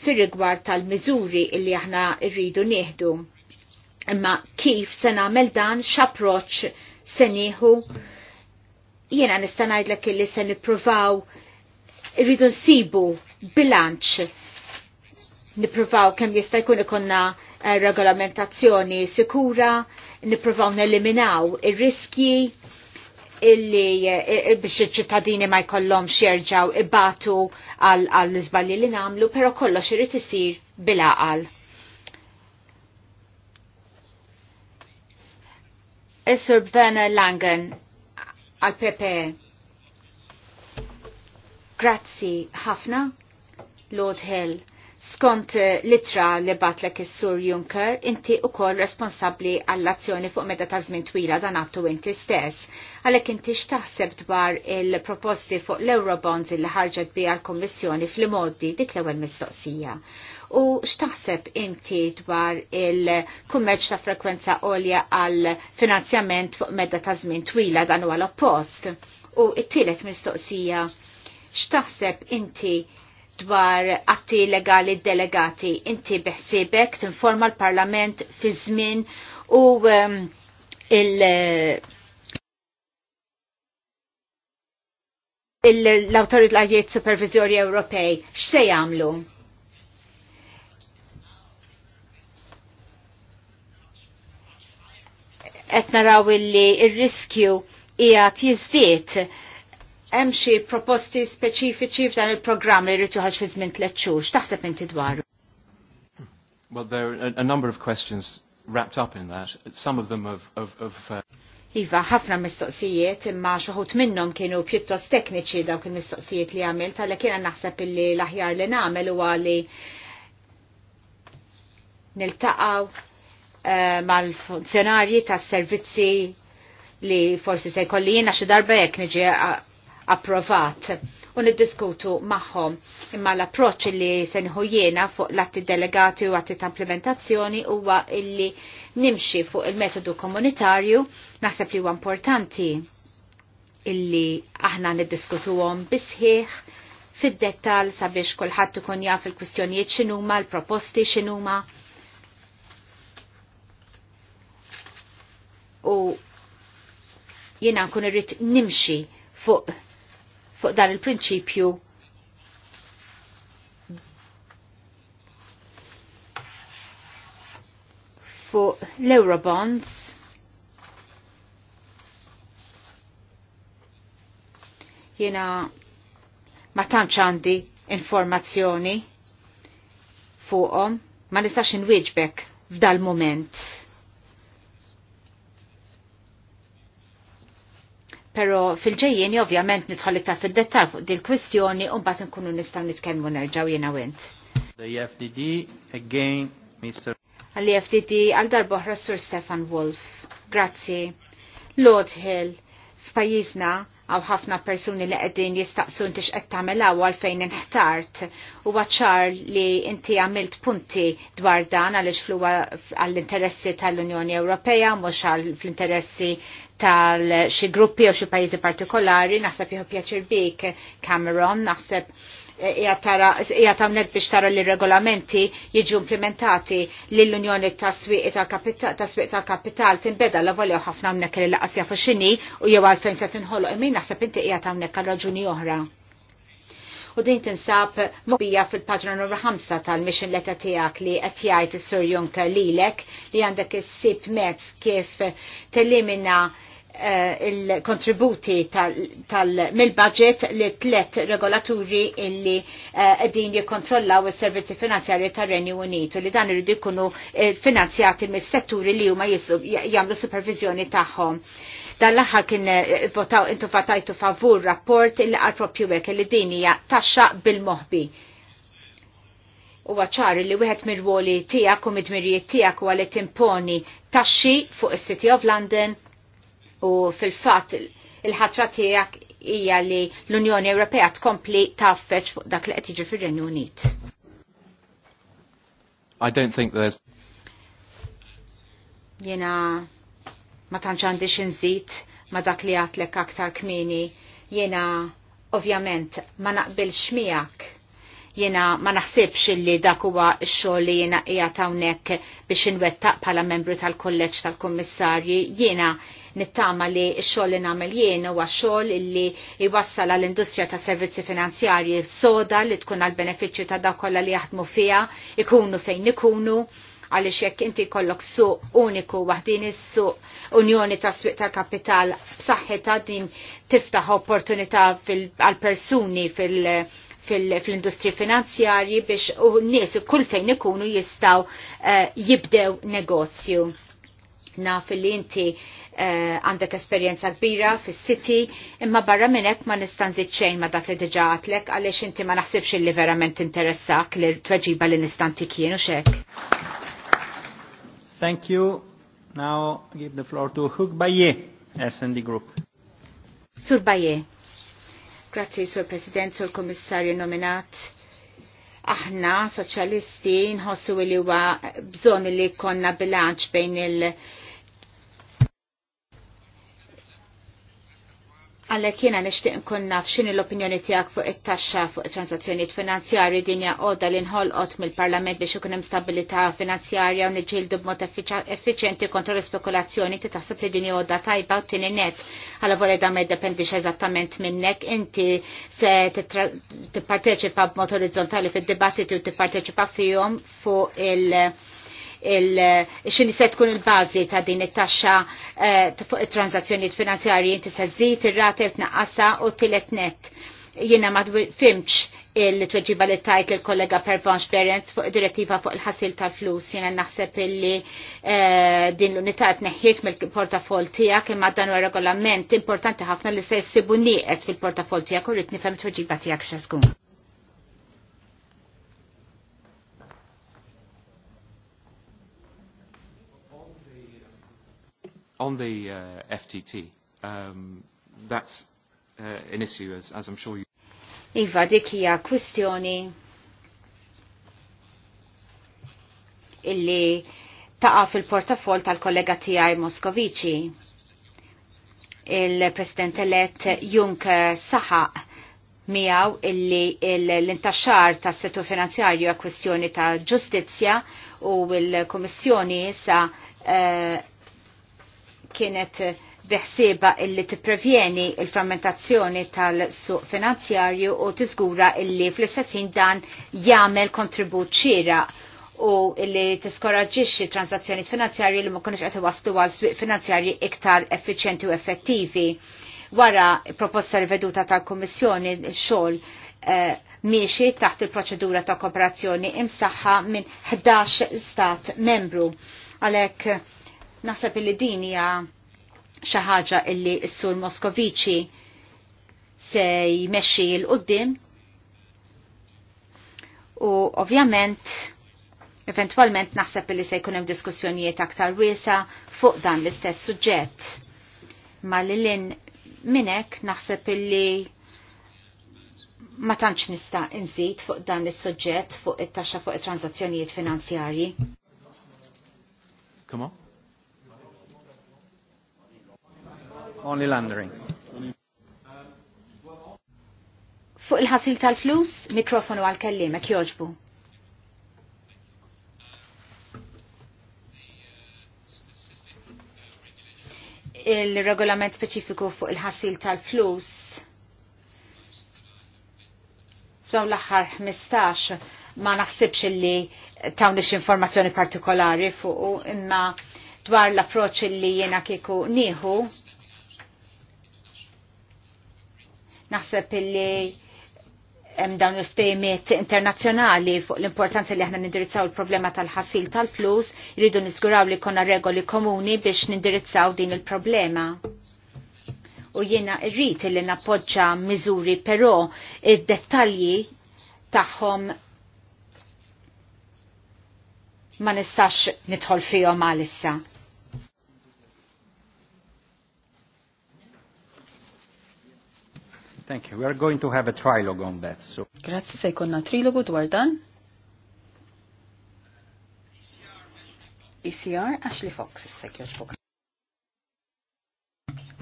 fir-rigward tal-miżuri illi aħna rridu nieħdu. Imma kif se nagħmel dan x'approċċ se nieħu jiena nista' ngħidlek illi se nippruvaw irridu nsibu bilanċ nippruvaw kemm jista' jkun ikonna eh, regolamentazzjoni sikura, nippruvaw neliminaw ir-riskji illi eh, eh, biex iċ-ċittadini ma jkollhom jerġgħu ibatu għall iżbalji li nagħmlu, però kollox irid isir bil-aqal. Eh, Is-Sur Langen għal PPE. Grazzi ħafna, Lord Hill Skont eh, litra li batlek is-Sur Juncker, inti ukoll responsabbli għall-azzjoni fuq meta ta' żmien twila dan għattu inti stess. Għalhekk inti x'taħseb dwar il-proposti fuq l-Eurobonds li ħarġet bi għall kummissjoni fl-modi dik l-ewwel mistoqsija. U x'taħseb inti dwar il kummeċ ta' frekwenza għolja għal finanzjament fuq medda ta' żmien twila dan huwa l-oppost. U t-tielet mistoqsija x'taħseb inti dwar atti legali delegati. Inti beħsibek tinforma l-Parlament fi żmien u um, il- l-autoritajiet supervizjori Ewropej x'se jagħmlu? Qed naraw illi r-riskju hija jiżdied hemm xi proposti speċifiċi f'dan il-programm li jrid joħorġ fi żmien tliet xhur. X'taħseb inti dwaru? Well, there are a, number of questions wrapped up in that. Some of them of... uh... Iva, ħafna mistoqsijiet imma xoħut minnhom kienu pjuttost tekniċi dawk il-mistoqsijiet li għamilt, għalli kiena naħseb illi l-aħjar li nagħmel u li niltaqgħu eh, mal-funzjonarji tas-servizzi li forsi se jkolli jiena xi darba jekk niġi approvat u niddiskutu magħhom imma l-approċċ li senħu jiena fuq l-atti delegati u atti ta' implementazzjoni huwa illi nimxi fuq il-metodu komunitarju naħseb li huwa importanti illi aħna niddiskutuhom bisħiħ fid-dettal sabiex kulħadd ikun jaf il-kwistjonijiet x'inhuma, l-proposti x'inhuma. U jiena nkun irrid nimxi fuq fuq dan il-prinċipju fuq l-Eurobonds jena ma tantx għandi informazzjoni fuqhom ma nistax inwieġbek f'dal moment. pero fil ġejjeni ovvjament nidħol iktar fid-dettal fuq dil kwistjoni u mbagħad nkunu nistgħu nitkellmu nerġgħu jiena wint. The e FDD again Mr. oħra FDD Sur Stefan Wolf. Grazzi. Lord Hill f'pajjiżna għaw ħafna persuni li għedin jistaqsu intix qed tagħmel għal fejn inħtart u ċar li inti għamilt punti dwar dan għaliex fluwa għall-interessi tal-Unjoni Ewropea mhux għall-interessi tal xi gruppi u xi pajjiżi partikolari naħseb jieħu pjaċir bik Cameron naħseb hija tamnek biex tara li regolamenti jiġu implementati li l-Unjoni tas-swieq ta' kapital tinbeda la volja ħafna hawnhekk li laqas jafu x'inhi u jew għalfejn se tinħoloq imin naħseb inti hija tamnek għal raġuni oħra u din tinsab mobija fil-paġna numru 5 tal-mission letter tiegħek li qed jgħid is-Sur Juncker lilek li għandek is-sib mezz kif tellimina Eh, il-kontributi mill-budget li tlet regolaturi illi eh, din jikontrollaw il-servizzi finanzjari tar renju Unitu li dan irridu jkunu eh, finanzjati mis-setturi li huma jagħmlu supervizjoni tagħhom dan l-aħħar kien votaw intu fatajtu favur rapport il għal propju hekk li din hija taxxa bil-moħbi. Huwa ċari li wieħed mir-ruoli tiegħek u mid-dmirijiet tiegħek huwa li timponi taxxi fuq is-City of London U fil-fat il-ħatra tijak hija li l-Unjoni Ewropea tkompli taffeċ fuq dak li qed fil fir-Renju Unit. I don't think there's Jena ma tantx għandix inżid ma dak li għatlek aktar kmini. Jena ovvjament ma naqbilx miegħek. Jena ma naħsibx li dak huwa x-xogħol li jena qiegħed hawnhekk biex inwettaq bħala membru tal-kulleġġ tal-kummissarji. Jena nittama li x-xogħol li nagħmel jien huwa xogħol illi jwassal għall industrija ta' servizzi finanzjarji soda li tkun għal benefiċċju ta' dakolla li jaħdmu fiha, ikunu fejn ikunu għaliex jekk inti kollok suq uniku waħdin is-suq unjoni ta' swieq ta' kapital b'saħħita din tiftaħ opportunità għal persuni fil fil-industri finanzjarji biex u nies kull fejn ikunu jistaw uh, jibdew negozju. Naf li inti Eh, għandek esperjenza kbira fis city imma barra minn hekk ma nistanżit xejn ma dak li diġà għatlek għaliex inti ma naħsibx li verament interessak li tweġiba li nistanti kienu xek. Thank you. Now give the floor to Hug Baye, SND Group. Sur Baye. Grazie, Sur President, Sur Kommissarju nominat aħna soċjalisti nħossu li huwa bżonn li konna bilanċ bejn il- għalek jena nishtiq nkun naf xini l-opinjoni tijak fuq it-taxxa fuq transazzjonijiet finanzjari dinja oda li nħolqot mill-Parlament biex ikun hemm stabilità finanzjarja u niġġieldu b'mod effiċjenti kontra l-spekulazzjoni ti taħseb li dinja oda tajba u tieni net. Alla vorrei da ma jiddependix eżattament minnek, inti se tipparteċipa b'mod orizzontali fid-dibattiti u tipparteċipa fihom fuq il- xini se tkun il-bazi ta' din it-taxxa eh, fuq it-transazzjonijiet finanzjarji inti se żżid ir-rata tnaqqasha u tilet net. Jiena ma fimx il-tweġiba li tajt il-kollega Pervanx Berens fuq direttiva fuq il-ħasil tal-flus jiena naħseb illi eh, din l-unità tneħħiet mill-portafol tiegħek imma dan huwa regolament importanti ħafna li se jsibu nieqes fil-portafol tiegħek u rrid nifhem it-tweġiba tiegħek x'se tkun. on the uh, FTT, um, that's uh, an issue, as, as I'm sure you... Iva, dik hija kwistjoni illi taqa fil-portafol tal-kollega tiegħi Moskovici. Il-President elett Juncker saħaq miegħu illi l-intaxxar tas settur finanzjarju hija kwistjoni ta' ġustizzja u l-Kummissjoni sa' kienet beħsieba illi tipprevjeni il-frammentazzjoni tal-suq finanzjarju u tiżgura illi fl istatin dan jagħmel kontribut ċira u illi tiskoraġġixxi transazzjoni finanzjarji li ma kunux qed iwasslu għal swieq finanzjarji iktar effiċenti u effettivi. Wara proposta riveduta tal-Kummissjoni xogħol eh, miexi taħt il-proċedura ta' kooperazzjoni imsaħħa minn 11 stat membru. Għalhekk Naħseb illi din hija xi ħaġa illi s-sur Moskoviċi se jmexxi l qudiem u ovvjament eventwalment naħseb illi se jkun hemm diskussjonijiet aktar wiesa fuq dan l-istess suġġett. Ma lilin minnek naħseb illi ma tantx nista' inżid fuq dan is-suġġett fuq it-taxxa fuq it-transazzjonijiet finanzjarji. on. Only laundering. Fuq il-ħasil tal-flus, mikrofonu għal ek joġbu. Il-regolament speċifiku fuq il-ħasil tal-flus f'dawn l-aħħar 15 ma naħsibx li tawnix informazzjoni partikolari fuq imma dwar l-approċ li jena kieku nieħu Naħseb illi hemm dawn il-ftejmiet internazzjonali fuq l-importanza li aħna nindirizzaw il-problema tal-ħassil tal-flus, irridu niżguraw li konna regoli komuni biex nindirizzaw din il-problema. U jiena rrit li nappoġġa miżuri però id-dettalji tagħhom ma nistax nidħol fihom għalissa. Thank you. We are going to have a trilogue on that. So. Grazie, se jkonna trilogu dwar dan. ECR Ashley Fox, is-Secretary Fox.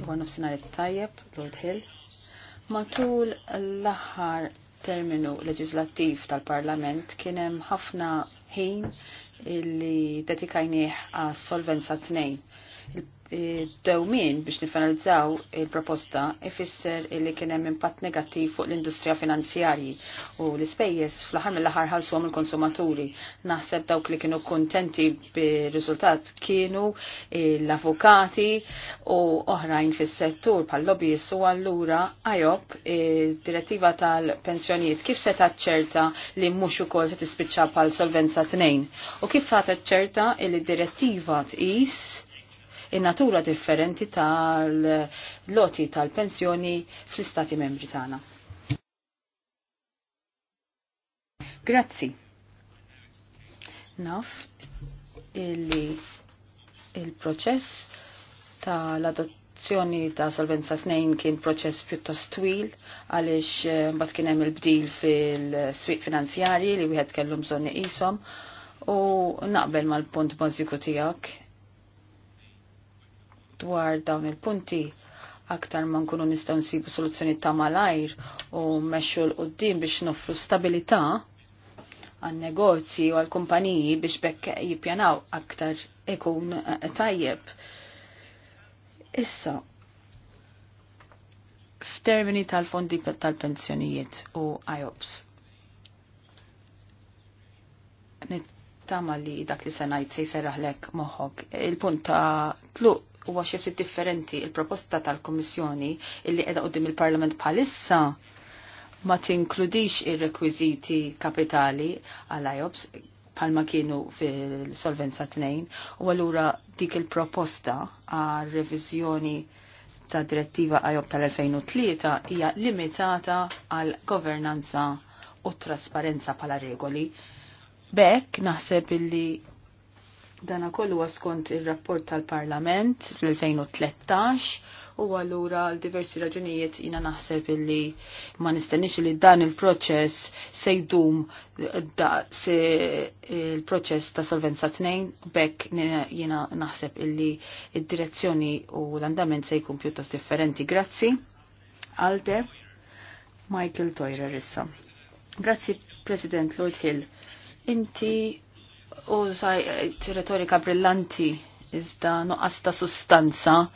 Għan nofsinar tajjeb Lord Hill. Matul l ħar terminu leġislattiv tal-Parlament kienem ħafna ħin illi dedikajnieh għas solvenza t-nejn dewmien biex nifinalizzaw il-proposta ifisser li kien hemm impatt negattiv fuq l-industrija finanzjarji u l-ispejjeż fl-aħħar mill-aħħar ħalsuhom il-konsumaturi. Naħseb dawk li kienu kuntenti bir-riżultat kienu l-avukati u oħrajn fis-settur bħal lobbyist u allura IOP direttiva tal-pensjonijiet kif se taċċerta li mhux ukoll se tispiċċa bħal solvenza tnejn u kif ħadd ċerta li d direttiva tqis in-natura differenti tal-loti tal-pensjoni fl-istati membri tagħna. Grazzi. Naf illi il-proċess tal-adozzjoni ta' Solvenza 2 kien proċess pjuttost twil għaliex eh, mbagħad kien hemm il-bdil fil-swieq finanzjarji li wieħed kellhom bżonn iqishom u naqbel mal-punt bażiku tiegħek dwar dawn il-punti aktar ma nkunu nistgħu nsibu soluzzjoni ta' malajr u mmexxu l qudiem biex nofru stabilità għan negozji u għal kumpaniji biex bekk jippjanaw aktar ikun eh, tajjeb. Issa, f'termini tal-fondi tal-pensjonijiet u IOPS. Nittama li dak li senajt se jserraħlek moħok. Il-punt ta' tluq huwa xi ftit differenti il-proposta tal-Kummissjoni illi qiegħda qudiem il-Parlament bħalissa ma tinkludix ir-rekwiżiti kapitali għal IOPS bħalma kienu fil-Solvenza 2 u allura dik il-proposta għal reviżjoni ta' direttiva IOP tal-2003 hija limitata għal governanza u trasparenza pala regoli. Bek naħseb illi Dana kollu skont il-rapport tal-Parlament fl-2013 u għallura l-diversi raġunijiet jina naħseb illi ma nistenix li dan il-proċess se jdum da se il-proċess ta' solvenza 2 bekk jina naħseb illi id-direzzjoni u l-andament se jkun pjuttost differenti. Grazzi. Alde Michael Toira issa. Grazzi President Lloyd Hill. Inti użajt retorika brillanti iżda nuqqas ta' sustanza.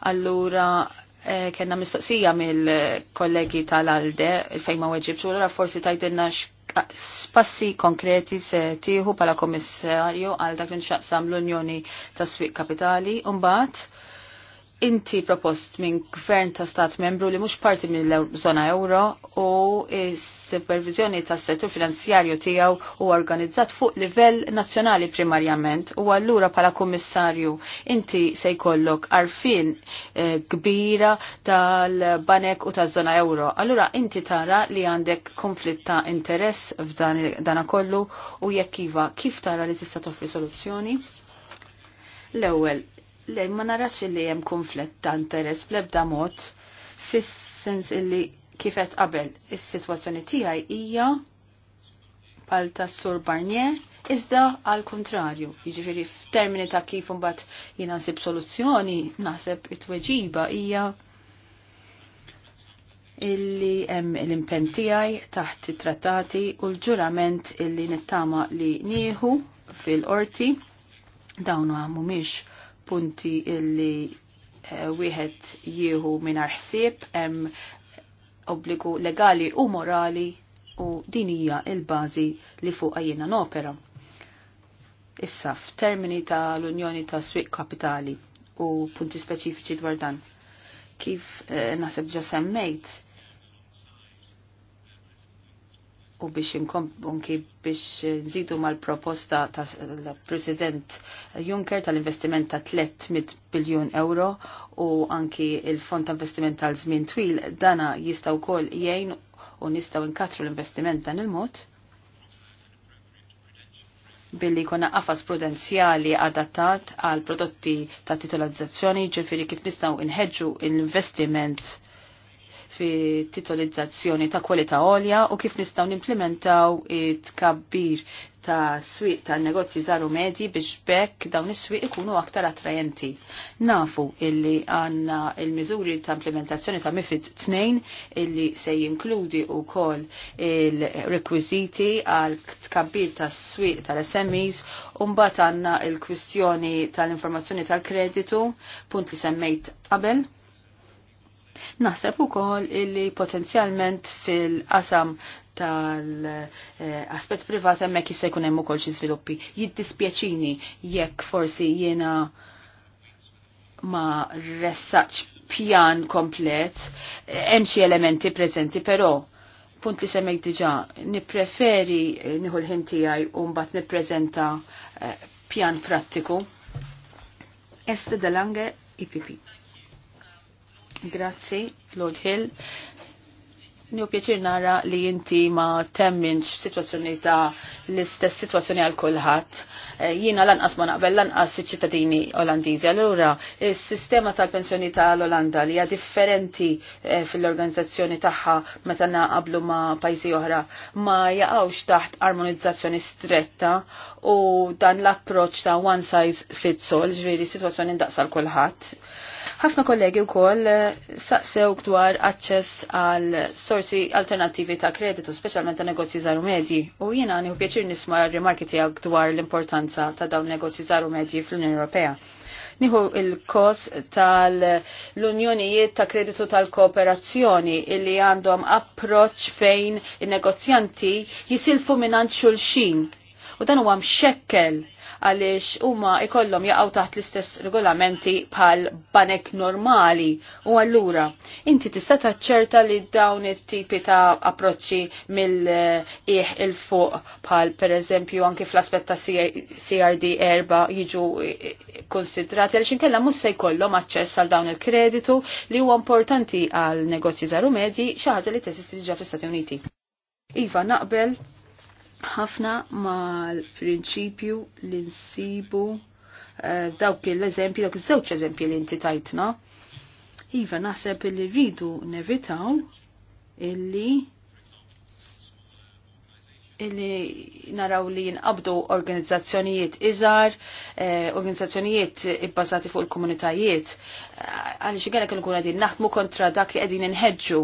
Allura eh, kena mistoqsija mill-kollegi tal-Alde fejn ma weġibx, allura forsi tajdilna spassi konkreti se tieħu pala komissarju għal dak li nxaqsam l-Unjoni ta' Swiq Kapitali, un um inti propost minn gvern ta' stat membru li mhux parti minn zona euro u s-supervizjoni ta' settur finanzjarju tiegħu u organizzat fuq livell nazzjonali primarjament u allura pala kummissarju inti se jkollok arfin eh, kbira tal-banek u ta' zona euro. Allura inti tara li għandek konflitt ta' interess f'dana kollu u jekk iva kif tara li tista' toffri soluzzjoni? L-ewwel Lej, ma narax li hemm konflett ta' interes bl-ebda mod fis-sens illi kifet qabel is-sitwazzjoni tiegħi hija bħal ta' Sur Barnier iżda għal kontrarju. Jiġifieri f'termini ta' kif imbagħad jiena soluzzjoni naħseb it-tweġiba hija illi hemm l-impenn tiegħi taħt it-trattati u l-ġurament illi nittama li nieħu fil-qorti dawn miex punti illi uh, wieħed jieħu minn ħsieb hemm obbligu legali u morali u din hija l-bażi li fuqha jiena nopera. Issa f'termini ta' l-Unjoni ta' Swieq Kapitali u punti speċifiċi dwar dan. Kif eh, naseb ġa semmejt, u biex inkompli biex nżidu mal-proposta tal-President Juncker tal-investiment ta' 300 biljun euro u anki il-Fond ta' investiment tal-żmien twil dana jistaw kol jgħin u nistaw inkatru l-investiment dan il-mod billi kuna qafas prudenzjali adattat għal prodotti ta' titolizzazzjoni, ġifiri kif nistaw inħedġu l-investiment fi titolizzazzjoni ta' kwalità olja u kif nistgħu nimplementaw it tkabbir ta' swieq ta' negozji żaru medji biex bekk dawn is-swieq ikunu aktar attrajenti. Nafu illi għandna il-miżuri ta' implementazzjoni ta' MIFID 2 illi se jinkludi wkoll il-rekwiżiti għal tkabbir ta' swieq tal-SMEs u mbagħad għandna il-kwistjoni tal-informazzjoni tal-kreditu, punt li semmejt qabel Naħseb ukoll illi potenzjalment fil-qasam tal-aspet privat hemmhekk jista' jkun hemm ukoll xi żviluppi. Jiddispjaċini jekk forsi jiena ma ressaċ pjan komplet, hemm xi elementi preżenti però punt li semmejt diġà, nippreferi nieħu l-ħin tiegħi u mbagħad nippreżenta eh, pjan prattiku. Este lange IPP. Grazzi, Lord Hill. Nju pjaċir nara li jinti ma temminx situazzjoni ta' l-istess situazzjoni għal kulħadd. Eh, Jiena lanqas ma naqbel lanqas ċittadini Olandiżi. Allura, il sistema tal-pensjoni tal-Olanda li hija differenti eh, fil-organizzazzjoni tagħha meta naqablu ma' pajjiżi oħra ma jaqgħux taħt armonizzazzjoni stretta u dan l-approċċ ta' one size fits all, ġifieri situazzjoni ndaqsa l kulħadd. Ħafna kollegi wkoll eh, saqsew dwar aċċess għal sorsi alternativi ta' kreditu, speċjalment ta' negozji zaru medji. U jiena nieħu pieċir nisma' r-rimarki tiegħek dwar l-importanza ta' dawn negozji zaru medji fl-Unjoni Ewropea nieħu il-kos tal-Unjonijiet ta' Kreditu tal-Kooperazzjoni illi għandhom approċ fejn il-negozjanti jisilfu minant xulxin. U dan huwa xekkel għaliex huma ikollhom jaqgħu taħt l-istess regolamenti bħal banek normali u allura inti tista' taċċerta li dawn it-tipi ta' approċċi mill iħ il fuq bħal pereżempju anke fl-aspett ta' CRD erba jiġu konsidrati għaliex inkella mhux se jkollhom aċċess għal dawn il-kreditu li huwa importanti għal negozji żaru xi ħaġa li teżisti diġà fl-Istati Uniti. Iva, naqbel ħafna mal-prinċipju li nsibu eh, dawk l-eżempji, dawk iż-żewġ eżempji li inti tajtna. Iva naħseb li rridu nevitaw illi illi naraw li jinqabdu organizzazzjonijiet iżar, eh, organizzazzjonijiet ibbażati fuq il-komunitajiet, eh, għaliex għalek l għuna din naħdmu kontra dak li qegħdin inħeġġu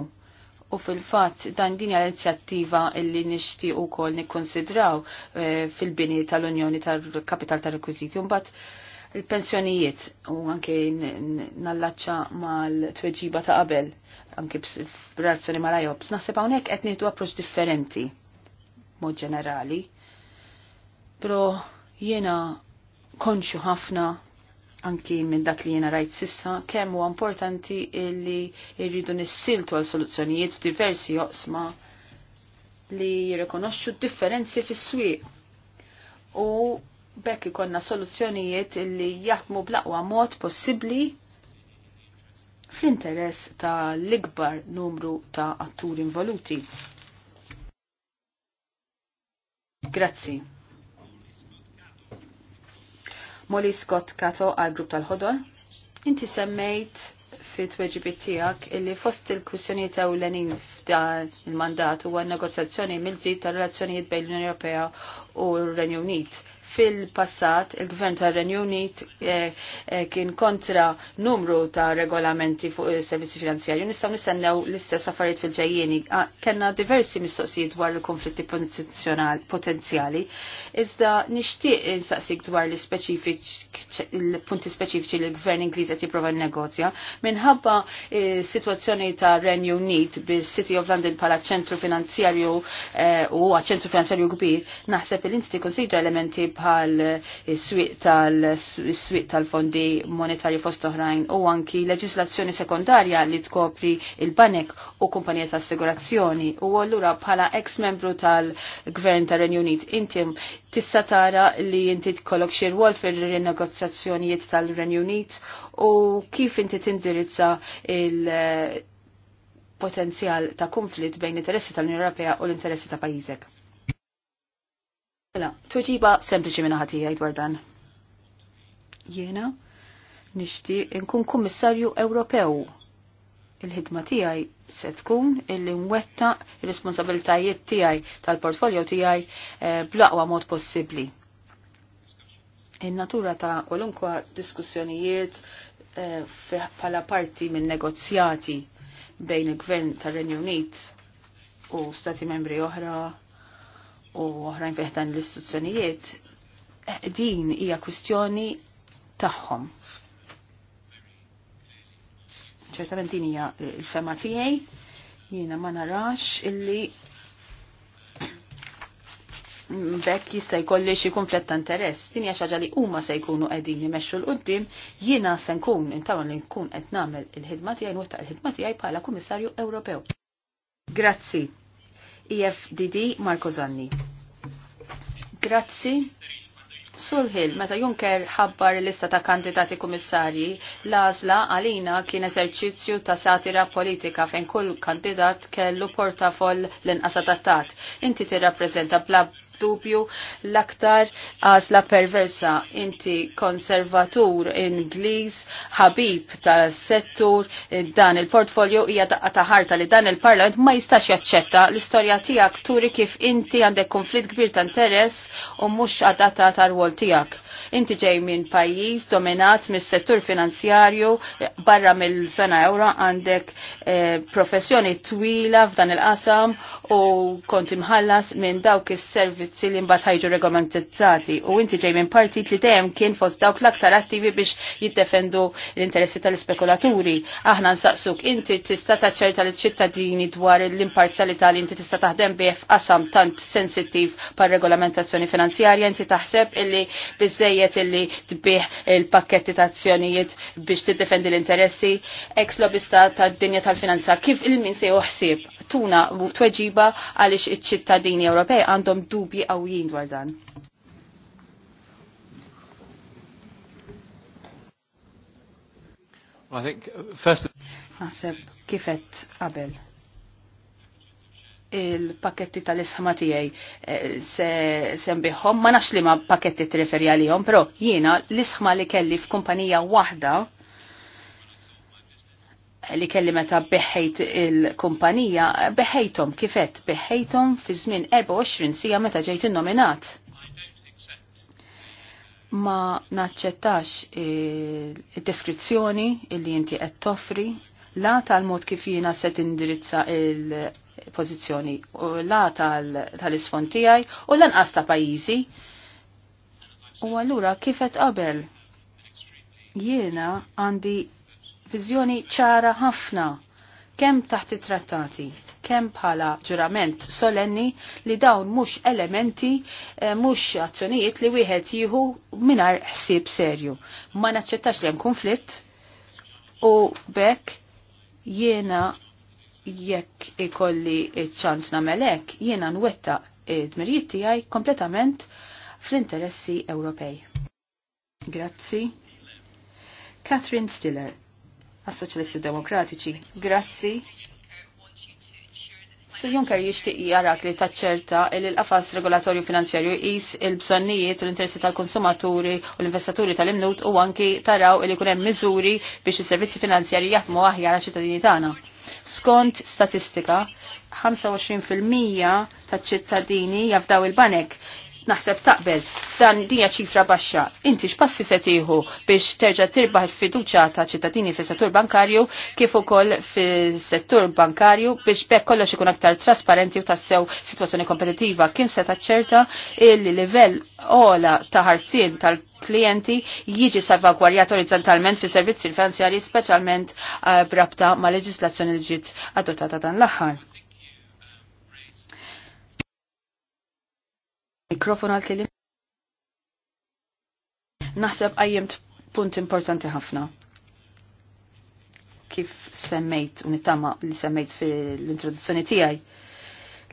U fil-fatt dan din l-inizjattiva illi nixtieq ukoll nikkonsidraw nikonsidraw eh, fil-bini tal-Unjoni tal-Kapital tal-Rekwiziti. Mbagħad il-pensjonijiet u anke nallaċċa mal-tweġiba ta' qabel anke b'razzjoni ma' rajob. Naħseb hawnhekk qed nieħdu approċċ differenti mod ġenerali. Pro jiena konxu ħafna anki minn dak li jena rajt sissa, kemm huwa importanti li rridu nissiltu għal soluzzjonijiet diversi joqsma li jirrikonoxxu differenzi fis-swieq. U bekk ikonna soluzzjonijiet li jaħdmu blaqwa mod possibbli fl-interess ta' l-ikbar numru ta' atturi involuti. Grazzi. Molly Scott Kato għal grupp tal-ħodor. Inti semmejt fit tweġibit tijak illi fost il-kwissjoni ta' u l-enin f'dan il-mandat u għan negozjazzjoni mill-ġdid ta' relazzjonijiet bejn l-Unjoni Ewropea u l-Renju Unit Fil-passat, il-Gvern tar renju Unit eh, eh, kien kontra numru ta' regolamenti fuq il-servizzi finanzjarju. Nistaw nistennew l-istess affarijiet fil-ġejjieni. Ah, kenna diversi mistoqsijiet dwar il-konflitti potenzjali. Iżda nixtieq insaqsik dwar l-punti speċifiċi li l-Gvern Ingliż qed jipprova negozja minħabba eh, situazzjoni ta' Renju Unit bil-City of London bħala ċentru finanzjarju eh, u ċentru finanzjarju kbir, naħseb li inti konsidra elementi bħal is-swieq tal tal-fondi monetarju fost oħrajn u anki leġislazzjoni sekondarja li tkopri il-banek u kumpanija ta' assigurazzjoni u allura bħala ex-membru tal-Gvern tar renju Unit intim tista tara li inti tkollok xi rwol fir-renegozjazzjonijiet tal renju Unit u kif inti tindirizza il- potenzjal ta' konflitt bejn interessi tal-Unjoni Ewropea u l-interessi ta' pajjiżek. Mela, tweġiba sempliċi minna ħatijaj dwar dan. Jena, nishti nkun kummissarju Ewropew. Il-ħidma tijaj se tkun illi nwetta il-responsabiltajiet tijaj tal-portfolio tijaj eh, blaqwa mod possibli. In-natura ta' kolunkwa diskussjonijiet eh, pala parti minn negozjati bejn il-gvern tal-Renju Unit u stati membri oħra u oħrajn fiħdan l-istituzzjonijiet, eh, din hija kwistjoni tagħhom. ċertament din hija eh, l-fema tiegħi, jiena ma narax illi bekk jista' jkolli xi kunflett ta' interess. Din hija xi ħaġa li huma se jkunu qegħdin jmexxu l qudiem jiena se nkun intawan li nkun qed nagħmel il-ħidma tiegħi nwettaq il-ħidma tiegħi bħala Kummissarju Ewropew. Grazzi. EFDD Marco Zanni. Grazzi. Sur Hill, meta Juncker ħabbar lista ta' kandidati kummissarji, l-għażla għalina kien eżerċizzju ta' satira politika fejn kull kandidat kellu portafoll l-inqas adattat. Inti tirrappreżenta bla dubju l-aktar għazla perversa. Inti konservatur Ingliż, ħabib tas-settur, dan il-portfolio hija daqqa ta' ħarta li dan il-Parlament ma jistax jaċċetta l-istorja tiegħek turi kif inti għandek konflitt kbir ta' interess u mhux għadata ta' rwol tiegħek. Inti ġej minn pajjiż dominat mis-settur finanzjarju barra mill-sena ewra għandek eh, professjoni twila f'dan il-qasam u kont imħallas minn dawk is-servizz servizzi li mbagħad ħajġu regolamentizzati u inti ġej minn partit li dejjem kien fost dawk l-aktar attivi biex jiddefendu l-interessi tal-ispekulaturi. Aħna nsaqsuk inti tista' taċċerta l ċittadini dwar l-imparzjalità li inti tista' taħdem bih f'qasam tant sensittiv par regolamentazzjoni finanzjarja inti taħseb illi biżejjed illi tbih il-pakketti ta' azzjonijiet biex tiddefendi l-interessi ex lobista tad-dinja tal-finanza kif il-min se juħsib fortuna tweġiba għaliex iċ-ċittadini Ewropej għandhom dubji qawwijin dwar dan. I think uh, first Naseb kifet qabel il-paketti tal-isħma tiegħi eh, se sembiħom ma nafx li ma paketti tirreferi għalihom, però jiena l-isħma li kelli f'kumpanija waħda li kelli meta beħħejt il-kumpanija, beħħejtom kifet, beħħejtom fi żmien 24 sija meta ġejt innominat. Ma naċċettax id-deskrizzjoni illi inti qed toffri la tal-mod kif jiena se tindirizza il-pożizzjoni u la tal-isfond tiegħi u lanqas ta' pajjiżi. U allura kif qed qabel jiena għandi viżjoni ċara ħafna kemm taħt it-trattati, kemm bħala ġurament solenni li dawn mhux elementi, eh, mhux azzjonijiet li wieħed jieħu mingħajr ħsieb serju. Ma naċċettax li hemm konflitt u bekk jiena jekk ikolli ċans nagħmel hekk, jiena nwetta id dmirijiet tiegħi kompletament fl-interessi Ewropej. Grazzi. Catherine Stiller għas-Soċjalisti Demokratiċi. Grazzi. Sur Juncker jixtieq jarak li taċċerta li l-qafas regolatorju finanzjarju jqis il-bżonnijiet u l-interessi tal-konsumaturi u l-investaturi tal-imnut u anki taraw li kunem hemm miżuri biex is-servizzi finanzjarji jaħdmu aħjar għax ċittadini tagħna. Skont statistika, 25% taċ-ċittadini jafdaw il-banek naħseb taqbel dan dinja ċifra baxxa. Inti x'passi se tieħu biex terġa' tirbaħ il-fiduċja ta' ċittadini fis-settur bankarju kif ukoll fis-settur bankarju biex bekk kollox ikun aktar trasparenti u tassew sitwazzjoni kompetittiva kien se taċċerta il livell ola ta' ħarsien tal- klienti jiġi salvagwarjat orizzontalment fi servizzi finanzjari specialment uh, eh, brabta ma' leġislazzjoni li ġiet adottata dan l-aħħar. Mikrofon għal kelim. Naħseb għajjemt punt importanti ħafna. Kif semmejt, unitama li semmejt fil-introduzzjoni tijaj,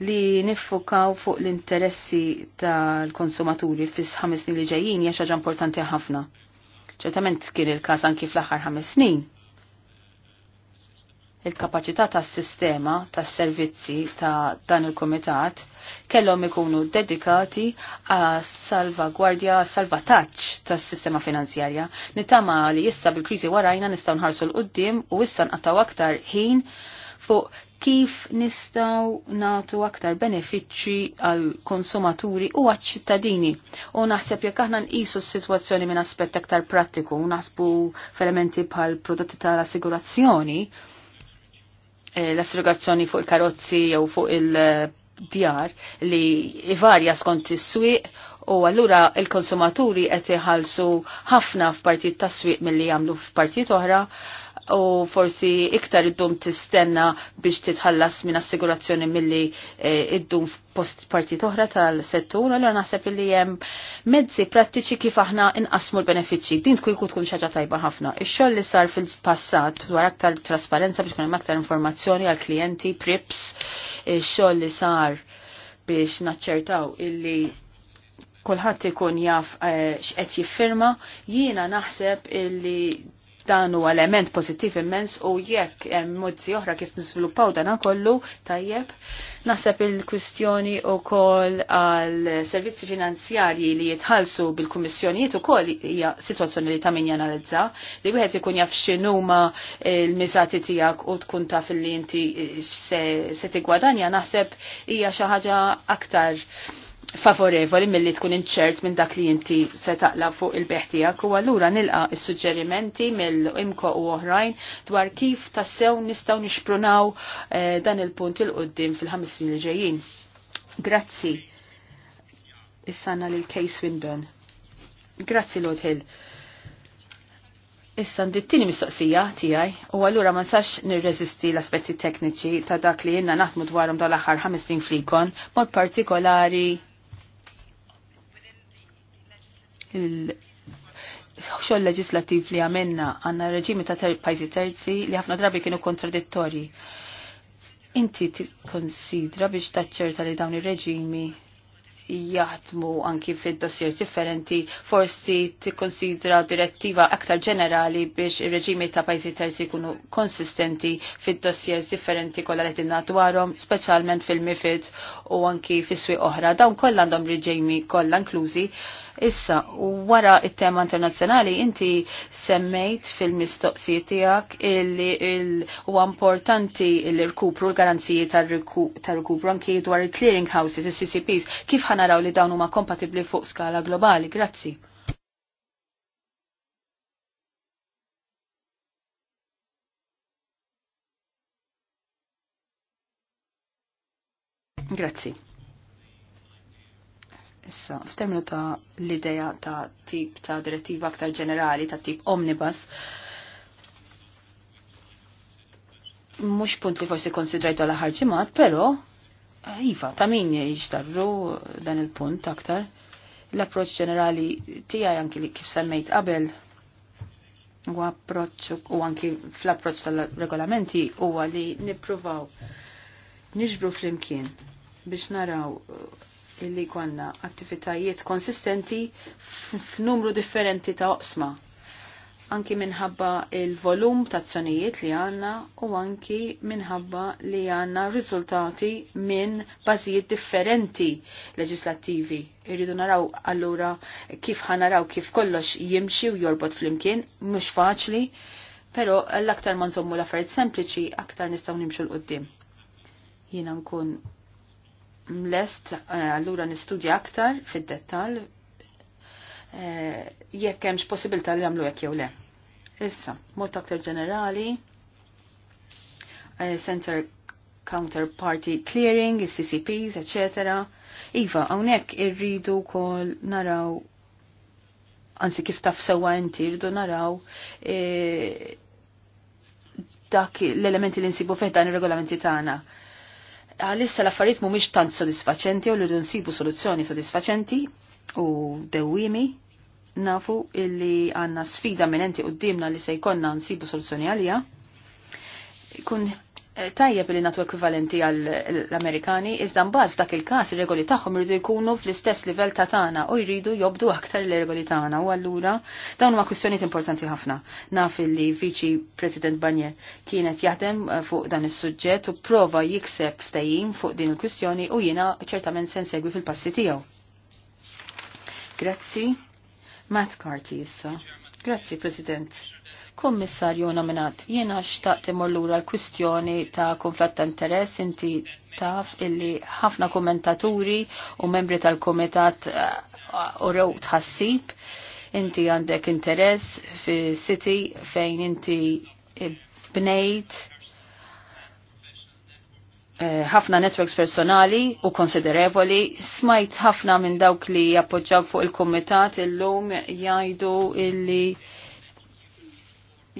li niffukaw fuq l-interessi tal-konsumaturi fis ħames snin li ġejjin hija xaġa importanti ħafna. Ċertament kien il-każ anki fl-aħħar ħames snin il-kapacità tas-sistema tas-servizzi ta' dan il-kumitat kellhom ikunu dedikati għas salvagwardja salvataġġ tas-sistema finanzjarja. Nitama li issa bil-kriżi warajna nistgħu nħarsu l qudiem u issa nqattaw aktar ħin fuq kif nistgħu nagħtu aktar benefiċċji għal konsumaturi u għaċ ċittadini. U naħseb jekk aħna nqisu s-sitwazzjoni minn aspett aktar prattiku, u naħsbu f'elementi bħal prodotti tal-assigurazzjoni, Eh, l-assurgazzjoni fuq il-karozzi jew fuq il-djar li varja skont is-swieq u allura il-konsumaturi qed iħallsu ħafna f'partit tas-swieq milli jagħmlu f'partit oħra u forsi iktar id-dum tistenna biex titħallas minn assigurazzjoni milli eh, id-dum post parti oħra tal-settur, għallu naħseb li jem mezzi prattiċi kif aħna inqasmu l-benefiċi. Din tkun tkun xaġa tajba ħafna. Ix-xogħol li sar fil-passat dwar aktar trasparenza biex hemm aktar informazzjoni għal klijenti, prips, ix-xogħol li sar biex naċċertaw illi kolħat ikun jaf eh, x'qed jiffirma, jiena naħseb illi Dan huwa element pozittiv immens u jekk hemm mozzi oħra kif niżviluppaw dan kollu tajjeb. Naħseb il-kwistjoni wkoll għal servizzi finanzjarji li jitħallsu bil-kummissjonijiet ukoll hija sitwazzjoni li ta' min janalizza li wieħed ikun jaf x'inhuma l-miżati tiegħek u tkun taf li inti se tigwadanja naħseb hija xi ħaġa aktar favorevoli mill-li tkun inċert minn dak li inti se taqla fuq il-beħtijak u għallura nilqa il-sugġerimenti mill-imko u oħrajn dwar kif tassew nistaw nixprunaw eh, dan il-punt il-qoddim fil-ħamissin li ġejjin. Grazzi. Issa-sanna lil case Windon. Grazzi Lord Hill. Issa ndittini mistoqsija tiegħi u allura ma sax nirreżisti l-aspetti tekniċi ta' dak li jenna naħdmu dwarhom dal aħħar ħames flikon, mod partikolari xoll leġislativ li għamenna għanna reġimi ta' pajzi terzi li ħafna drabi kienu kontradittori. Inti konsidra biex taċċerta li dawn ir-reġimi jaħdmu anki fid dossier differenti, forsi tikkonsidra direttiva aktar ġenerali biex ir-reġimi ta' pajzi terzi jkunu konsistenti fid-dossiers differenti kollha li qed dwarhom, speċjalment fil-MIFID u anki fis-swieq oħra. Dawn kollha għandhom reġimi kollha inklużi Issa, wara il tema internazzjonali, inti semmejt fil-mistoqsijiet tiegħek illi huwa importanti l rkupru l-garanziji tar rkupru anki dwar il-clearing houses, il-CCPs, kif ħanaraw li dawn huma kompatibbli fuq skala globali? Grazzi. Grazzi. Issa, f'terminu ta' l-ideja ta' tip ta' direttiva aktar ġenerali, ta' tip omnibus, mux punt li forsi konsidrajtu għala ħarġimat, pero, jiva, eh, ta' min jiġdarru dan il-punt aktar. L-approċ ġenerali tija anki li kif semmejt qabel, u approċ u anki fl-approċ tal-regolamenti u li nipruvaw nġbru fl-imkien biex naraw eh, illi konna attivitajiet konsistenti f'numru differenti ta' oqsma. Anki minħabba il-volum ta' azzjonijiet li għanna u anki minħabba li għanna riżultati minn bażijiet differenti leġislattivi. Irridu naraw allura kif ħanaraw kif kollox jimxi u jorbot fl-imkien, mhux faċli, pero l-aktar ma l-affarijiet sempliċi aktar nistgħu nimxu l-qoddim. Jiena nkun mlest eh, allura nistudja aktar fid-dettal eh, jekk hemmx possibilità li jagħmlu hekk jew le. Issa, mod aktar ġenerali, eh, Center Counterparty Clearing, CCPs, etc. Iva, hawnhekk irridu wkoll naraw anzi kif taf sewa inti, rridu naraw dak l-elementi li nsibu fih dan ir-regolamenti tagħna għalissa l-affarijiet mhumiex tant sodisfaċenti u li nsibu soluzzjoni sodisfaċenti u dewwimi nafu illi għanna sfida minenti qoddimna li se jkollna nsibu soluzzjoni għalija. Kun Eh, tajjeb li natu ekvivalenti għall-Amerikani, iżda mbagħad f'dak il-każ ir-regoli tagħhom iridu jkunu fl-istess livell ta' tagħna u jridu jobdu aktar l-regoli tagħna u allura dawn huma kwistjonijiet importanti ħafna. Naf li Viċi President Barnier kienet jaħdem eh, fuq dan is-suġġett u prova jikseb ftajim fuq din il-kwistjoni u jiena ċertament se nsegwi fil-passi tiegħu. Grazzi. Matt Carty issa. Grazzi, President. Kommissarju nominat, jiena xtaqt imur lura l-kwistjoni ta' konflatt ta' interess inti taf illi ħafna kommentaturi u membri tal-komitat uh, rew tħassib inti għandek interess fi city fejn inti bnejt eh, ħafna networks personali u konsiderevoli, smajt ħafna minn dawk li jappoġġaw fuq il-komitat illum jgħidu illi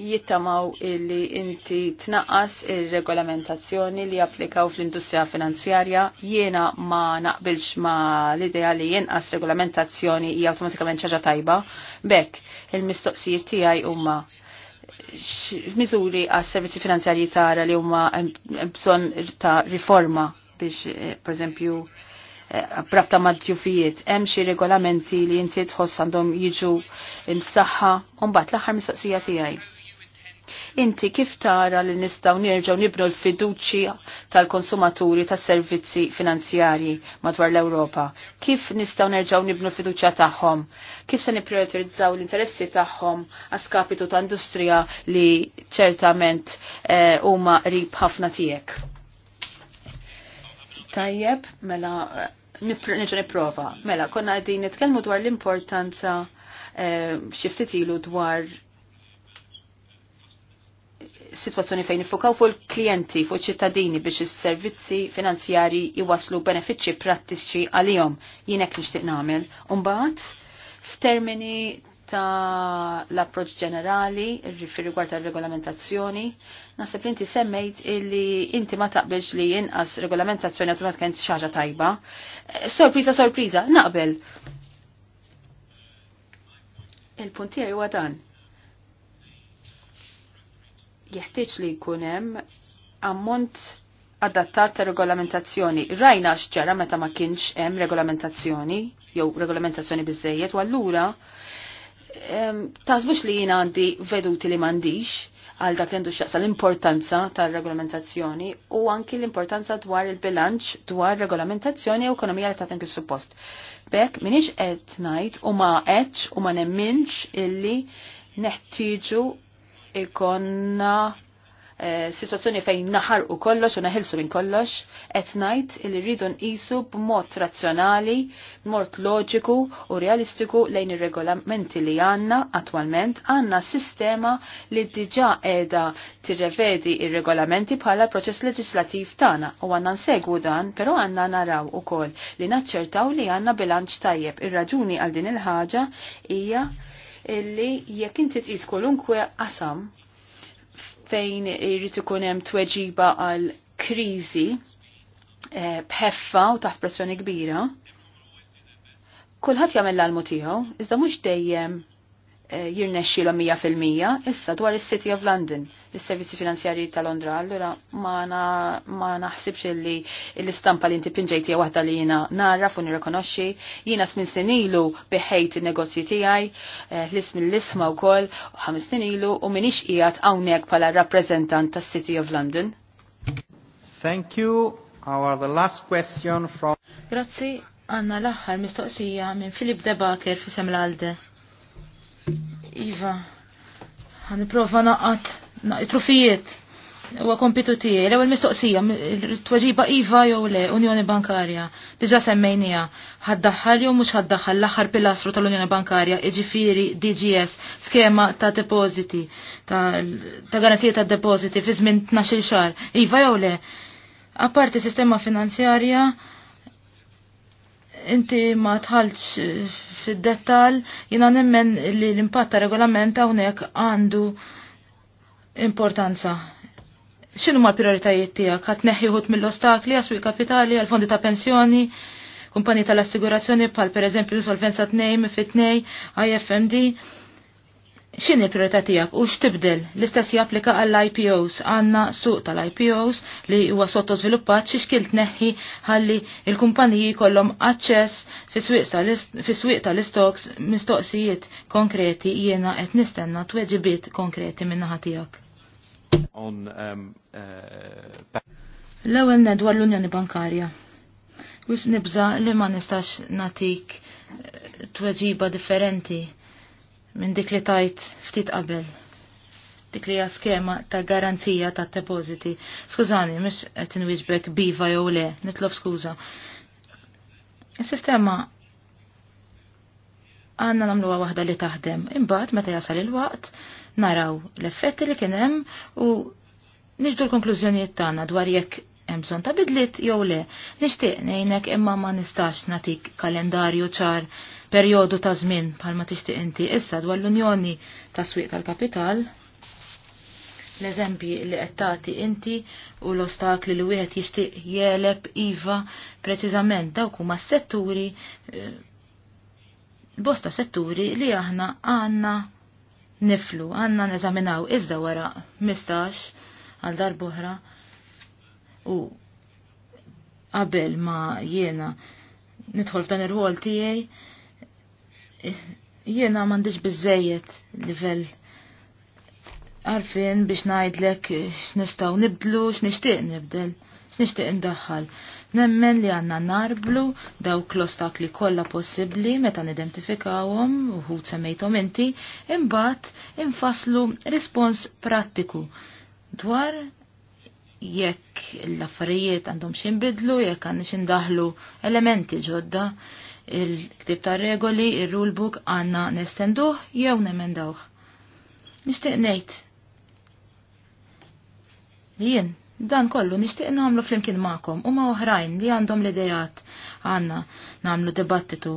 jittamaw illi inti tnaqqas il-regolamentazzjoni li applikaw fl-industrija finanzjarja jiena ma naqbilx ma l-idea li jenqas regolamentazzjoni hija automatikament ċaġa tajba. Bekk il-mistoqsijiet tiegħi huma miżuri għas servizzi finanzjarji tara li huma bżonn ta' riforma biex, eh, per eżempju, eh, brabta mad-ġufijiet, hemm xi regolamenti li inti tħoss għandhom jiġu msaħħa u mbagħad l-aħħar mistoqsija tiegħi. Inti kif tara li nistaw nirġaw nibnu l-fiduċja tal-konsumaturi tas servizzi finanzjarji madwar l-Ewropa? Kif nistaw nerġaw nibnu l-fiduċja tagħhom? Kif se nipprioritizzaw l-interessi tagħhom għaskapitu ta' industrija li ċertament eh, huma eh, rib ħafna tiegħek? Tajjeb, mela eh, nirġa' nipprova. Mela, konna għedin nitkellmu dwar l-importanza eh, xiftit ilu dwar situazzjoni fejn ifukaw fuq il-klijenti, fuq ċittadini biex is-servizzi finanzjari jwaslu benefiċċji prattiċi għalihom jienek nixtieq nagħmel. Imbagħad f'termini ta' l-approċ ġenerali fi rigward regolamentazzjoni naħseb li inti semmejt illi inti ma taqbilx li jinqas regolamentazzjoni automatikament xi ħaġa tajba. Sorpriza, sorpriza, naqbel. il punti għu huwa dan jeħtieġ li jkun hemm ammont adattat ta' regolamentazzjoni. Rajna x'ġara meta ma kienx hemm regolamentazzjoni jew regolamentazzjoni biżejjed u allura tażbux li jiena għandi veduti li m'għandix għal dak li għandu xaqsa l-importanza tal-regolamentazzjoni u anki l-importanza dwar il-bilanċ dwar regolamentazzjoni u ekonomija li tagħtin kif suppost. Bekk minix qed ngħid u ma qedx u ma nemminx illi neħtieġu ikonna eh, situazzjoni fejn naħar u kollox u naħilsu minn kollox, qed ngħid li rridu nqisu b'mod razzjonali, b'mod loġiku u realistiku lejn ir-regolamenti li għandna attwalment għandna sistema li diġà qiegħda tirrevedi ir-regolamenti bħala proċess leġislattiv tagħna u għandna nsegwu dan, però għandna naraw ukoll li naċċertaw li għandna bilanċ tajjeb. Ir-raġuni għal din il-ħaġa hija illi jekk inti tqis kolunkwe qasam fejn irid ikun hemm tweġiba għal kriżi eh, bħeffa u taħt pressjoni kbira, kulħadd jagħmel l-almu tiegħu, iżda mhux dejjem Eh, jirnexxilhom mija fil-mija, issa dwar is-City of London, is-servizzi finanzjarji ta' Londra, allura ma naħsibx li l-istampa li inti pinġejt hija waħda li jiena naraf u nirrikonoxxi, jiena smin snin ilu biħejt in-negozji tiegħi, eh, l-ism l-isma wkoll ħames snin ilu u minix qiegħed hawnhekk bħala rappreżentant tas-City of London. Thank you. Our the last question from Grazzi, għanna l-aħħar mistoqsija minn Filip Debaker fi Semlalde. Iva, għan prova naqat, naqat trufijiet. Huwa kompitu tiegħi, l-ewwel mistoqsija, tweġiba iva jew le Unjoni Bankarja. diġa' semmejnija, ħaddaħħal jew mhux ħaddaħħal l-aħħar pilastru tal-Unjoni Bankarja, jiġifieri DGS, skema ta' depositi, ta' garanzija ta' depositi, fi żmien 12 xahar. Iva jew le? Apparti sistema finanzjarja, inti ma tħalċ eh, fid-dettal, jina nemmen li l-impatt ta' regolament hawnhekk għandu importanza. X'inhu ma prioritajiet tiegħek? Għat neħħiħut mill-ostakli għaswi kapitali għal fondi ta' pensjoni, kumpanji tal-assigurazzjoni bħal l solvenza t-nej, mifit tnej, IFMD, x'inhi l-priorità tiegħek u x'tibdel l-istess japplika għall-IPOs għandna suq tal-IPOs li huwa sottosviluppat xi xkil tneħħi ħalli l-kumpaniji kollhom aċċess fis-swieq tal-istoks mistoqsijiet konkreti jiena qed nistenna tweġibiet konkreti minnaħa naħa tiegħek. Um, uh, L-ewwel nedwa l-Unjoni Bankarja. Wis nibża li ma nistax natik uh, tweġiba differenti minn dik li tajt ftit qabel. Dik li skema ta' garanzija ta' depositi. Skużani, mux qed inwiġbek biva jew le, nitlob skuża. Is-sistema għanna namluwa waħda li taħdem. Imbagħad meta jasal il-waqt naraw l-effetti li kien hemm u niġdu l-konklużjonijiet tagħna dwar jekk hemm bżonn ta' bidlit jew le. Nixtieq ngħinek imma ma nistax natik kalendarju ċar perjodu ta' żmien bħalma tixtieq inti. Issa dwar l-Unjoni ta' Swieq tal-Kapital, l-eżempji li qed tagħti inti u l-ostakli li wieħed jixtieq jeleb iva preċiżament dawk huma setturi eh, bosta setturi li aħna għandna niflu, għanna neżaminaw iżda wara mistax għal darbohra u qabel ma jiena nidħol f'dan ir ħol tiegħi jiena m'għandix bizzejiet livell għarfien biex ngħidlek x'nistgħu nibdlu, x'nixtieq nibdel, x'nixtieq ndaħħal, Nemmen li għanna narblu dawk l li kollha possibbli meta nidentifikawhom uħud semmejthom inti, imbagħad infaslu rispons prattiku dwar jekk l-affarijiet għandhom xinbidlu, jekk għandna xindaħlu elementi ġodda, il-ktib ta' regoli, il-rulebook għanna nestenduh jew nemendawh. Nishtiq ngħid jien dan kollu nishtiq nagħmlu flimkien ma'kom, u ma' oħrajn li għandhom l-idejat għandna nagħmlu dibattitu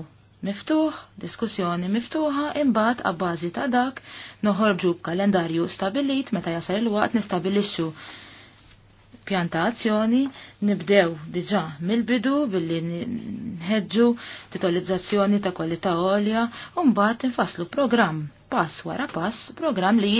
miftuħ, diskussjoni miftuħa, imbagħad għabbażi ta' dak noħorġu b'kalendarju stabilit meta jasal il-waqt nistabilixxu pjanta azzjoni nibdew diġa mill-bidu billi nħedġu titolizzazzjoni ta' kwalità għolja u mbagħad infaslu programm pass wara pass programm li